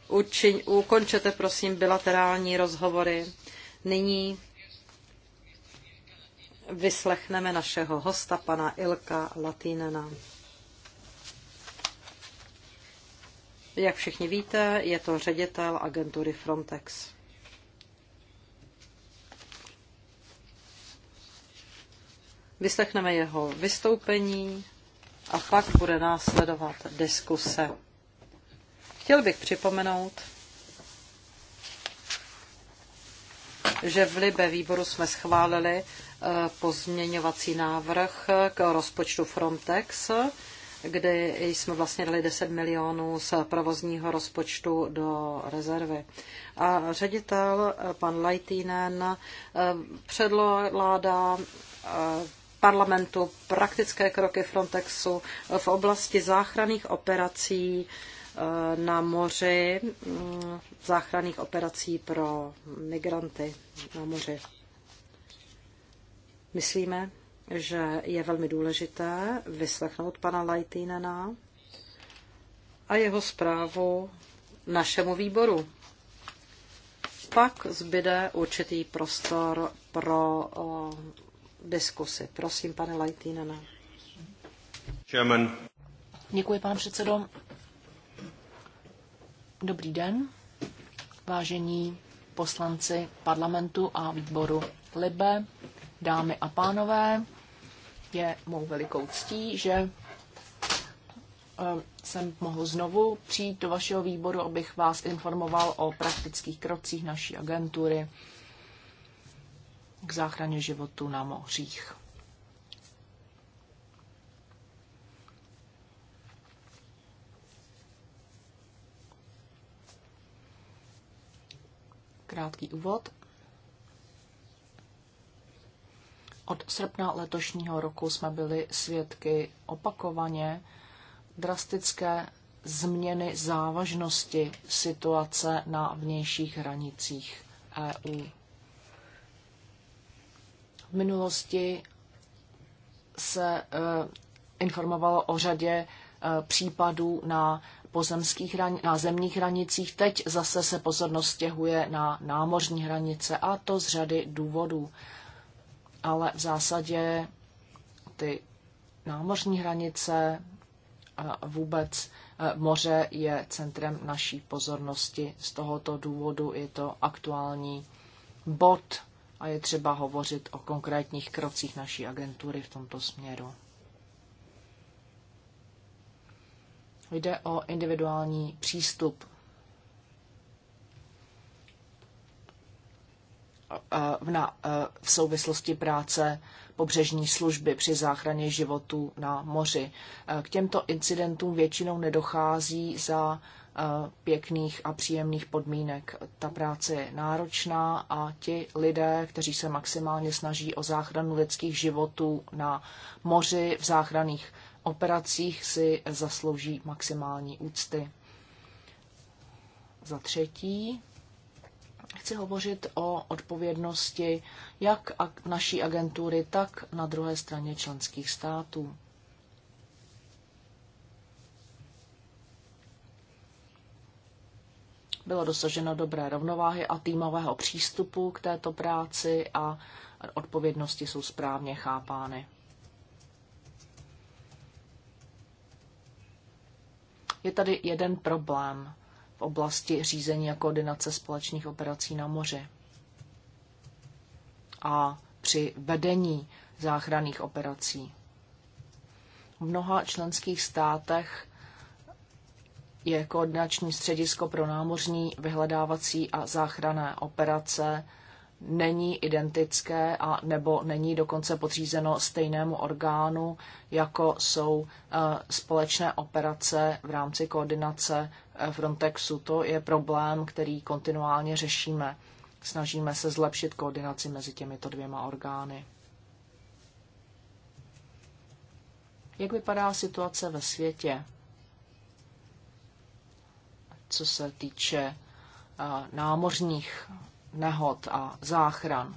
Učiň, ukončete prosím bilaterální rozhovory. Nyní vyslechneme našeho hosta, pana Ilka Latínena. Jak všichni víte, je to ředitel agentury Frontex. Vyslechneme jeho vystoupení a pak bude následovat diskuse. Chtěl bych připomenout, že v Libe výboru jsme schválili pozměňovací návrh k rozpočtu Frontex, kdy jsme vlastně dali 10 milionů z provozního rozpočtu do rezervy. A ředitel, pan Lajtínen, předládá eh, parlamentu praktické kroky Frontexu v oblasti záchranných operací eh, na moři, mm, záchranných operací pro migranty na moři. Myslíme, že je velmi důležité vyslechnout pana Lajtýnena a jeho zprávu našemu výboru. Pak zbyde určitý prostor pro o, diskusy. Prosím, pane Lajtýnena. Chairman. Děkuji, pane předsedo. Dobrý den, vážení poslanci parlamentu a výboru Libe. Dámy a pánové, je mou velikou ctí, že eh, jsem mohl znovu přijít do vašeho výboru, abych vás informoval o praktických krocích naší agentury k záchraně životu na mořích. Krátký úvod. Od srpna letošního roku jsme byli svědky opakovaně drastické změny závažnosti situace na vnějších hranicích EU. V minulosti se e, informovalo o řadě e, případů na pozemských na zemních hranicích. Teď zase se pozornost stěhuje na námořní hranice a to z řady důvodů ale v zásadě ty námořní hranice a vůbec e, moře je centrem naší pozornosti. Z tohoto důvodu je to aktuální bod a je třeba hovořit o konkrétních krocích naší agentury v tomto směru. Jde o individuální přístup na, v souvislosti práce pobřežní služby při záchraně životů na moři. K těmto incidentům většinou nedochází za pěkných a příjemných podmínek. Ta práce je náročná a ti lidé, kteří se maximálně snaží o záchranu lidských životů na moři v záchranných operacích, si zaslouží maximální úcty. Za třetí, Chci hovořit o odpovědnosti jak naší agentury, tak na druhé straně členských států. Bylo dosaženo dobré rovnováhy a týmového přístupu k této práci a odpovědnosti jsou správně chápány. Je tady jeden problém v oblasti řízení a koordinace společných operací na moři a při vedení záchranných operací. V mnoha členských státech je koordinační středisko pro námořní vyhledávací a záchranné operace není identické a nebo není dokonce podřízeno stejnému orgánu, jako jsou eh, společné operace v rámci koordinace eh, Frontexu. To je problém, který kontinuálně řešíme. Snažíme se zlepšit koordinaci mezi těmito dvěma orgány. Jak vypadá situace ve světě, co se týče eh, námořních nehod a záchran.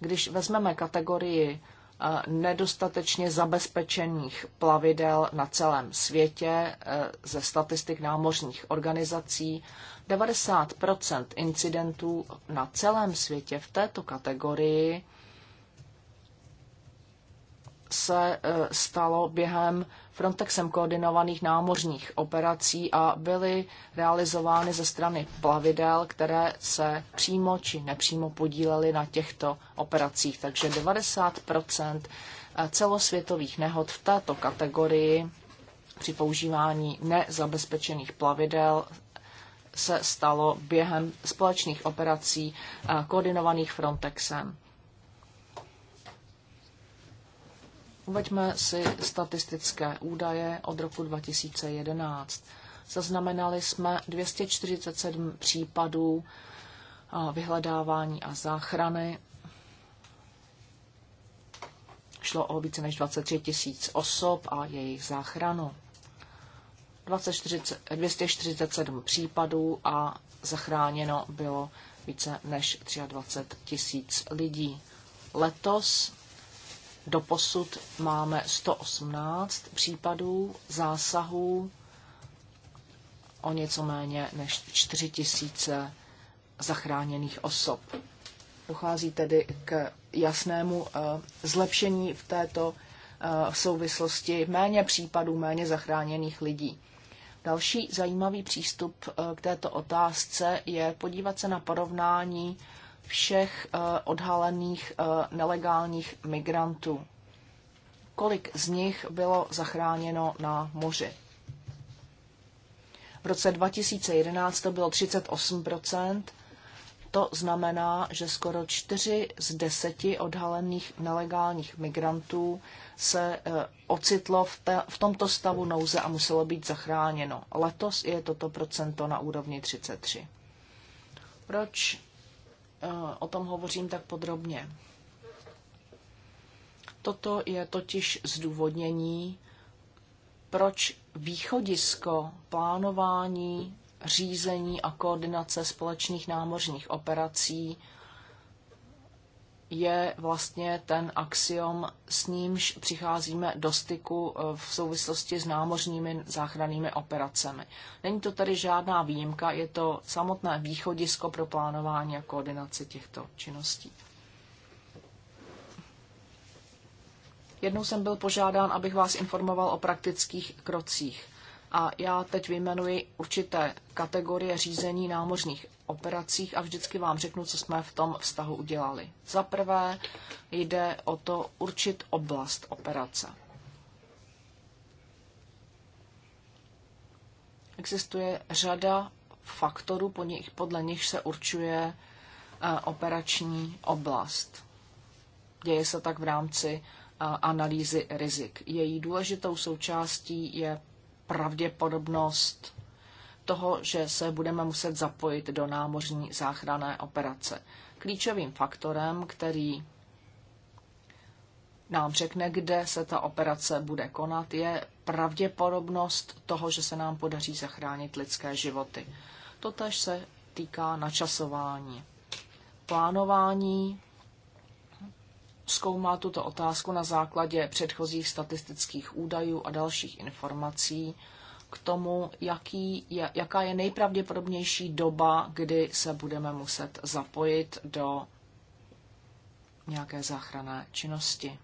Když vezmeme kategorii eh, nedostatečně zabezpečených plavidel na celém světě eh, ze statistik námořních organizací. 90 incidentů na celém světě v této kategorii se e, stalo během Frontexem koordinovaných námořních operací a byly realizovány ze strany plavidel, které se přímo či nepřímo podílely na těchto operacích. Takže 90 e, celosvětových nehod v této kategorii při používání nezabezpečených plavidel se stalo během společných operací e, koordinovaných Frontexem. Uveďme si statistické údaje od roku 2011. Zaznamenali jsme 247 případů vyhledávání a záchrany. Šlo o více než 23 tisíc osob a jejich záchranu. 247 případů a zachráněno bylo více než 23 tisíc lidí. Letos Doposud máme 118 případů zásahů o něco méně než 4 tisíce zachráněných osob. Dochází tedy k jasnému eh, zlepšení v této eh, souvislosti méně případů, méně zachráněných lidí. Další zajímavý přístup eh, k této otázce je podívat se na porovnání všech eh, odhalených eh, nelegálních migrantů. Kolik z nich bylo zachráněno na moři? V roce 2011 to bylo 38 To znamená, že skoro 4 z 10 odhalených nelegálních migrantů se eh, ocitlo v, te, v tomto stavu nouze a muselo být zachráněno. Letos je toto procento na úrovni 33. Proč Eh, o tom hovořím tak podrobně. Toto je totiž zdůvodnění, proč východisko plánování, řízení a koordinace společných námořních operací je vlastně ten axiom, s nímž přicházíme do styku eh, v souvislosti s námořními záchrannými operacemi. Není to tedy žádná výjimka, je to samotné východisko pro plánování a koordinaci těchto činností. Jednou jsem byl požádán, abych vás informoval o praktických krocích. A já teď vyjmenuji určité kategorie řízení námořních operacích a vždycky vám řeknu, co jsme v tom vztahu udělali. Za prvé jde o to určit oblast operace. Existuje řada faktorů, po nich, podle nich se určuje eh, operační oblast. Děje se tak v rámci eh, analýzy rizik. Její důležitou součástí je pravděpodobnost toho, že se budeme muset zapojit do námořní záchranné operace. Klíčovým faktorem, který nám řekne, kde se ta operace bude konat, je pravděpodobnost toho, že se nám podaří zachránit lidské životy. Totež se týká načasování. Plánování zkoumá tuto otázku na základě předchozích statistických údajů a dalších informací k tomu, jaký je, jaká je nejpravděpodobnější doba, kdy se budeme muset zapojit do nějaké záchranné činnosti.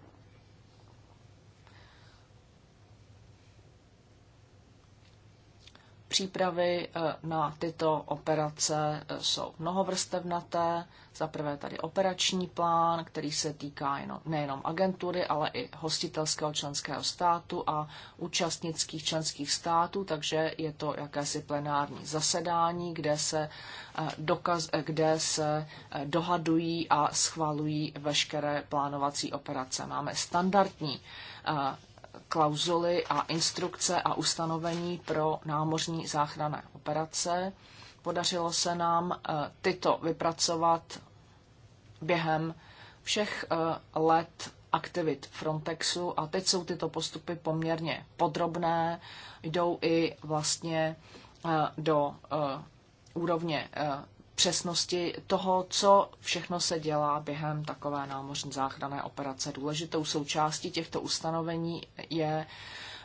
Přípravy eh, na tyto operace eh, jsou mnohovrstevnaté. Za prvé tady operační plán, který se týká jenom, nejenom agentury, ale i hostitelského členského státu a účastnických členských států, takže je to jakési plenární zasedání, kde se, eh, dokaz, kde se dohadují a schvalují veškeré plánovací operace. Máme standardní klauzuly a instrukce a ustanovení pro námořní záchranné operace. Podařilo se nám eh, tyto vypracovat během všech eh, let aktivit Frontexu a teď jsou tyto postupy poměrně podrobné, jdou i vlastně eh, do úrovně přesnosti toho, co všechno se dělá během takové námořní záchranné operace. Důležitou součástí těchto ustanovení je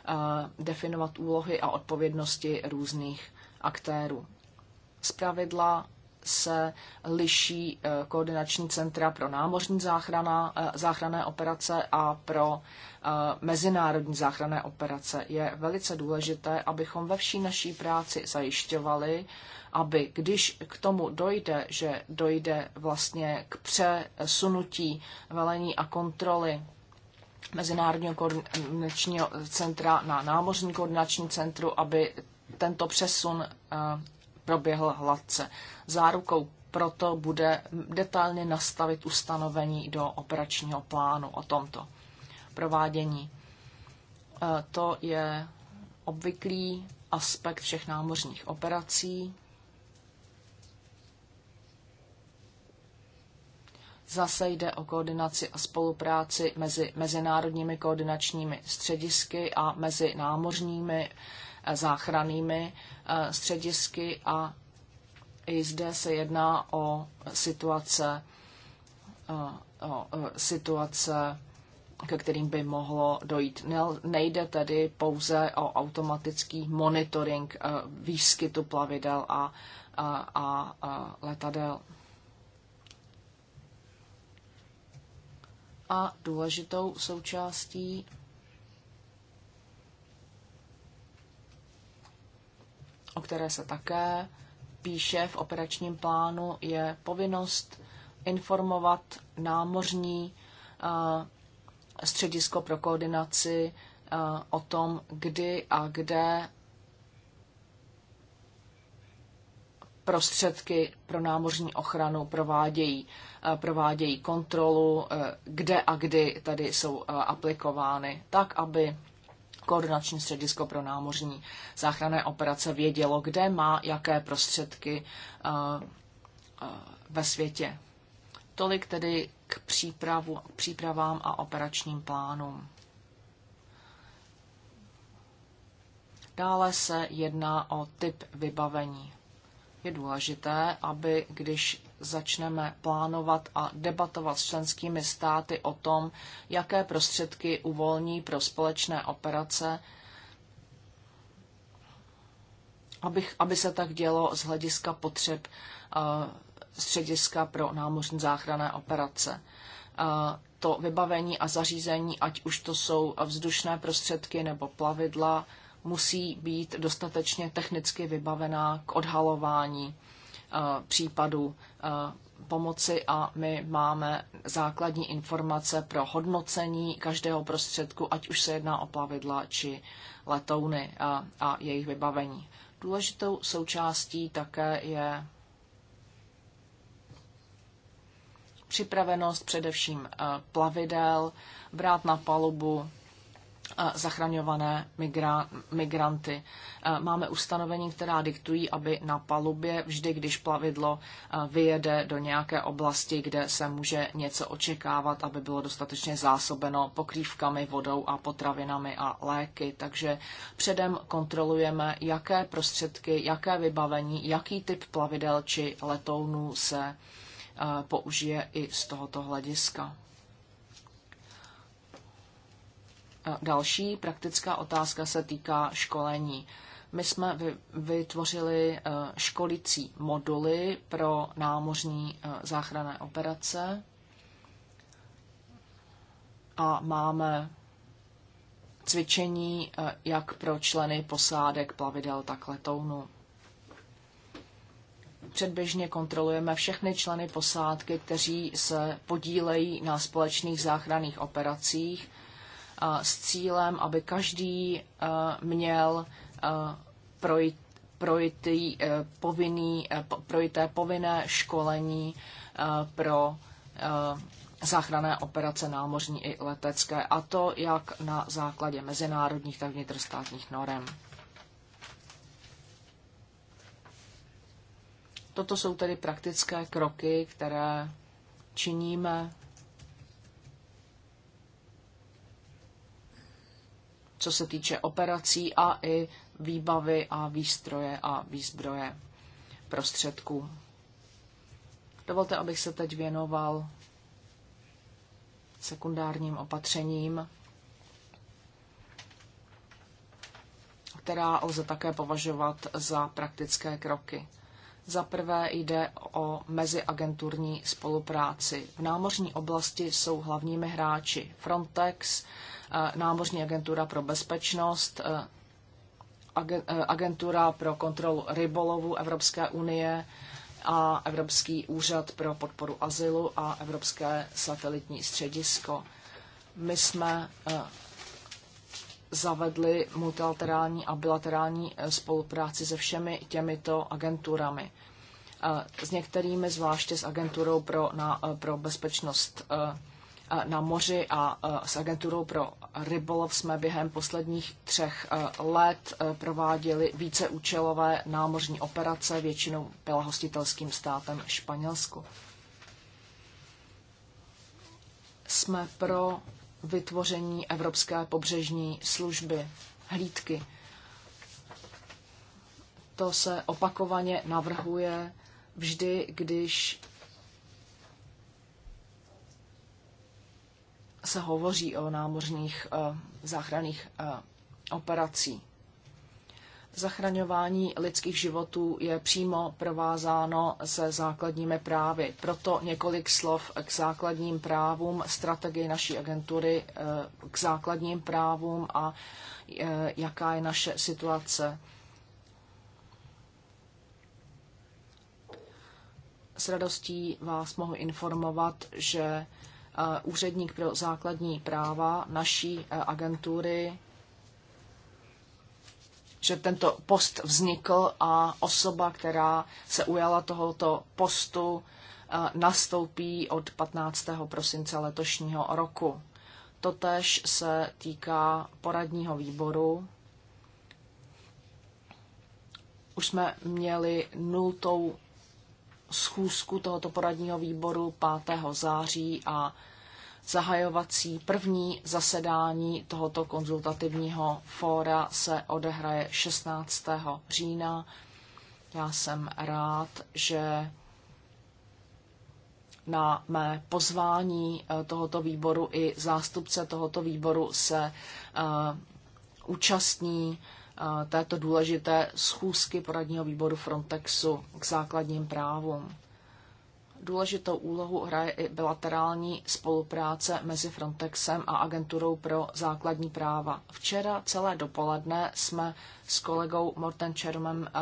eh, definovat úlohy a odpovědnosti různých aktérů. Zpravidla se liší eh, koordinační centra pro námořní záchrana, eh, záchranné operace a pro eh, mezinárodní záchranné operace. Je velice důležité, abychom ve vší naší práci zajišťovali, aby když k tomu dojde, že dojde vlastně k přesunutí velení a kontroly Mezinárodního koordinačního centra na námořní koordinační centru, aby tento přesun proběhl hladce. Zárukou proto bude detailně nastavit ustanovení do operačního plánu o tomto provádění. E, to je obvyklý aspekt všech námořních operací. Zase jde o koordinaci a spolupráci mezi mezinárodními koordinačními středisky a mezi námořními záchrannými eh, středisky a i zde se jedná o situace, eh, o eh, situace ke kterým by mohlo dojít. Nejde tedy pouze o automatický monitoring výskytu plavidel a, a, a, a letadel. A důležitou součástí o které se také píše v operačním plánu, je povinnost informovat námořní eh, středisko pro koordinaci eh, o tom, kdy a kde prostředky pro námořní ochranu provádějí, eh, provádějí kontrolu, kde a kdy tady jsou aplikovány, tak aby koordinační středisko pro námořní záchranné operace vědělo, kde má jaké prostředky eh, eh, ve světě. Tolik tedy k přípravu, přípravám a operačním plánům. Dále se jedná o typ vybavení je důležité, aby když začneme plánovat a debatovat s členskými státy o tom, jaké prostředky uvolní pro společné operace, aby, aby se tak dělo z hlediska potřeb střediska eh, pro námořní záchranné operace. Eh, to vybavení a zařízení, ať už to jsou vzdušné prostředky nebo plavidla, musí být dostatečně technicky vybavená k odhalování eh, případů eh, pomoci a my máme základní informace pro hodnocení každého prostředku, ať už se jedná o plavidla či letouny a, eh, a jejich vybavení. Důležitou součástí také je připravenost především plavidel, brát na palubu zachraňované migra- migranty. E, máme ustanovení, která diktují, aby na palubě vždy, když plavidlo e, vyjede do nějaké oblasti, kde se může něco očekávat, aby bylo dostatečně zásobeno pokrývkami, vodou a potravinami a léky. Takže předem kontrolujeme, jaké prostředky, jaké vybavení, jaký typ plavidel či letounů se e, použije i z tohoto hlediska. Další praktická otázka se týká školení. My jsme vytvořili eh, školicí moduly pro námořní eh, záchranné operace a máme cvičení eh, jak pro členy posádek plavidel, tak letounu. Předběžně kontrolujeme všechny členy posádky, kteří se podílejí na společných záchranných operacích s cílem, aby každý e, měl e, projít, projitý, e, povinný, projité povinné školení pro záchranné operace námořní i letecké, a to jak na základě mezinárodních, tak vnitrostátních norem. Toto jsou tedy praktické kroky, které činíme co se týče operací a i výbavy a výstroje a výzbroje prostředků. Dovolte, abych se teď věnoval sekundárním opatřením, která lze také považovat za praktické kroky. Za prvé jde o meziagenturní spolupráci. V námořní oblasti jsou hlavními hráči Frontex, eh, Námořní agentura pro bezpečnost, eh, eh, Agentura pro kontrolu rybolovu Evropské unie a Evropský úřad pro podporu azylu a Evropské satelitní středisko. My jsme zavedli multilaterální a bilaterální eh, spolupráci se všemi těmito agenturami. Eh, s některými, zvláště s agenturou pro, na, eh, pro bezpečnost na moři a s agenturou pro rybolov jsme během posledních třech let prováděli víceúčelové námořní operace, většinou byla hostitelským státem Španělsku. Jsme pro vytvoření Evropské pobřežní služby, hlídky. To se opakovaně navrhuje vždy, když se hovoří o námořních eh, záchranných eh, operacích. Zachraňování lidských životů je přímo provázáno se základními právy. Proto několik slov k základním právům, strategii naší agentury eh, k základním právům a eh, jaká je naše situace. S radostí vás mohu informovat, že eh, úředník pro základní práva naší agentury že tento post vznikl a osoba, která se ujala tohoto postu, eh, nastoupí od 15. prosince letošního roku. Totež se týká poradního výboru. Už jsme měli nultou schůzku tohoto poradního výboru 5. září a Zahajovací první zasedání tohoto konzultativního fóra se odehraje 16. října. Já jsem rád, že na mé pozvání eh, tohoto výboru i zástupce tohoto výboru se eh, účastní eh, této důležité schůzky poradního výboru Frontexu k základním právům. Důležitou úlohu hraje i bilaterální spolupráce mezi Frontexem a Agenturou pro základní práva. Včera celé dopoledne jsme s kolegou Morten Čermem eh,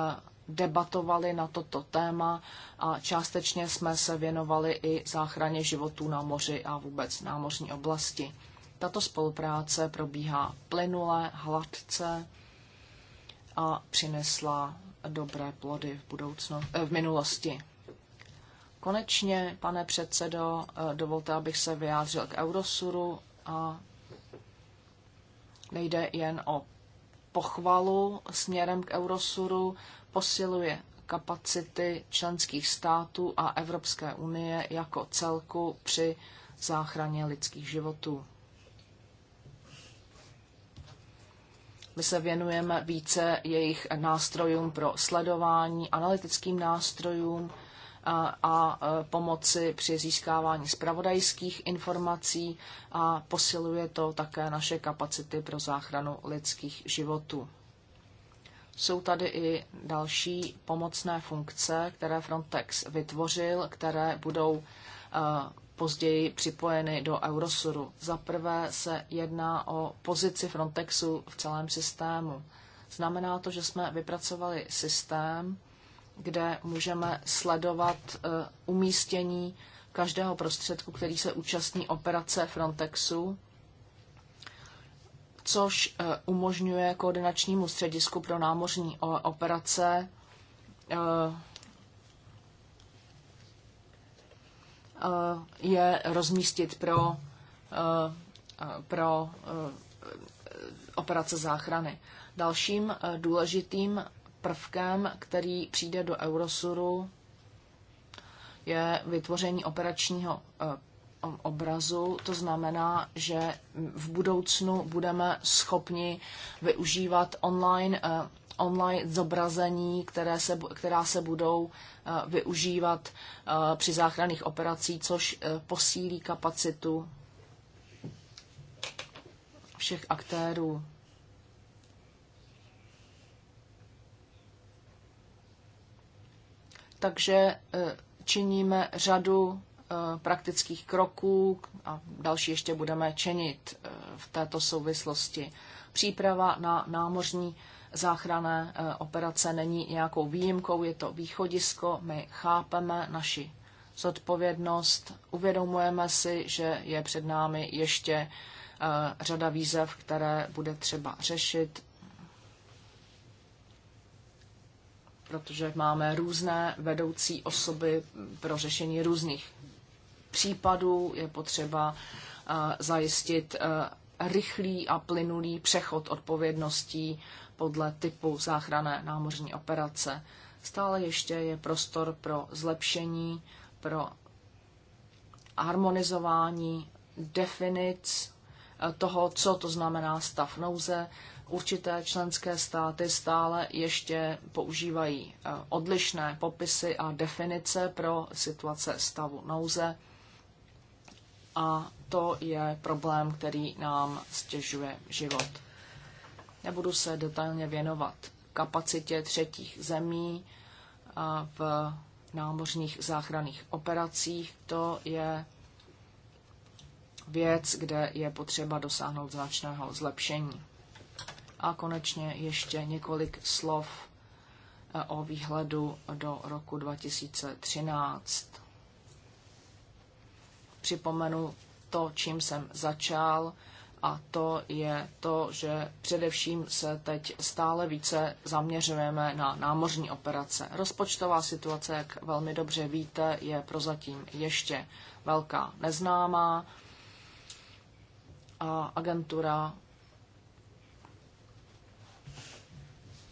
debatovali na toto téma a částečně jsme se věnovali i záchraně životů na moři a vůbec námořní oblasti. Tato spolupráce probíhá plynule, hladce a přinesla dobré plody v, budoucnu, eh, v minulosti. Konečně, pane předsedo, eh, dovolte, abych se vyjádřil k Eurosuru a nejde jen o pochvalu směrem k Eurosuru, posiluje kapacity členských států a Evropské unie jako celku při záchraně lidských životů. My se věnujeme více jejich nástrojům pro sledování, analytickým nástrojům, a e, pomoci při získávání spravodajských informací a posiluje to také naše kapacity pro záchranu lidských životů. Jsou tady i další pomocné funkce, které Frontex vytvořil, které budou e, později připojeny do Eurosuru. Za prvé se jedná o pozici Frontexu v celém systému. Znamená to, že jsme vypracovali systém, kde můžeme sledovat eh, umístění každého prostředku, který se účastní operace Frontexu, což eh, umožňuje koordinačnímu středisku pro námořní operace eh, je rozmístit pro, pro operace záchrany. Dalším důležitým prvkem, který přijde do Eurosuru, je vytvoření operačního eh, obrazu. To znamená, že v budoucnu budeme schopni využívat online, eh, online zobrazení, které se, která se budou eh, využívat při záchranných operacích, což posílí kapacitu všech aktérů Takže e, činíme řadu e, praktických kroků a další ještě budeme činit e, v této souvislosti. Příprava na námořní záchrané operace není nějakou výjimkou, je to východisko, my chápeme naši zodpovědnost, uvědomujeme si, že je před námi ještě řada výzev, které bude třeba řešit. protože máme různé vedoucí osoby pro řešení různých případů. Je potřeba eh, zajistit eh, rychlý a plynulý přechod odpovědností podle typu záchrané námořní operace. Stále ještě je prostor pro zlepšení, pro harmonizování definic eh, toho, co to znamená stav nouze, určité členské státy stále ještě používají eh, odlišné popisy a definice pro situace stavu nouze. A to je problém, který nám stěžuje život. Nebudu se detailně věnovat kapacitě třetích zemí eh, v námořních záchranných operacích. To je věc, kde je potřeba dosáhnout značného zlepšení. A konečně ještě několik slov eh, o výhledu do roku 2013. Připomenu to, čím jsem začal, a to je to, že především se teď stále více zaměřujeme na námořní operace. Rozpočtová situace, jak velmi dobře víte, je prozatím ještě velká neznámá a agentura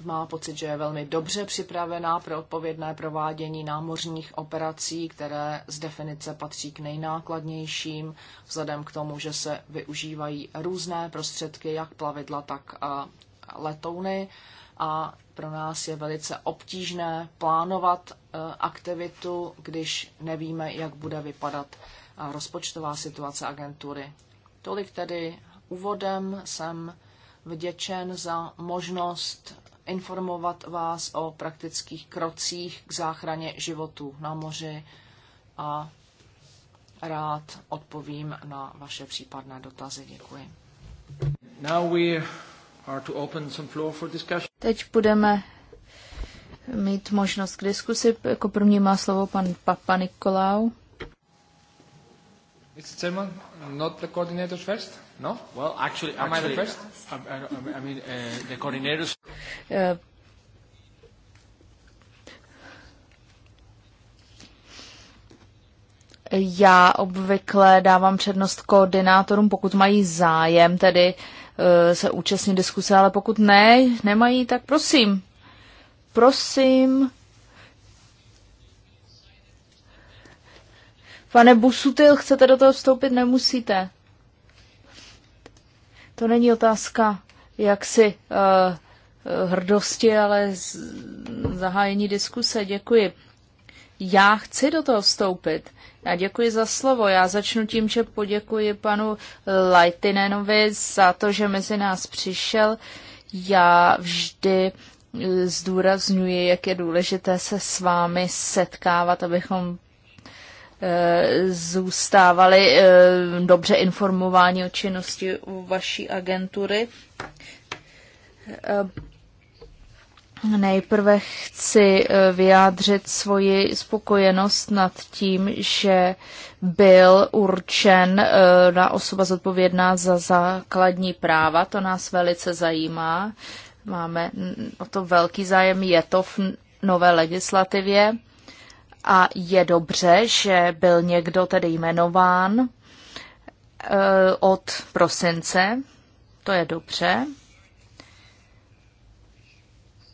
má pocit, že je velmi dobře připravená pro odpovědné provádění námořních operací, které z definice patří k nejnákladnějším, vzhledem k tomu, že se využívají různé prostředky, jak plavidla, tak letouny. A pro nás je velice obtížné plánovat e, aktivitu, když nevíme, jak bude vypadat e, rozpočtová situace agentury. Tolik tedy úvodem jsem vděčen za možnost informovat vás o praktických krocích k záchraně životu na moři a rád odpovím na vaše případné dotazy. Děkuji. Teď budeme mít možnost k diskusi. Jako první má slovo pan Papa Nikolau. Mr. Chairman, not the coordinators first? No? Well, actually, am actually, I the first? I, I, I mean, uh, the coordinators... Uh, Já obvykle dávám přednost koordinátorům, pokud mají zájem tedy uh, se účastnit diskuse, ale pokud ne, nemají, tak prosím. Prosím. Pane Busutil, chcete do toho vstoupit? Nemusíte. To není otázka jaksi uh, hrdosti, ale zahájení diskuse. Děkuji. Já chci do toho vstoupit. Já děkuji za slovo. Já začnu tím, že poděkuji panu Lajtinenovi za to, že mezi nás přišel. Já vždy eh, zdůrazňuji, jak je důležité se s vámi setkávat, abychom zůstávali eh, dobře informováni o činnosti vaší agentury. Eh, nejprve chci eh, vyjádřit svoji spokojenost nad tím, že byl určen na osoba zodpovědná za základní práva. To nás velice zajímá. Máme o to velký zájem. Je to v nové legislativě. A je dobře, že byl někdo tedy jmenován eh, od prosince. To je dobře.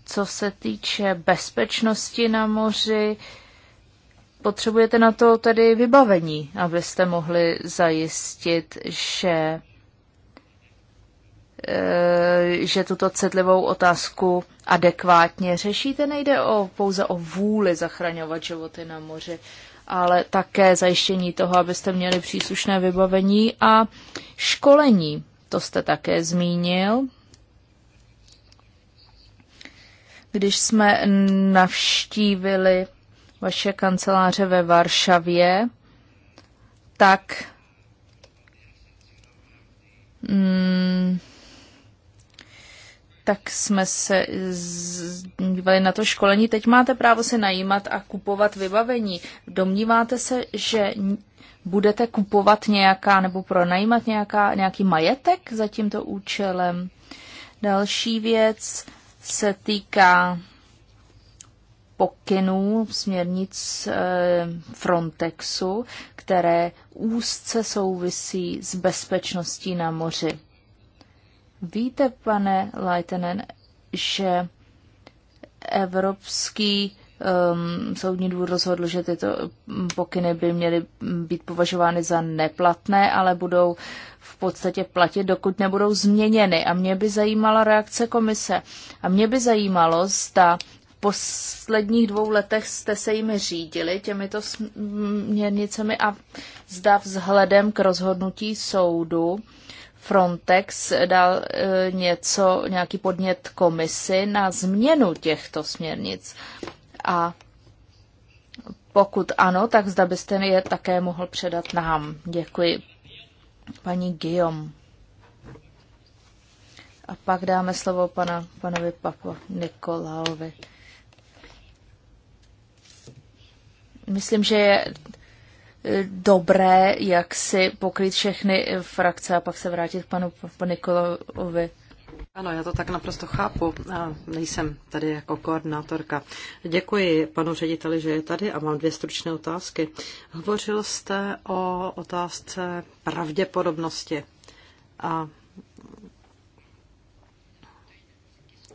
Co se týče bezpečnosti na moři, potřebujete na to tedy vybavení, abyste mohli zajistit, že eh, že tuto citlivou otázku adekvátně řešíte. Nejde o, pouze o vůli zachraňovat životy na moři, ale také zajištění toho, abyste měli příslušné vybavení a školení. To jste také zmínil. Když jsme navštívili vaše kanceláře ve Varšavě, tak mm, tak jsme se dívali na to školení. Teď máte právo se najímat a kupovat vybavení. Domníváte se, že budete kupovat nějaká nebo pronajímat nějaká, nějaký majetek za tímto účelem? Další věc se týká pokynů směrnic eh, Frontexu, které úzce souvisí s bezpečností na moři. Víte, pane Leitenen, že Evropský um, soudní dvůr rozhodl, že tyto pokyny by měly být považovány za neplatné, ale budou v podstatě platit, dokud nebudou změněny. A mě by zajímala reakce komise. A mě by zajímalo, zda v posledních dvou letech jste se jimi řídili, těmito směrnicemi, a zda vzhledem k rozhodnutí soudu Frontex dal eh, něco, nějaký podnět komisi na změnu těchto směrnic. A pokud ano, tak zda byste je také mohl předat nám. Děkuji. Paní Guillaume. A pak dáme slovo pana, panovi Papo Nikolaovi. Myslím, že je dobré, jak si pokryt všechny frakce a pak se vrátit k panu, Nikolovi. Ano, já to tak naprosto chápu. Já nejsem tady jako koordinátorka. Děkuji panu řediteli, že je tady a mám dvě stručné otázky. Hovořil jste o otázce pravděpodobnosti. A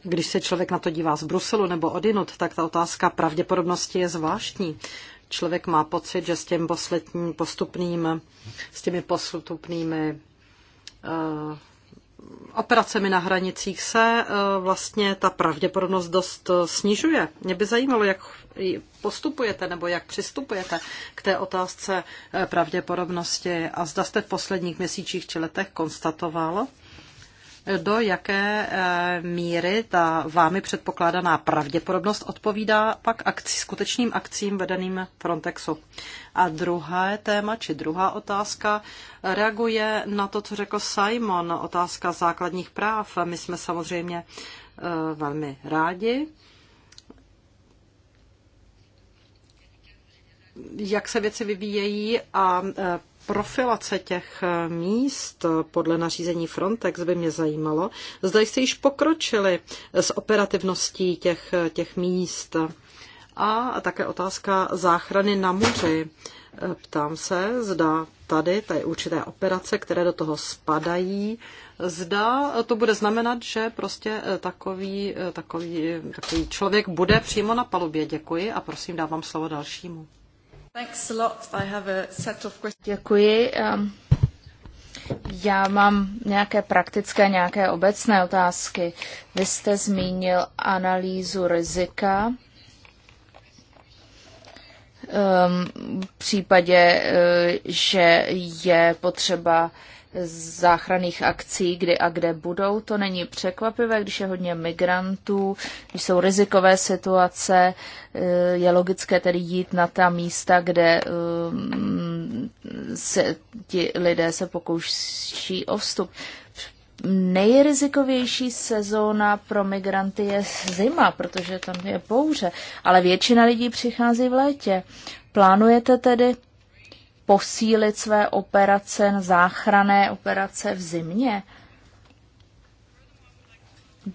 když se člověk na to dívá z Bruselu nebo odinut, tak ta otázka pravděpodobnosti je zvláštní člověk má pocit, že s tím posledním postupným, s těmi postupnými uh, operacemi na hranicích se eh, vlastně ta pravděpodobnost dost eh, snižuje. Mě by zajímalo, jak postupujete nebo jak přistupujete k té otázce pravděpodobnosti a zda jste v posledních měsících či letech konstatoval, do jaké eh, míry ta vámi předpokládaná pravděpodobnost odpovídá pak akci, skutečným akcím vedeným Frontexu. A druhé téma, či druhá otázka, reaguje na to, co řekl Simon, otázka základních práv. My jsme samozřejmě eh, velmi rádi, jak se věci vyvíjejí a eh, profilace těch eh, míst podle nařízení Frontex by mě zajímalo. Zda jste již pokročili s operativností těch, eh, těch míst. A také otázka záchrany na moři. Eh, ptám se, zda tady, tady určité operace, které do toho spadají, zda to bude znamenat, že prostě takový, takový, takový člověk bude přímo na palubě. Děkuji a prosím, dávám slovo dalšímu. Děkuji. Já mám nějaké praktické, nějaké obecné otázky. Vy jste zmínil analýzu rizika v případě, eh, že je potřeba záchranných akcí, kdy a kde budou. To není překvapivé, když je hodně migrantů, když jsou rizikové situace, eh, je logické tedy jít na ta místa, kde eh, se ti lidé se pokouší o vstup. Nejrizikovější sezóna pro migranty je zima, protože tam je bouře, ale většina lidí přichází v létě. Plánujete tedy posílit své operace, záchrané operace v zimě.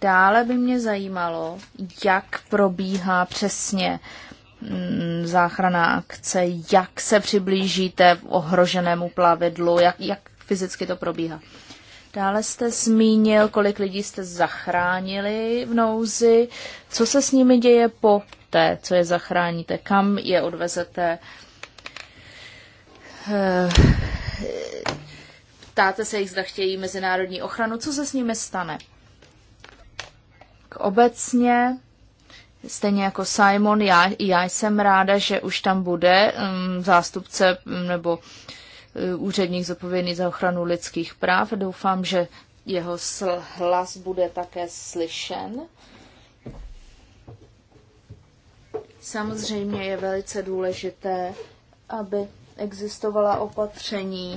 Dále by mě zajímalo, jak probíhá přesně mm, záchranná akce, jak se přiblížíte ohroženému plavidlu, jak, jak fyzicky to probíhá. Dále jste zmínil, kolik lidí jste zachránili v nouzi, co se s nimi děje po té, co je zachráníte, kam je odvezete, uh, Eh, ptáte se jich, zda chtějí mezinárodní ochranu. Co se s nimi stane? Obecně, stejně jako Simon, já, já jsem ráda, že už tam bude um, zástupce um, nebo uh, úředník zodpovědný za ochranu lidských práv. Doufám, že jeho hlas bude také slyšen. Samozřejmě je velice důležité, aby existovala opatření,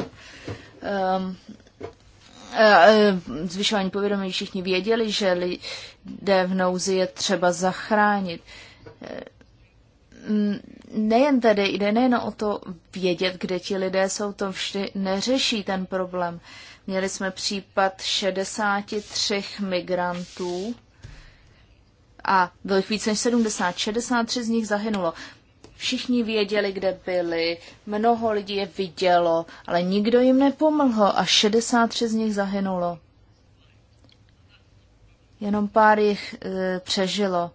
um, zvyšování povědomí, všichni věděli, že lidé v nouzi je třeba zachránit. Ehm, nejen tedy, jde nejen o to vědět, kde ti lidé jsou, to vždy neřeší ten problém. Měli jsme případ 63 migrantů a bylo jich více než 70, 63 z nich zahynulo. Všichni věděli, kde byli, mnoho lidí je vidělo, ale nikdo jim nepomohl a 63 z nich zahynulo. Jenom pár jich e, přežilo.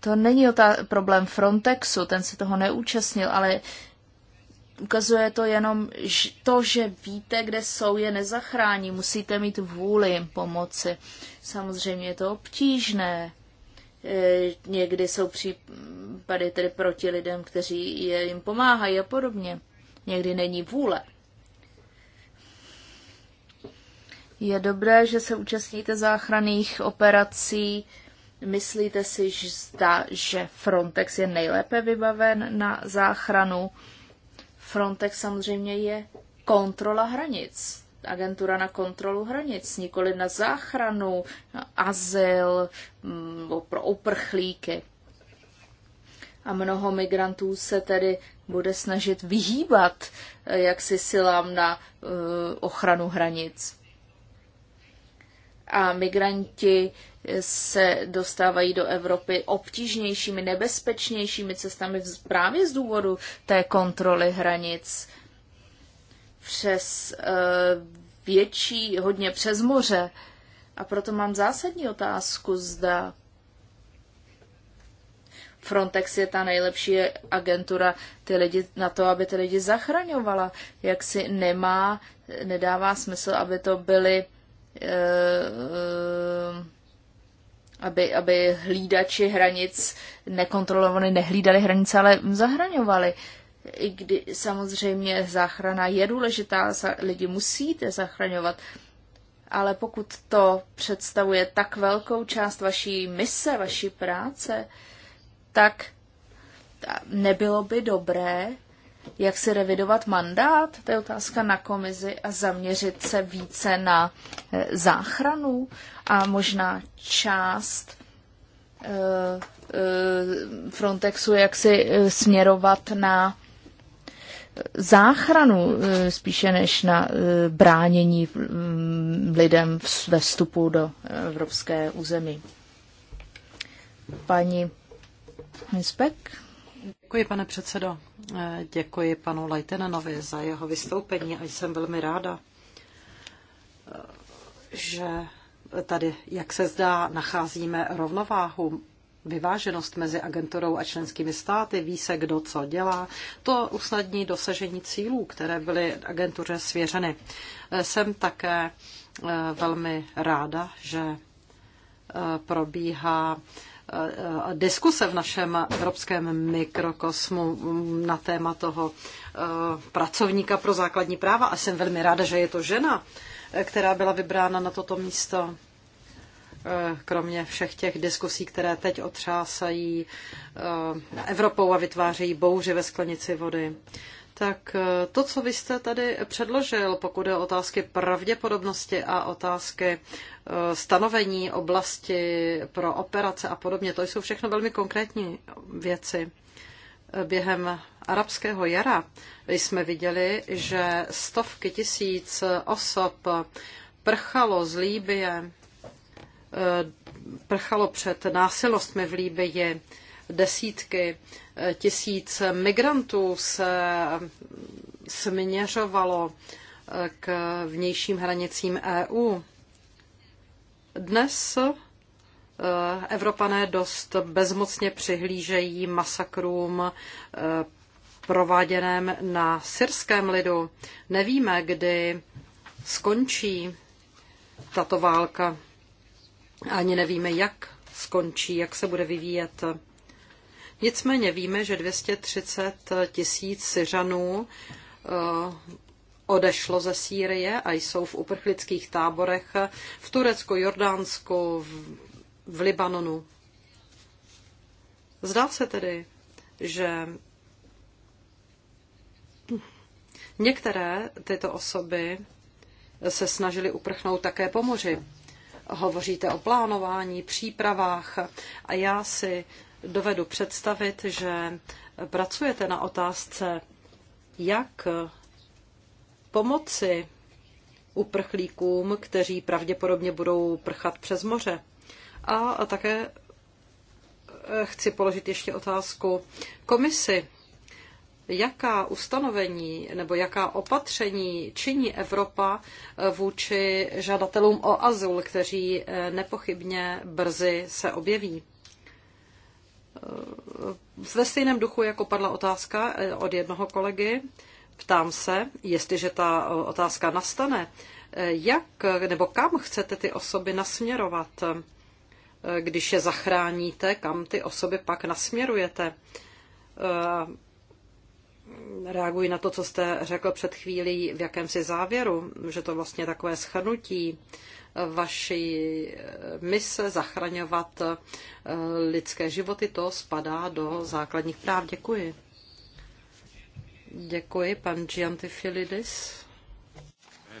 To není ta problém Frontexu, ten se toho neúčastnil, ale ukazuje to jenom to, že víte, kde jsou, je nezachrání. Musíte mít vůli jim pomoci. Samozřejmě je to obtížné E, někdy jsou případy tedy proti lidem, kteří jim pomáhají a podobně. Někdy není vůle. Je dobré, že se účastníte záchranných operací. Myslíte si, že, zda, že Frontex je nejlépe vybaven na záchranu? Frontex samozřejmě je kontrola hranic agentura na kontrolu hranic, nikoli na záchranu, na azyl nebo mm, pro uprchlíky. A mnoho migrantů se tedy bude snažit vyhýbat eh, jaksi silám na eh, ochranu hranic. A migranti eh, se dostávají do Evropy obtížnějšími, nebezpečnějšími cestami právě z důvodu té kontroly hranic přes eh, větší, hodně přes moře. A proto mám zásadní otázku, zda Frontex je ta nejlepší agentura ty lidi, na to, aby ty lidi zachraňovala. Jak si nemá, nedává smysl, aby to byly eh, aby, aby hlídači hranic nekontrolovaní nehlídali hranice, ale zahraňovali i kdy samozřejmě záchrana je důležitá, lidi musíte zachraňovat, ale pokud to představuje tak velkou část vaší mise, vaší práce, tak nebylo by dobré, jak si revidovat mandát, to je otázka na komizi, a zaměřit se více na eh, záchranu a možná část eh, eh, Frontexu, jak si směrovat na záchranu eh, spíše než na eh, bránění mm, lidem ve vstupu do evropské území. Paní Inspek? Děkuji, pane předsedo. Eh, děkuji panu Lajtenanovi za jeho vystoupení a jsem velmi ráda, že tady, jak se zdá, nacházíme rovnováhu vyváženost mezi agenturou a členskými státy, ví se, kdo co dělá. To usnadní dosažení cílů, které byly agentuře svěřeny. Jsem také eh, velmi ráda, že eh, probíhá eh, diskuse v našem evropském mikrokosmu mm, na téma toho pracovníka pro základní práva a jsem velmi ráda, že je to žena, která byla vybrána na toto místo. Eh, kromě všech těch diskusí, které teď otřásají eh, Evropou a vytvářejí bouři ve sklenici vody. Tak eh, to, co vy jste tady předložil, pokud je otázky pravděpodobnosti a otázky stanovení oblasti pro operace a podobně, to jsou všechno velmi konkrétní věci. Během arabského jara jsme viděli, že stovky tisíc osob prchalo z Líbie prchalo před násilostmi v Líbyi. Desítky eh, tisíc migrantů se směřovalo eh, k vnějším hranicím EU. Dnes eh, Evropané dost bezmocně přihlížejí masakrům prováděném na syrském lidu. Nevíme, kdy skončí tato válka. Ani nevíme, jak skončí, jak se bude vyvíjet. Nicméně víme, že 230 tisíc Syřanů eh, odešlo ze Sýrie a jsou v uprchlických táborech v Turecku, Jordánsku, v Libanonu. Zdá se tedy, že některé tyto osoby se snažily uprchnout také po moři hovoříte o plánování, přípravách a já si dovedu představit, že pracujete na otázce, jak pomoci uprchlíkům, kteří pravděpodobně budou prchat přes moře. A také chci položit ještě otázku komisi jaká ustanovení nebo jaká opatření činí Evropa eh, vůči žadatelům o azyl, kteří eh, nepochybně brzy se objeví. Eh, ve stejném duchu, jako padla otázka od jednoho kolegy, ptám se, jestliže ta otázka nastane, jak nebo kam chcete ty osoby nasměrovat, když je zachráníte, kam ty osoby pak nasměrujete reaguji na to, co jste řekl před chvílí v jakémsi závěru, že to vlastně takové schrnutí vaší mise zachraňovat eh, lidské životy, to spadá do základních práv. Děkuji. Děkuji, pan Giantifilidis.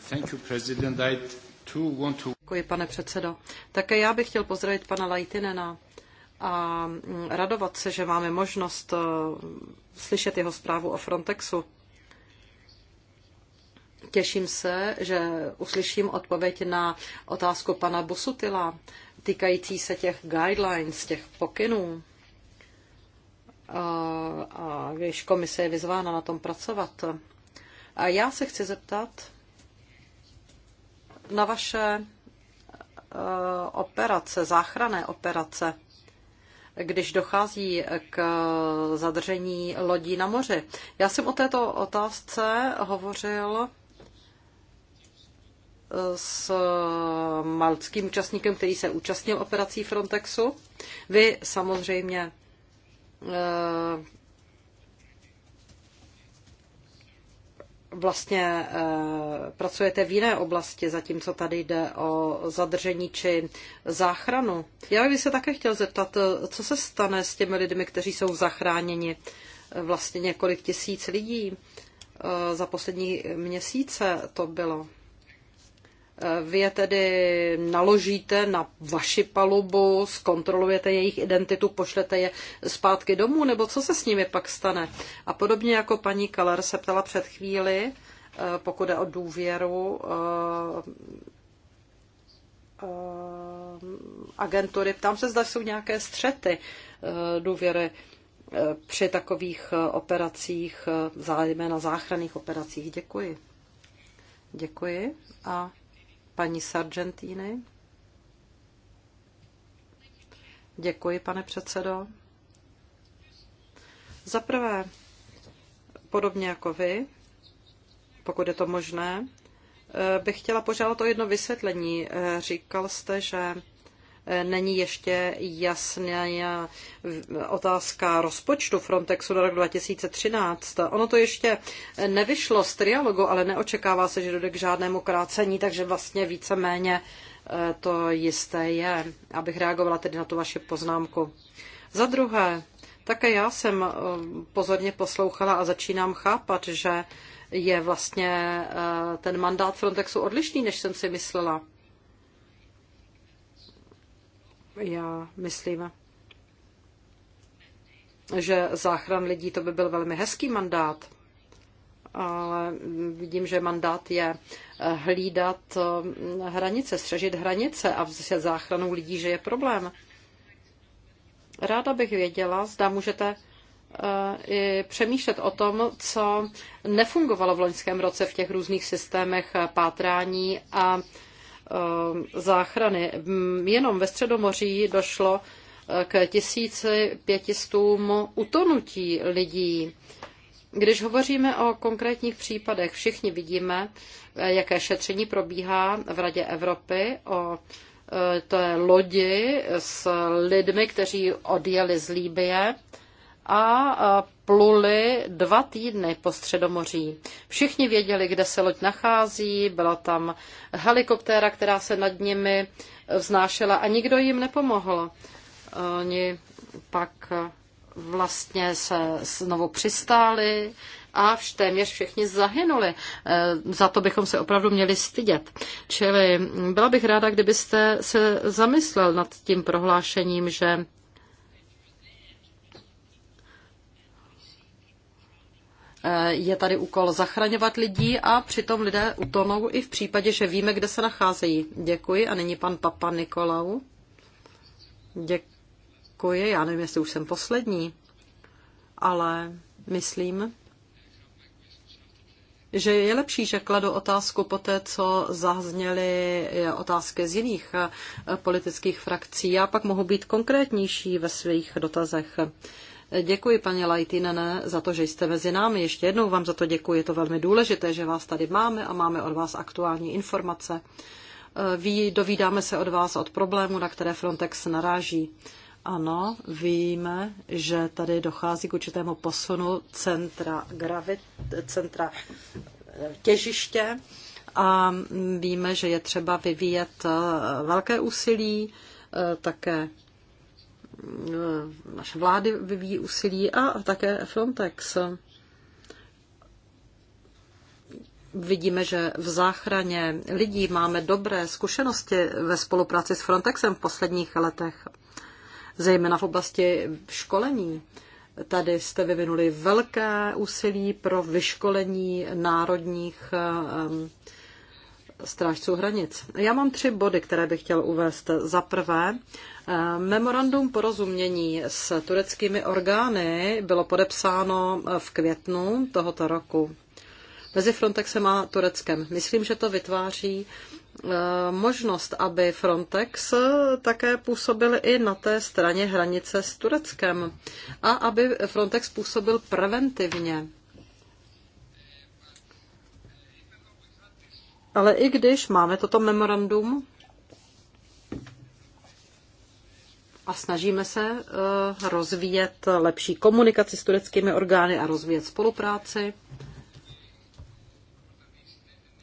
Thank you, President. I too want to... Děkuji, pane předsedo. Také já bych chtěl pozdravit pana Lajtinena a mm, radovat se, že máme možnost e, slyšet jeho zprávu o Frontexu. Těším se, že uslyším odpověď na otázku pana Busutila týkající se těch guidelines, těch pokynů. A, e, a když komise je vyzvána na tom pracovat. A já se chci zeptat na vaše e, operace, záchranné operace když dochází k zadržení lodí na moři. Já jsem o této otázce hovořil s maltským účastníkem, který se účastnil operací Frontexu. Vy samozřejmě vlastně eh, pracujete v jiné oblasti, zatímco tady jde o zadržení či záchranu. Já bych se také chtěl zeptat, eh, co se stane s těmi lidmi, kteří jsou zachráněni eh, vlastně několik tisíc lidí za poslední měsíce to bylo. Vy je tedy naložíte na vaši palubu, zkontrolujete jejich identitu, pošlete je zpátky domů, nebo co se s nimi pak stane? A podobně jako paní Keller se ptala před chvíli, eh, pokud je o důvěru eh, eh, agentury, ptám se, zda jsou nějaké střety důvěry při takových operacích, zejména záchranných operacích. Děkuji. Děkuji a paní Sargentini. Děkuji, pane předsedo. Za prvé, podobně jako vy, pokud je to možné, eh, bych chtěla požádat o jedno vysvětlení. Eh, říkal jste, že není ještě jasná otázka rozpočtu Frontexu na rok 2013. Ono to ještě nevyšlo z trialogu, ale neočekává se, že dojde k žádnému krácení, takže vlastně víceméně eh, to jisté je, abych reagovala tedy na tu vaši poznámku. Za druhé, také já jsem eh, pozorně poslouchala a začínám chápat, že je vlastně eh, ten mandát Frontexu odlišný, než jsem si myslela. Já myslím, že záchran lidí to by byl velmi hezký mandát, ale vidím, že mandát je eh, hlídat eh, hranice, střežit hranice a se záchranou lidí, že je problém. Ráda bych věděla, zda můžete eh, i přemýšlet o tom, co nefungovalo v loňském roce v těch různých systémech pátrání a Eh, záchrany. Jenom ve Středomoří došlo eh, k 1500 utonutí lidí. Když hovoříme o konkrétních případech, všichni vidíme, eh, jaké šetření probíhá v Radě Evropy o té lodi s lidmi, kteří odjeli z Líbie a pluli dva týdny po Středomoří. Všichni věděli, kde se loď nachází, byla tam helikoptéra, která se nad nimi vznášela a nikdo jim nepomohl. Oni pak vlastně se znovu přistáli a vš, téměř všichni zahynuli. E, za to bychom se opravdu měli stydět. Čili byla bych ráda, kdybyste se zamyslel nad tím prohlášením, že Eh, je tady úkol zachraňovat lidí a přitom lidé utonou i v případě, že víme, kde se nacházejí. Děkuji. A nyní pan Papa Nikolau. Děkuji. Já nevím, jestli už jsem poslední, ale myslím, že je lepší, že kladu otázku po té, co zazněly eh, otázky z jiných eh, politických frakcí. Já pak mohu být konkrétnější ve svých dotazech. Děkuji, paní Lajtinene, za to, že jste mezi námi. Ještě jednou vám za to děkuji. Je to velmi důležité, že vás tady máme a máme od vás aktuální informace. Ví, dovídáme se od vás od problému, na které Frontex naráží. Ano, víme, že tady dochází k určitému posunu centra, gravit, centra eh, těžiště a víme, že je třeba vyvíjet eh, velké úsilí, eh, také E, naše vlády vyvíjí úsilí a také Frontex. Vidíme, že v záchraně lidí máme dobré zkušenosti ve spolupráci s Frontexem v posledních letech, zejména v oblasti školení. Tady jste vyvinuli velké úsilí pro vyškolení národních e, e, strážců hranic. Já mám tři body, které bych chtěl uvést. Za prvé, Eh, memorandum porozumění s tureckými orgány bylo podepsáno eh, v květnu tohoto roku. Mezi Frontexem a Tureckem. Myslím, že to vytváří eh, možnost, aby Frontex také působil i na té straně hranice s Tureckem a aby Frontex působil preventivně. Ale i když máme toto memorandum, a snažíme se eh, rozvíjet lepší komunikaci s tureckými orgány a rozvíjet spolupráci.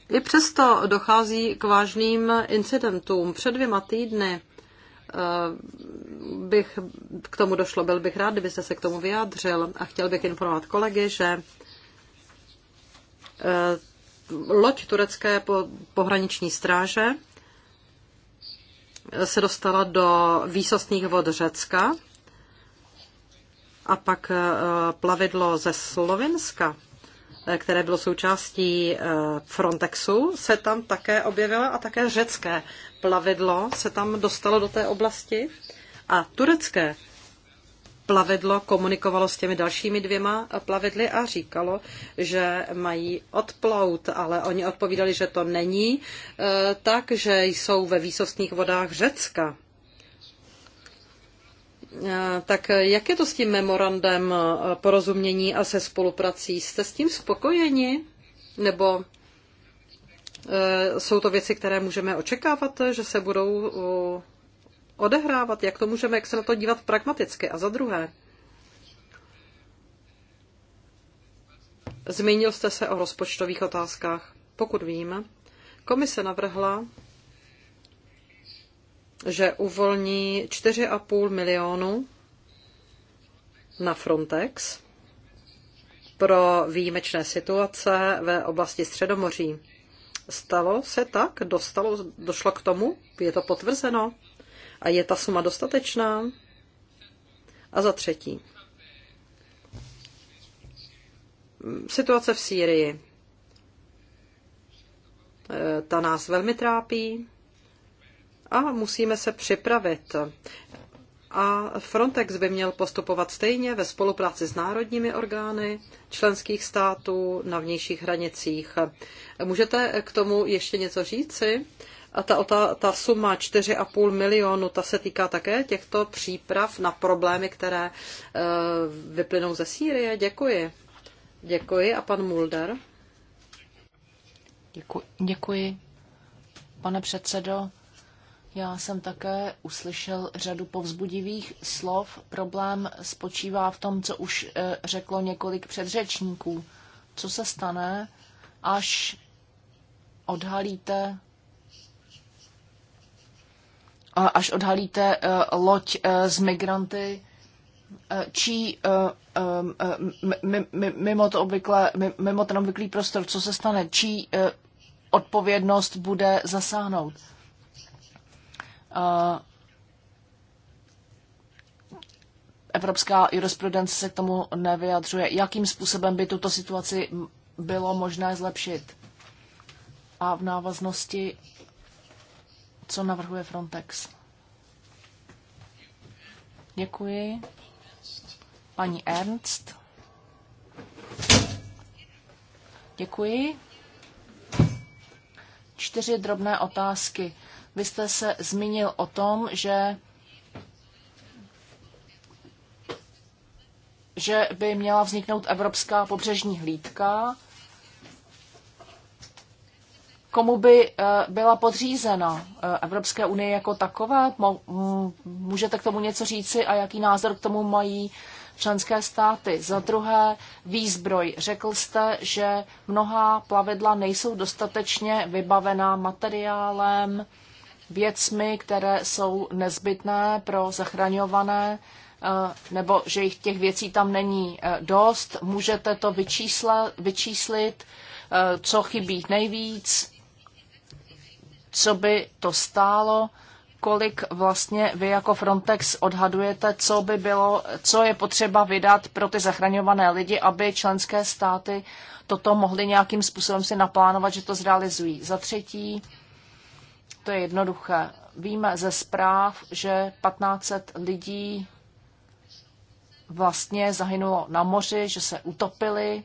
I přesto dochází k vážným incidentům. Před dvěma týdny eh, bych k tomu došlo, byl bych rád, kdybyste se k tomu vyjádřil a chtěl bych informovat kolegy, že eh, loď turecké pohraniční stráže se dostala do výsostných vod Řecka a pak eh, plavidlo ze Slovinska, eh, které bylo součástí eh, Frontexu, se tam také objevila a také řecké plavidlo se tam dostalo do té oblasti a turecké plavidlo komunikovalo s těmi dalšími dvěma plavidly a říkalo, že mají odplout, ale oni odpovídali, že to není eh, tak, že jsou ve výsostných vodách Řecka. Eh, tak jak je to s tím memorandem eh, porozumění a se spoluprací? Jste s tím spokojeni? Nebo jsou to věci, které můžeme očekávat, že se budou odehrávat, jak to můžeme, jak se na to dívat pragmaticky. A za druhé, zmínil jste se o rozpočtových otázkách. Pokud vím, komise navrhla, že uvolní 4,5 milionu na Frontex pro výjimečné situace ve oblasti Středomoří. Stalo se tak? Dostalo, došlo k tomu? Je to potvrzeno? A je ta suma dostatečná? A za třetí. Situace v Sýrii. Eh, ta nás velmi trápí a musíme se připravit. A Frontex by měl postupovat stejně ve spolupráci s národními orgány členských států na vnějších hranicích. Můžete k tomu ještě něco říci? A ta, ta, ta suma 4,5 milionu, ta se týká také těchto příprav na problémy, které eh, vyplynou ze Sýrie. Děkuji. Děkuji. A pan Mulder? Děkuji. Děkuji. Pane předsedo, já jsem také uslyšel řadu povzbudivých slov. Problém spočívá v tom, co už eh, řeklo několik předřečníků. Co se stane, až odhalíte až odhalíte eh, loď eh, z migranty, eh, čí mimo, to obvykle, mimo ten obvyklý prostor, co se stane, čí odpovědnost bude zasáhnout. Evropská jurisprudence se k tomu nevyjadřuje. Jakým způsobem by tuto situaci bylo možné zlepšit? A v návaznosti co navrhuje Frontex. Děkuji. Paní Ernst. Děkuji. Čtyři drobné otázky. Vy jste se zmínil o tom, že že by měla vzniknout evropská pobřežní hlídka komu by eh, byla podřízena eh, Evropské unie jako takové? Mm, můžete k tomu něco říci a jaký názor k tomu mají členské státy? Za druhé, výzbroj. Řekl jste, že mnohá plavidla nejsou dostatečně vybavená materiálem, věcmi, které jsou nezbytné pro zachraňované, eh, nebo že jich těch věcí tam není dost. Můžete to vyčíslit, co chybí nejvíc, co by to stálo, kolik vlastně vy jako Frontex odhadujete, co by bylo, co je potřeba vydat pro ty zachraňované lidi, aby členské státy toto mohly nějakým způsobem si naplánovat, že to zrealizují. Za třetí, to je jednoduché. Víme ze zpráv, že 1500 lidí vlastně zahynulo na moři, že se utopili.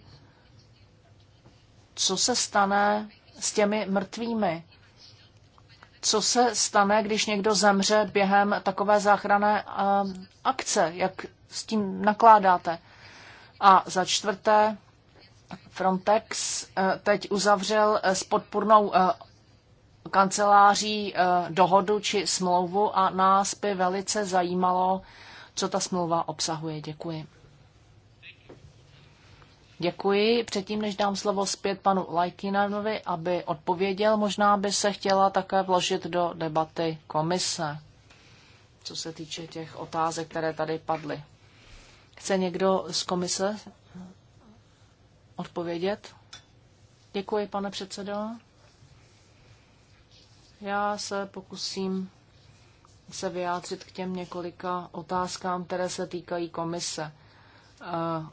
Co se stane s těmi mrtvými? co se stane, když někdo zemře během takové záchranné eh, akce, jak s tím nakládáte. A za čtvrté, Frontex eh, teď uzavřel eh, s podpůrnou kanceláří dohodu či smlouvu a nás by velice zajímalo, co ta smlouva obsahuje. Děkuji. Děkuji. Předtím, než dám slovo zpět panu Lajkinanovi, aby odpověděl, možná by se chtěla také vložit do debaty komise, co se týče těch otázek, které tady padly. Chce někdo z komise odpovědět? Děkuji, pane předsedo. Já se pokusím se vyjádřit k těm několika otázkám, které se týkají komise. Eh,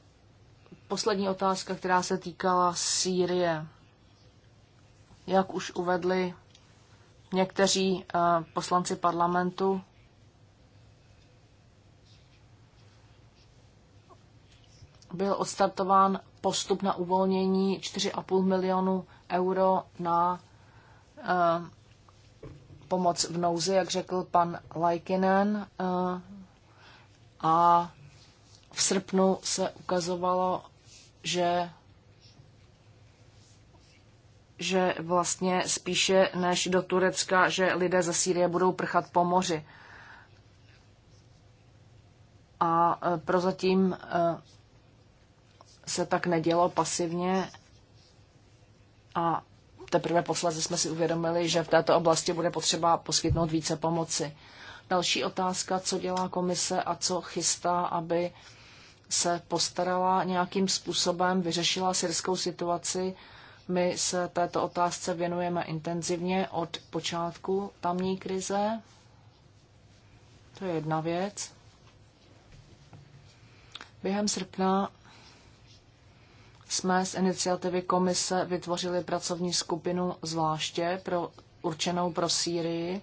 poslední otázka, která se týkala Sýrie. Jak už uvedli někteří eh, poslanci parlamentu, byl odstartován postup na uvolnění 4,5 milionu euro na eh, pomoc v nouzi, jak řekl pan Laikinen. Eh, a v srpnu se ukazovalo, že že vlastně spíše než do Turecka, že lidé ze Sýrie budou prchat po moři. A e, prozatím e, se tak nedělo pasivně a teprve posledně jsme si uvědomili, že v této oblasti bude potřeba poskytnout více pomoci. Další otázka, co dělá komise a co chystá, aby se postarala nějakým způsobem, vyřešila syrskou situaci. My se této otázce věnujeme intenzivně od počátku tamní krize. To je jedna věc. Během srpna jsme z iniciativy komise vytvořili pracovní skupinu zvláště pro, určenou pro Sýrii.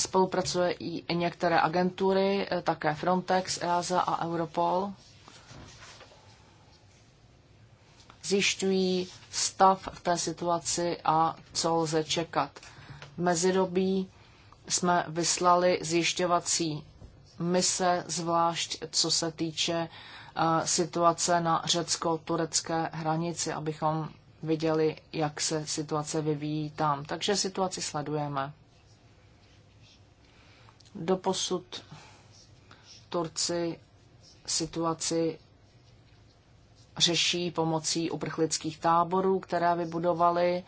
Spolupracuje i některé agentury, eh, také Frontex, EASA a Europol. Zjišťují stav v té situaci a co lze čekat. V mezidobí jsme vyslali zjišťovací mise, zvlášť co se týče eh, situace na řecko-turecké hranici, abychom viděli, jak se situace vyvíjí tam. Takže situaci sledujeme. Doposud Turci situaci řeší pomocí uprchlických táborů, které vybudovali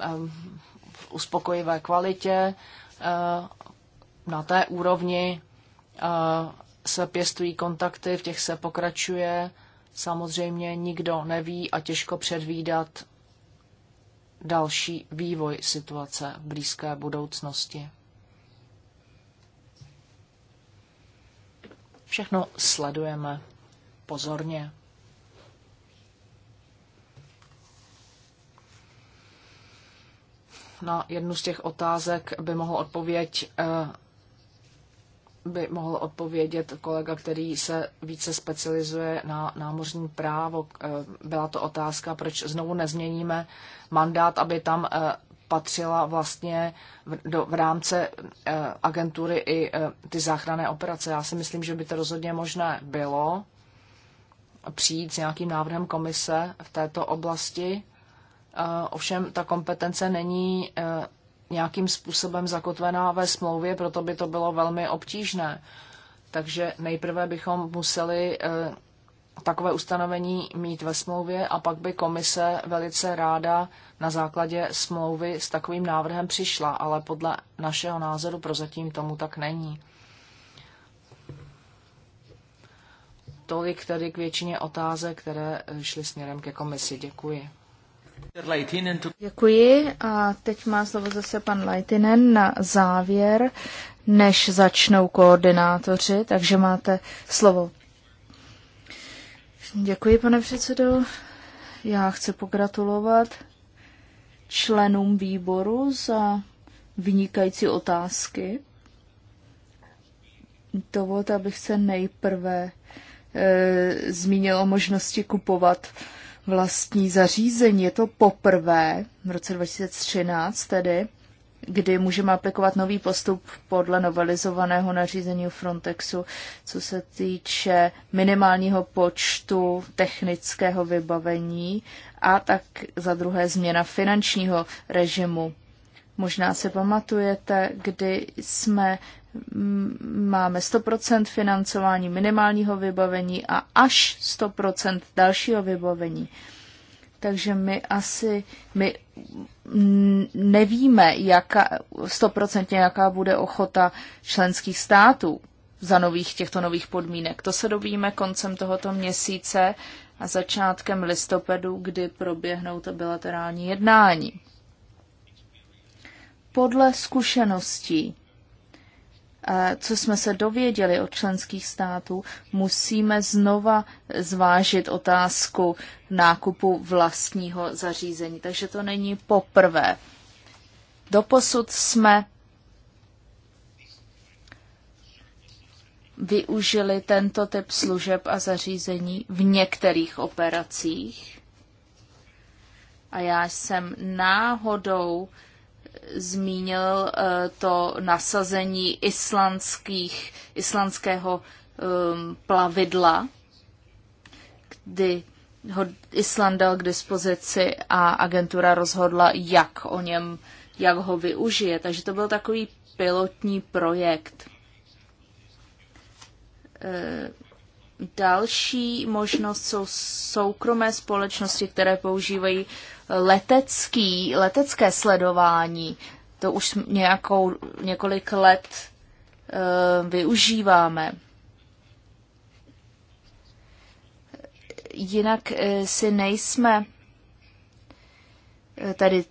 ehm, v uspokojivé kvalitě. Ehm, na té úrovni ehm, se pěstují kontakty, v těch se pokračuje. Samozřejmě nikdo neví a těžko předvídat další vývoj situace v blízké budoucnosti. Všechno sledujeme pozorně. Na jednu z těch otázek by mohl odpověď eh, by mohl odpovědět kolega, který se více specializuje na námořní právo. Eh, byla to otázka, proč znovu nezměníme mandát, aby tam eh, patřila vlastně v, do, v rámce e, agentury i e, ty záchranné operace. Já si myslím, že by to rozhodně možné bylo přijít s nějakým návrhem komise v této oblasti. E, ovšem ta kompetence není e, nějakým způsobem zakotvená ve smlouvě, proto by to bylo velmi obtížné. Takže nejprve bychom museli e, takové ustanovení mít ve smlouvě a pak by komise velice ráda na základě smlouvy s takovým návrhem přišla, ale podle našeho názoru prozatím tomu tak není. Tolik tedy k většině otázek, které šly směrem ke komisi. Děkuji. Děkuji a teď má slovo zase pan Leitinen na závěr, než začnou koordinátoři, takže máte slovo Děkuji, pane předsedo. Já chci pogratulovat členům výboru za vynikající otázky. Dovolte, abych se nejprve e, zmínil o možnosti kupovat vlastní zařízení. Je to poprvé v roce 2013 tedy, kdy můžeme aplikovat nový postup podle novelizovaného nařízení Frontexu, co se týče minimálního počtu technického vybavení a tak za druhé změna finančního režimu. Možná si pamatujete, kdy jsme mm, máme 100% financování minimálního vybavení a až 100% dalšího vybavení. Takže my asi my nevíme jaká, stoprocentně, jaká bude ochota členských států za nových těchto nových podmínek. To se dovíme koncem tohoto měsíce a začátkem listopadu, kdy proběhnou to bilaterální jednání. Podle zkušeností Eh, co jsme se dověděli od členských států, musíme znova zvážit otázku nákupu vlastního zařízení. Takže to není poprvé. Doposud jsme využili tento typ služeb a zařízení v některých operacích. A já jsem náhodou zmínil eh, to nasazení islandských, islandského ehm, plavidla, kdy ho Island dal k dispozici a agentura rozhodla, jak o něm, jak ho využije. Takže to byl takový pilotní projekt eh, Další možnost jsou soukromé společnosti, které používají letecký, letecké sledování. To už nějakou, několik let e, využíváme. Jinak e, si nejsme eh, tady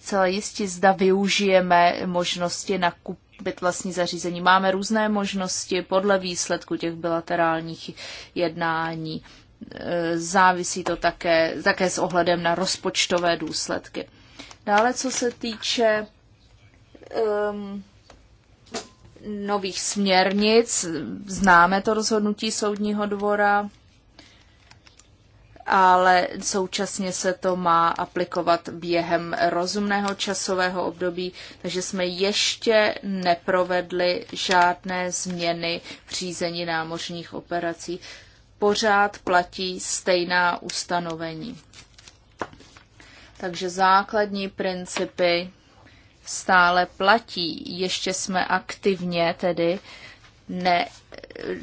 celé jistě, zda využijeme možnosti nakup, koupit vlastní zařízení. Máme různé možnosti podle výsledku těch bilaterálních jednání. E, závisí to také, také s ohledem na rozpočtové důsledky. Dále, co se týče um, nových směrnic, známe to rozhodnutí soudního dvora, ale současně se to má aplikovat během rozumného časového období, takže jsme ještě neprovedli žádné změny v řízení námořních operací. Pořád platí stejná ustanovení. Takže základní principy stále platí. Ještě jsme aktivně tedy ne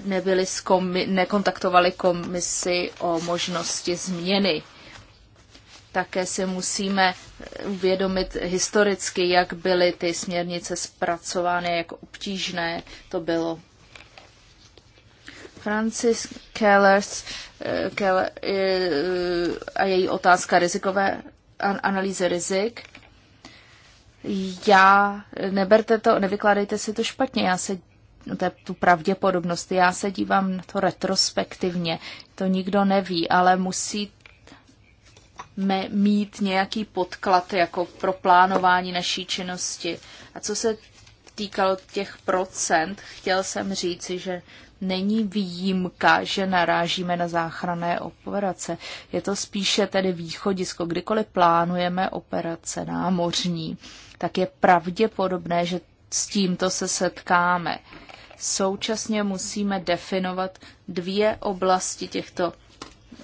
nebyli komi- nekontaktovali komisi o možnosti změny. Také si musíme uvědomit historicky, jak byly ty směrnice zpracovány, jak obtížné to bylo. Francis Kellers Keller, eh, eh, a její otázka rizikové analýzy rizik. Já, neberte to, nevykládejte si to špatně, já se tu pravděpodobnost. Já se dívám na to retrospektivně, to nikdo neví, ale musí mít nějaký podklad jako pro plánování naší činnosti. A co se týkalo těch procent, chtěl jsem říci, že není výjimka, že narážíme na záchranné operace. Je to spíše tedy východisko. Kdykoliv plánujeme operace námořní, tak je pravděpodobné, že s tímto se setkáme. Současně musíme definovat dvě oblasti těchto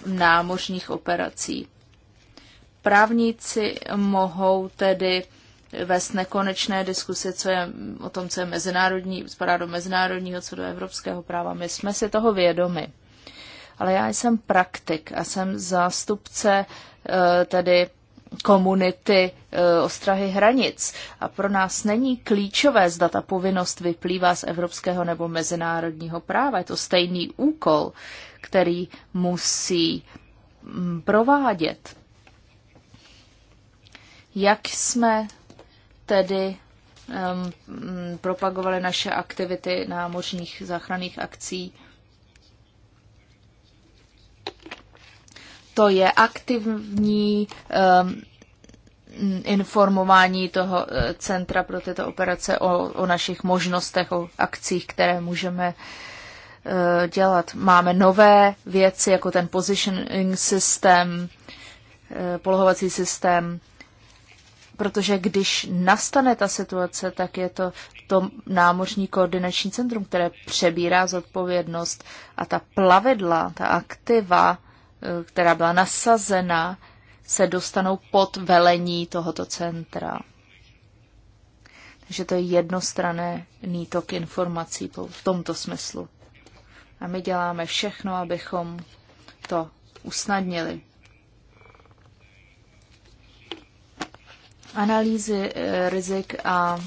námořních operací. Právníci mohou tedy vést nekonečné diskuse co je, o tom, co je mezinárodní, spadá do mezinárodního, co do evropského práva. My jsme si toho vědomi. Ale já jsem praktik a jsem zástupce eh, tedy komunity e, ostrahy hranic. A pro nás není klíčové, zda ta povinnost vyplývá z evropského nebo mezinárodního práva. Je to stejný úkol, který musí mm, provádět. Jak jsme tedy um, propagovali naše aktivity námořních záchranných akcí to je aktivní um, informování toho eh, centra pro tyto operace o, o našich možnostech, o akcích, které můžeme eh, dělat. Máme nové věci, jako ten positioning systém, eh, polohovací systém, protože když nastane ta situace, tak je to to námořní koordinační centrum, které přebírá zodpovědnost a ta plavidla, ta aktiva, Eh, která byla nasazena, se dostanou pod velení tohoto centra. Takže to je jednostrané tok informací v tomto smyslu. A my děláme všechno, abychom to usnadnili. Analýzy eh, rizik a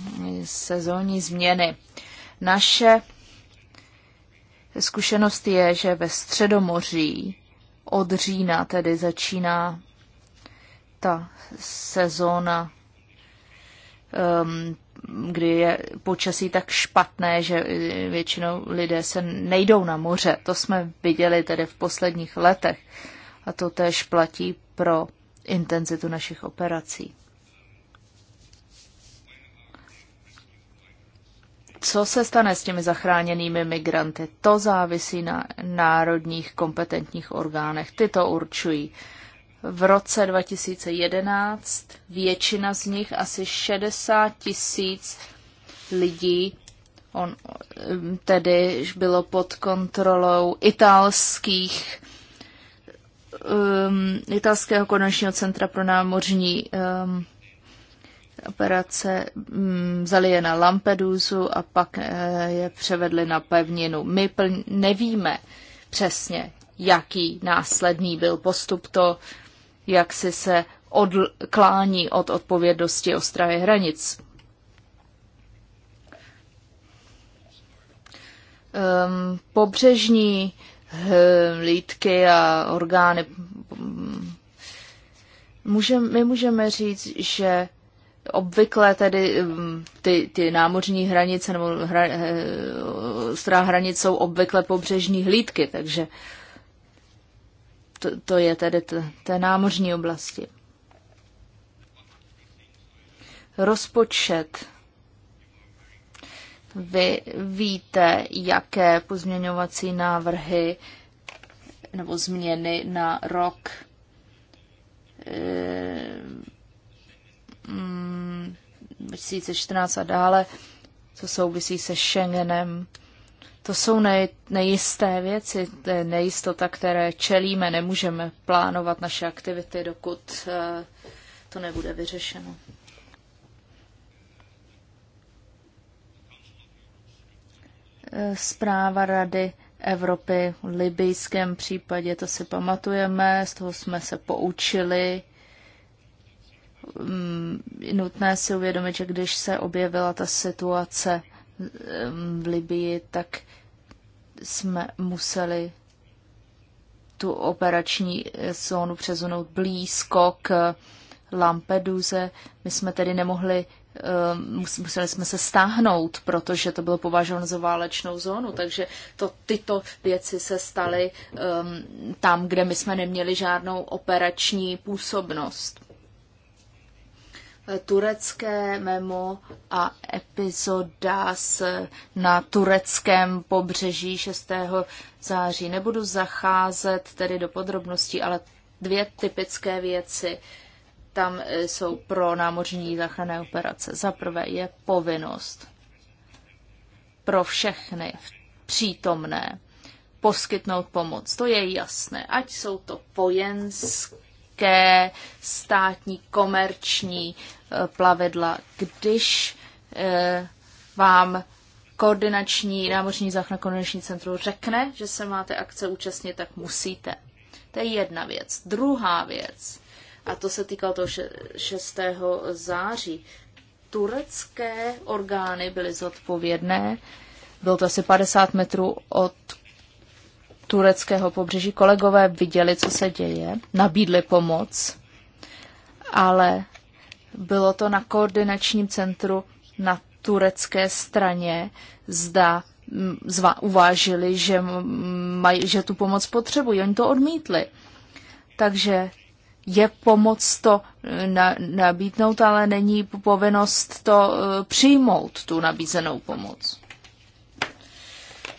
sezónní změny. Naše zkušenost je, že ve Středomoří od října tedy začíná ta sezóna, um, kdy je počasí tak špatné, že eh, většinou lidé se nejdou na moře. To jsme viděli tedy v posledních letech. A to též platí pro intenzitu našich operací. Co se stane s těmi zachráněnými migranty? To závisí na národních kompetentních orgánech. Ty to určují. V roce 2011 většina z nich, asi 60 tisíc lidí, on, tedy bylo pod kontrolou italských um, italského konečního centra pro námořní um, operace mm, vzali je na Lampedusu a pak eh, je převedli na pevninu. My nevíme přesně, jaký následný byl postup to, jak si se odklání od odpovědnosti strahy hranic. Um, pobřežní hlídky a orgány. Mm, můžem, my můžeme říct, že Obvykle tedy mm, ty, ty námořní hranice nebo hra, eh, ostrá hranic jsou obvykle pobřežní hlídky, takže to, to je tedy t, té námořní oblasti. Rozpočet. Vy víte, jaké pozměňovací návrhy nebo změny na rok eh, Mm, 2014 a dále, co souvisí se Schengenem. To jsou nej, nejisté věci, nejistota, které čelíme, nemůžeme plánovat naše aktivity, dokud eh, to nebude vyřešeno. Eh, zpráva Rady Evropy v libijském případě, to si pamatujeme, z toho jsme se poučili Mm, nutné si uvědomit, že když se objevila ta situace mm, v Libii, tak jsme museli tu operační zónu přesunout blízko k Lampeduze. My jsme tedy nemohli, eh, museli jsme se stáhnout, protože to bylo považováno za válečnou zónu, takže to, tyto věci se staly eh, tam, kde my jsme neměli žádnou operační působnost turecké memo a epizoda s, na tureckém pobřeží 6. září. Nebudu zacházet tedy do podrobností, ale dvě typické věci tam e, jsou pro námořní záchranné operace. Za prvé je povinnost pro všechny přítomné poskytnout pomoc. To je jasné. Ať jsou to vojenské velké státní komerční e, plavidla, když e, vám koordinační, námořní záchranné koordinační centrum řekne, že se máte akce účastnit, tak musíte. To je jedna věc. Druhá věc, a to se týkalo toho 6. září, turecké orgány byly zodpovědné, bylo to asi 50 metrů od tureckého pobřeží. Kolegové viděli, co se děje, nabídli pomoc, ale bylo to na koordinačním centru na turecké straně, zda mm, zva, uvážili, že, maj, že tu pomoc potřebují. Oni to odmítli. Takže je pomoc to eh, na, nabídnout, ale není povinnost to eh, přijmout, tu nabízenou pomoc.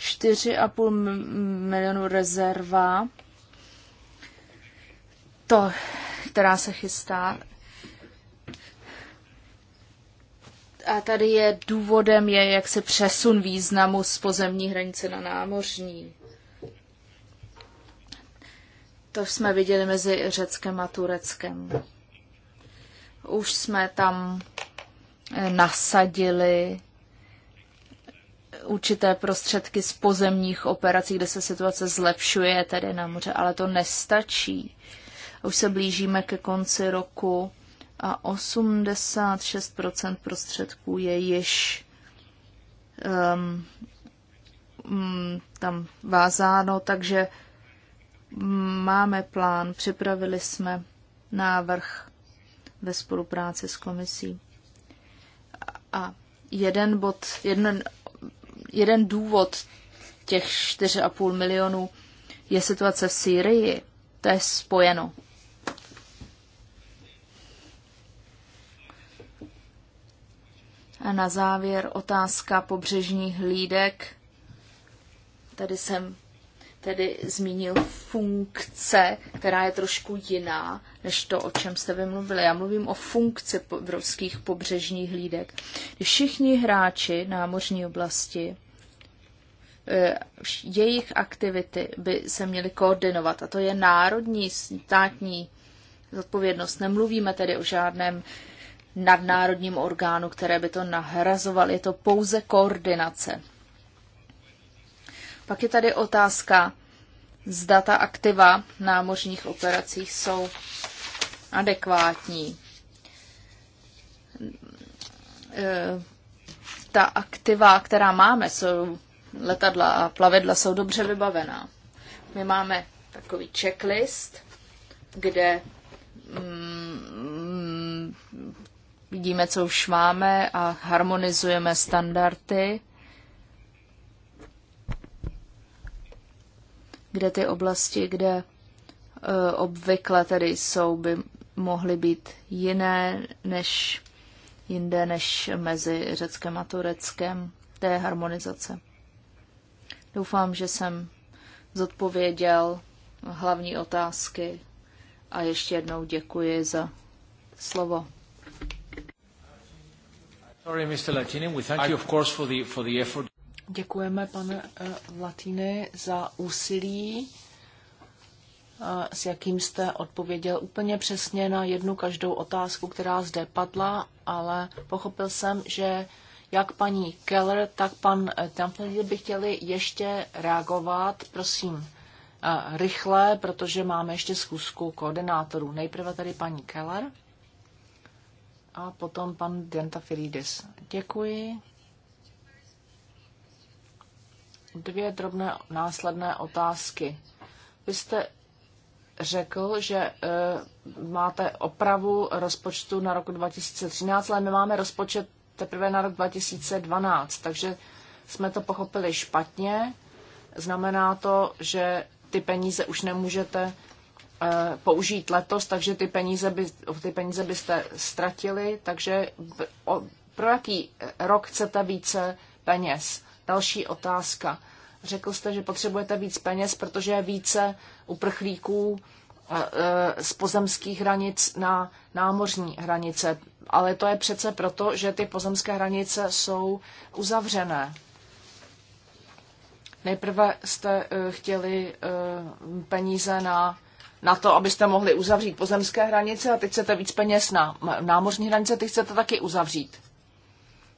4,5 milionu rezerva, to, která se chystá. A tady je důvodem je, jak se přesun významu z pozemní hranice na námořní. To jsme viděli mezi Řeckem a Tureckem. Už jsme tam eh, nasadili určité prostředky z pozemních operací, kde se situace zlepšuje, tedy na moře, ale to nestačí. Už se blížíme ke konci roku a 86 prostředků je již um, um, tam vázáno, takže máme plán, připravili jsme návrh ve spolupráci s komisí. A jeden bod, jeden jeden důvod těch 4,5 milionů je situace v Sýrii. To je spojeno. A na závěr otázka pobřežních hlídek. Tady jsem tedy zmínil funkce, která je trošku jiná než to, o čem jste vymluvili. Já mluvím o funkci evropských pobřežních hlídek. všichni hráči námořní oblasti E, jejich aktivity by se měly koordinovat. A to je národní státní zodpovědnost. Nemluvíme tedy o žádném nadnárodním orgánu, které by to nahrazoval. Je to pouze koordinace. Pak je tady otázka, zda ta aktiva námořních operacích jsou adekvátní. E, ta aktiva, která máme, jsou letadla a plavidla jsou dobře vybavená. My máme takový checklist, kde mm, vidíme, co už máme a harmonizujeme standardy, kde ty oblasti, kde eh, obvykle tedy jsou, by mohly být jiné než jinde než mezi Řeckem a Tureckem té harmonizace. Doufám, že jsem zodpověděl hlavní otázky a ještě jednou děkuji za slovo. Děkujeme, pane uh, eh, Latine, za úsilí, uh, s jakým jste odpověděl úplně přesně na jednu každou otázku, která zde padla, ale pochopil jsem, že uh, jak paní Keller, tak pan Templer eh, by chtěli ještě reagovat. Prosím, eh, rychle, protože máme ještě zkusku koordinátorů. Nejprve tady paní Keller a potom pan Dentafilidis. Děkuji. Dvě drobné následné otázky. Vy jste řekl, že uh, máte opravu rozpočtu na roku 2013, ale my máme rozpočet teprve na rok 2012, takže jsme to pochopili špatně. Znamená to, že ty peníze už nemůžete eh, použít letos, takže ty peníze, by, ty peníze byste ztratili, takže pro jaký rok chcete více peněz? Další otázka. Řekl jste, že potřebujete víc peněz, protože je více uprchlíků E, z pozemských hranic na námořní hranice. Ale to je přece proto, že ty pozemské hranice jsou uzavřené. Nejprve jste e, chtěli e, peníze na, na to, abyste mohli uzavřít pozemské hranice a teď chcete víc peněz na námořní hranice, ty chcete taky uzavřít.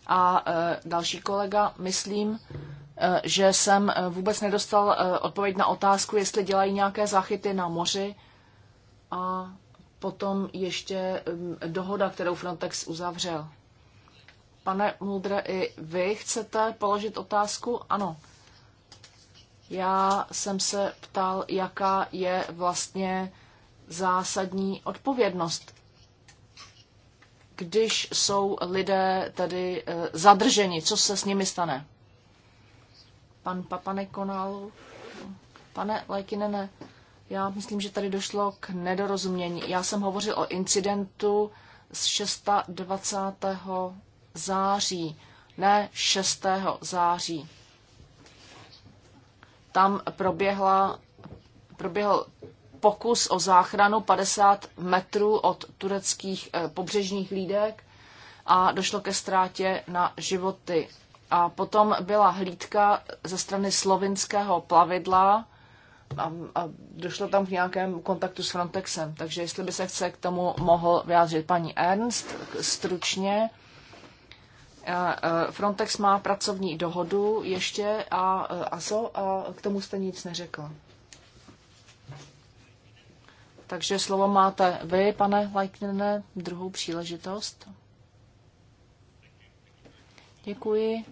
A další kolega, myslím, že jsem vůbec nedostal odpověď na otázku, jestli dělají nějaké záchyty na moři a potom ještě um, dohoda, kterou Frontex uzavřel. Pane Muldre, i vy chcete položit otázku? Ano. Já jsem se ptal, jaká je vlastně zásadní odpovědnost, když jsou lidé tedy eh, zadrženi. Co se s nimi stane? Pan Papane Konalu, Pane Lajkinene, like já myslím, že tady došlo k nedorozumění. Já jsem hovořil o incidentu z 26. září, ne 6. září. Tam proběhla, proběhl pokus o záchranu 50 metrů od tureckých eh, pobřežních lídek a došlo ke ztrátě na životy. A potom byla hlídka ze strany slovinského plavidla, a, a došlo tam k nějakém kontaktu s Frontexem. Takže jestli by se chce k tomu mohl vyjádřit paní Ernst stručně. Frontex má pracovní dohodu ještě a ASO a k tomu jste nic neřekl. Takže slovo máte vy, pane Leiknene, druhou příležitost. Děkuji.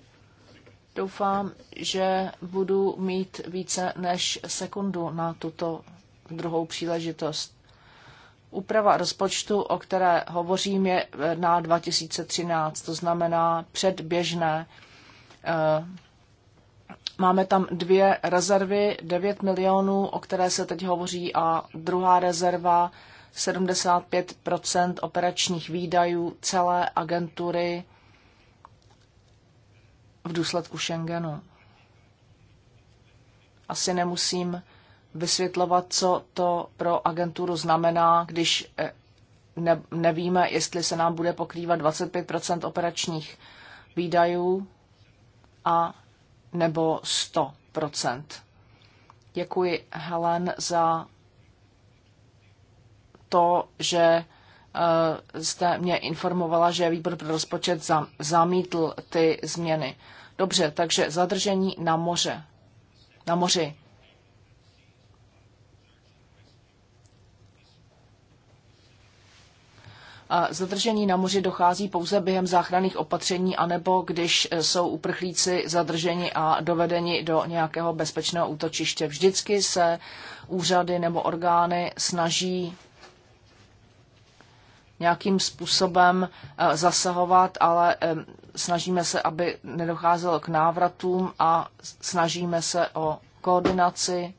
Doufám, že budu mít více než sekundu na tuto druhou příležitost. Úprava rozpočtu, o které hovořím, je na 2013, to znamená předběžné. Eh, máme tam dvě rezervy, 9 milionů, o které se teď hovoří, a druhá rezerva 75 operačních výdajů celé agentury v důsledku Schengenu. Asi nemusím vysvětlovat, co to pro agenturu znamená, když eh, ne, nevíme, jestli se nám bude pokrývat 25 operačních výdajů a nebo 100 Děkuji Helen za to, že jste eh, mě informovala, že výbor pro rozpočet zamítl ty změny. Dobře, takže zadržení na moře. Na moři. Zadržení na moři dochází pouze během záchranných opatření, anebo když eh, jsou uprchlíci zadrženi a dovedeni do nějakého bezpečného útočiště. Vždycky se úřady nebo orgány snaží nějakým způsobem eh, zasahovat, ale eh, snažíme se, aby nedocházelo k návratům a snažíme se o koordinaci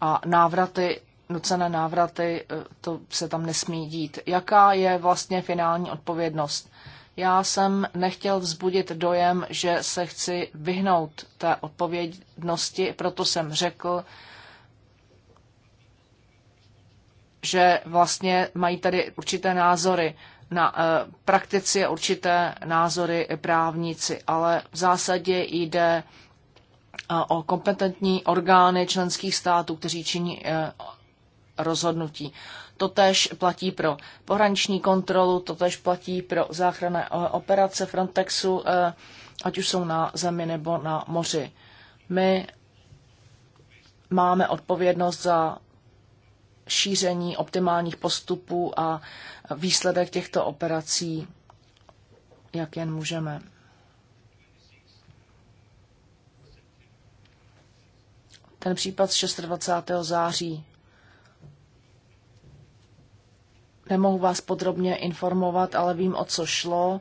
a návraty, nucené návraty, eh, to se tam nesmí dít. Jaká je vlastně finální odpovědnost? Já jsem nechtěl vzbudit dojem, že se chci vyhnout té odpovědnosti, proto jsem řekl, že vlastně mají tady určité názory na eh, praktici a určité názory právníci, ale v zásadě jde eh, o kompetentní orgány členských států, kteří činí eh, rozhodnutí. Totež platí pro pohraniční kontrolu, totež platí pro záchranné operace Frontexu, ať už jsou na zemi nebo na moři. My máme odpovědnost za šíření optimálních postupů a výsledek těchto operací, jak jen můžeme. Ten případ z 26. září. Nemohu vás podrobně informovat, ale vím, o co šlo.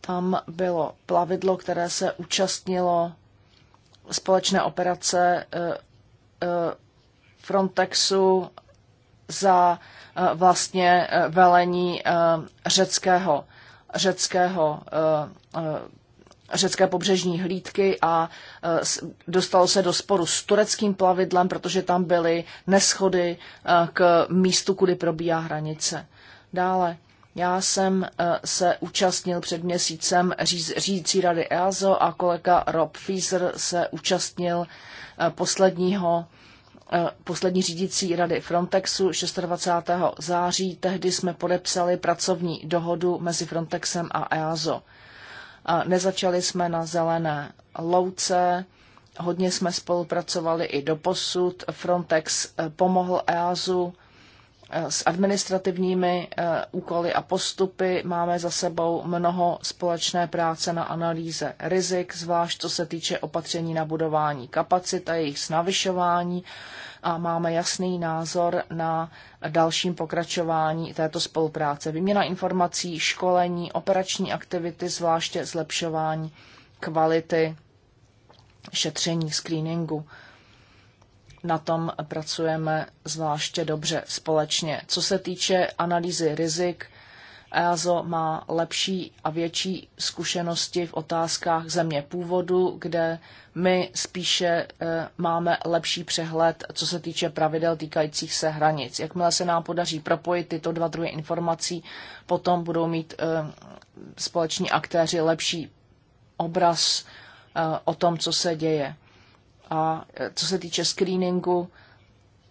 Tam bylo plavidlo, které se účastnilo společné operace eh, eh, Frontexu za eh, vlastně eh, velení eh, řeckého, řeckého řecké pobřežní hlídky a dostalo se do sporu s tureckým plavidlem, protože tam byly neschody k místu, kudy probíhá hranice. Dále, já jsem se účastnil před měsícem řídící rady EASO a kolega Rob Fieser se účastnil posledního Eh, poslední řídící rady Frontexu 26. září. Tehdy jsme podepsali pracovní dohodu mezi Frontexem a EASO. Nezačali jsme na zelené louce, hodně jsme spolupracovali i do posud. Frontex eh, pomohl EASu Eh, s administrativními eh, úkoly a postupy. Máme za sebou mnoho společné práce na analýze rizik, zvlášť co se týče opatření na budování kapacit a jejich navyšování a máme jasný názor na dalším pokračování této spolupráce. Výměna informací, školení, operační aktivity, zvláště zlepšování kvality šetření, screeningu na tom pracujeme zvláště dobře společně. Co se týče analýzy rizik, EASO má lepší a větší zkušenosti v otázkách země původu, kde my spíše eh, máme lepší přehled, co se týče pravidel týkajících se hranic. Jakmile se nám podaří propojit tyto dva druhy informací, potom budou mít eh, společní aktéři lepší obraz eh, o tom, co se děje. A co se týče screeningu,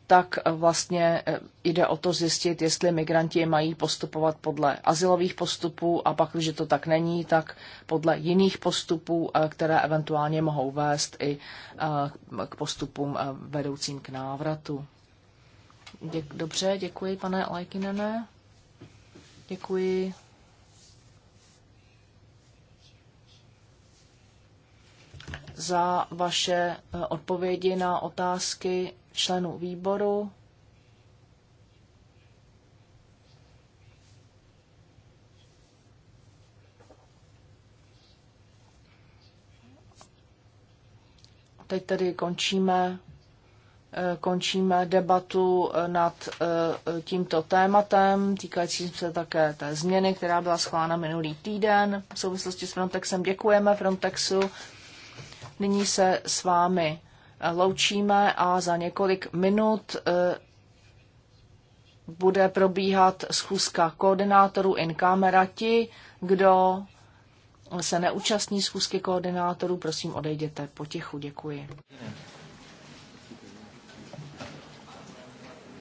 tak vlastně eh, jde o to zjistit, jestli migranti mají postupovat podle asilových postupů a pak, když to tak není, tak podle jiných postupů, eh, které eventuálně mohou vést i eh, k postupům vedoucím k návratu. dobře, děkuji, pane Lajkinene. Děkuji za vaše eh, odpovědi na otázky členů výboru. Teď tedy končíme, eh, končíme debatu eh, nad tímto tématem, týkajícím se také té změny, která byla schválena minulý týden. V souvislosti s Frontexem děkujeme Frontexu Nyní se s vámi eh, loučíme a za několik minut eh, bude probíhat schůzka koordinátorů in camera. Ti, kdo se neúčastní schůzky koordinátorů, prosím odejděte potichu. Děkuji.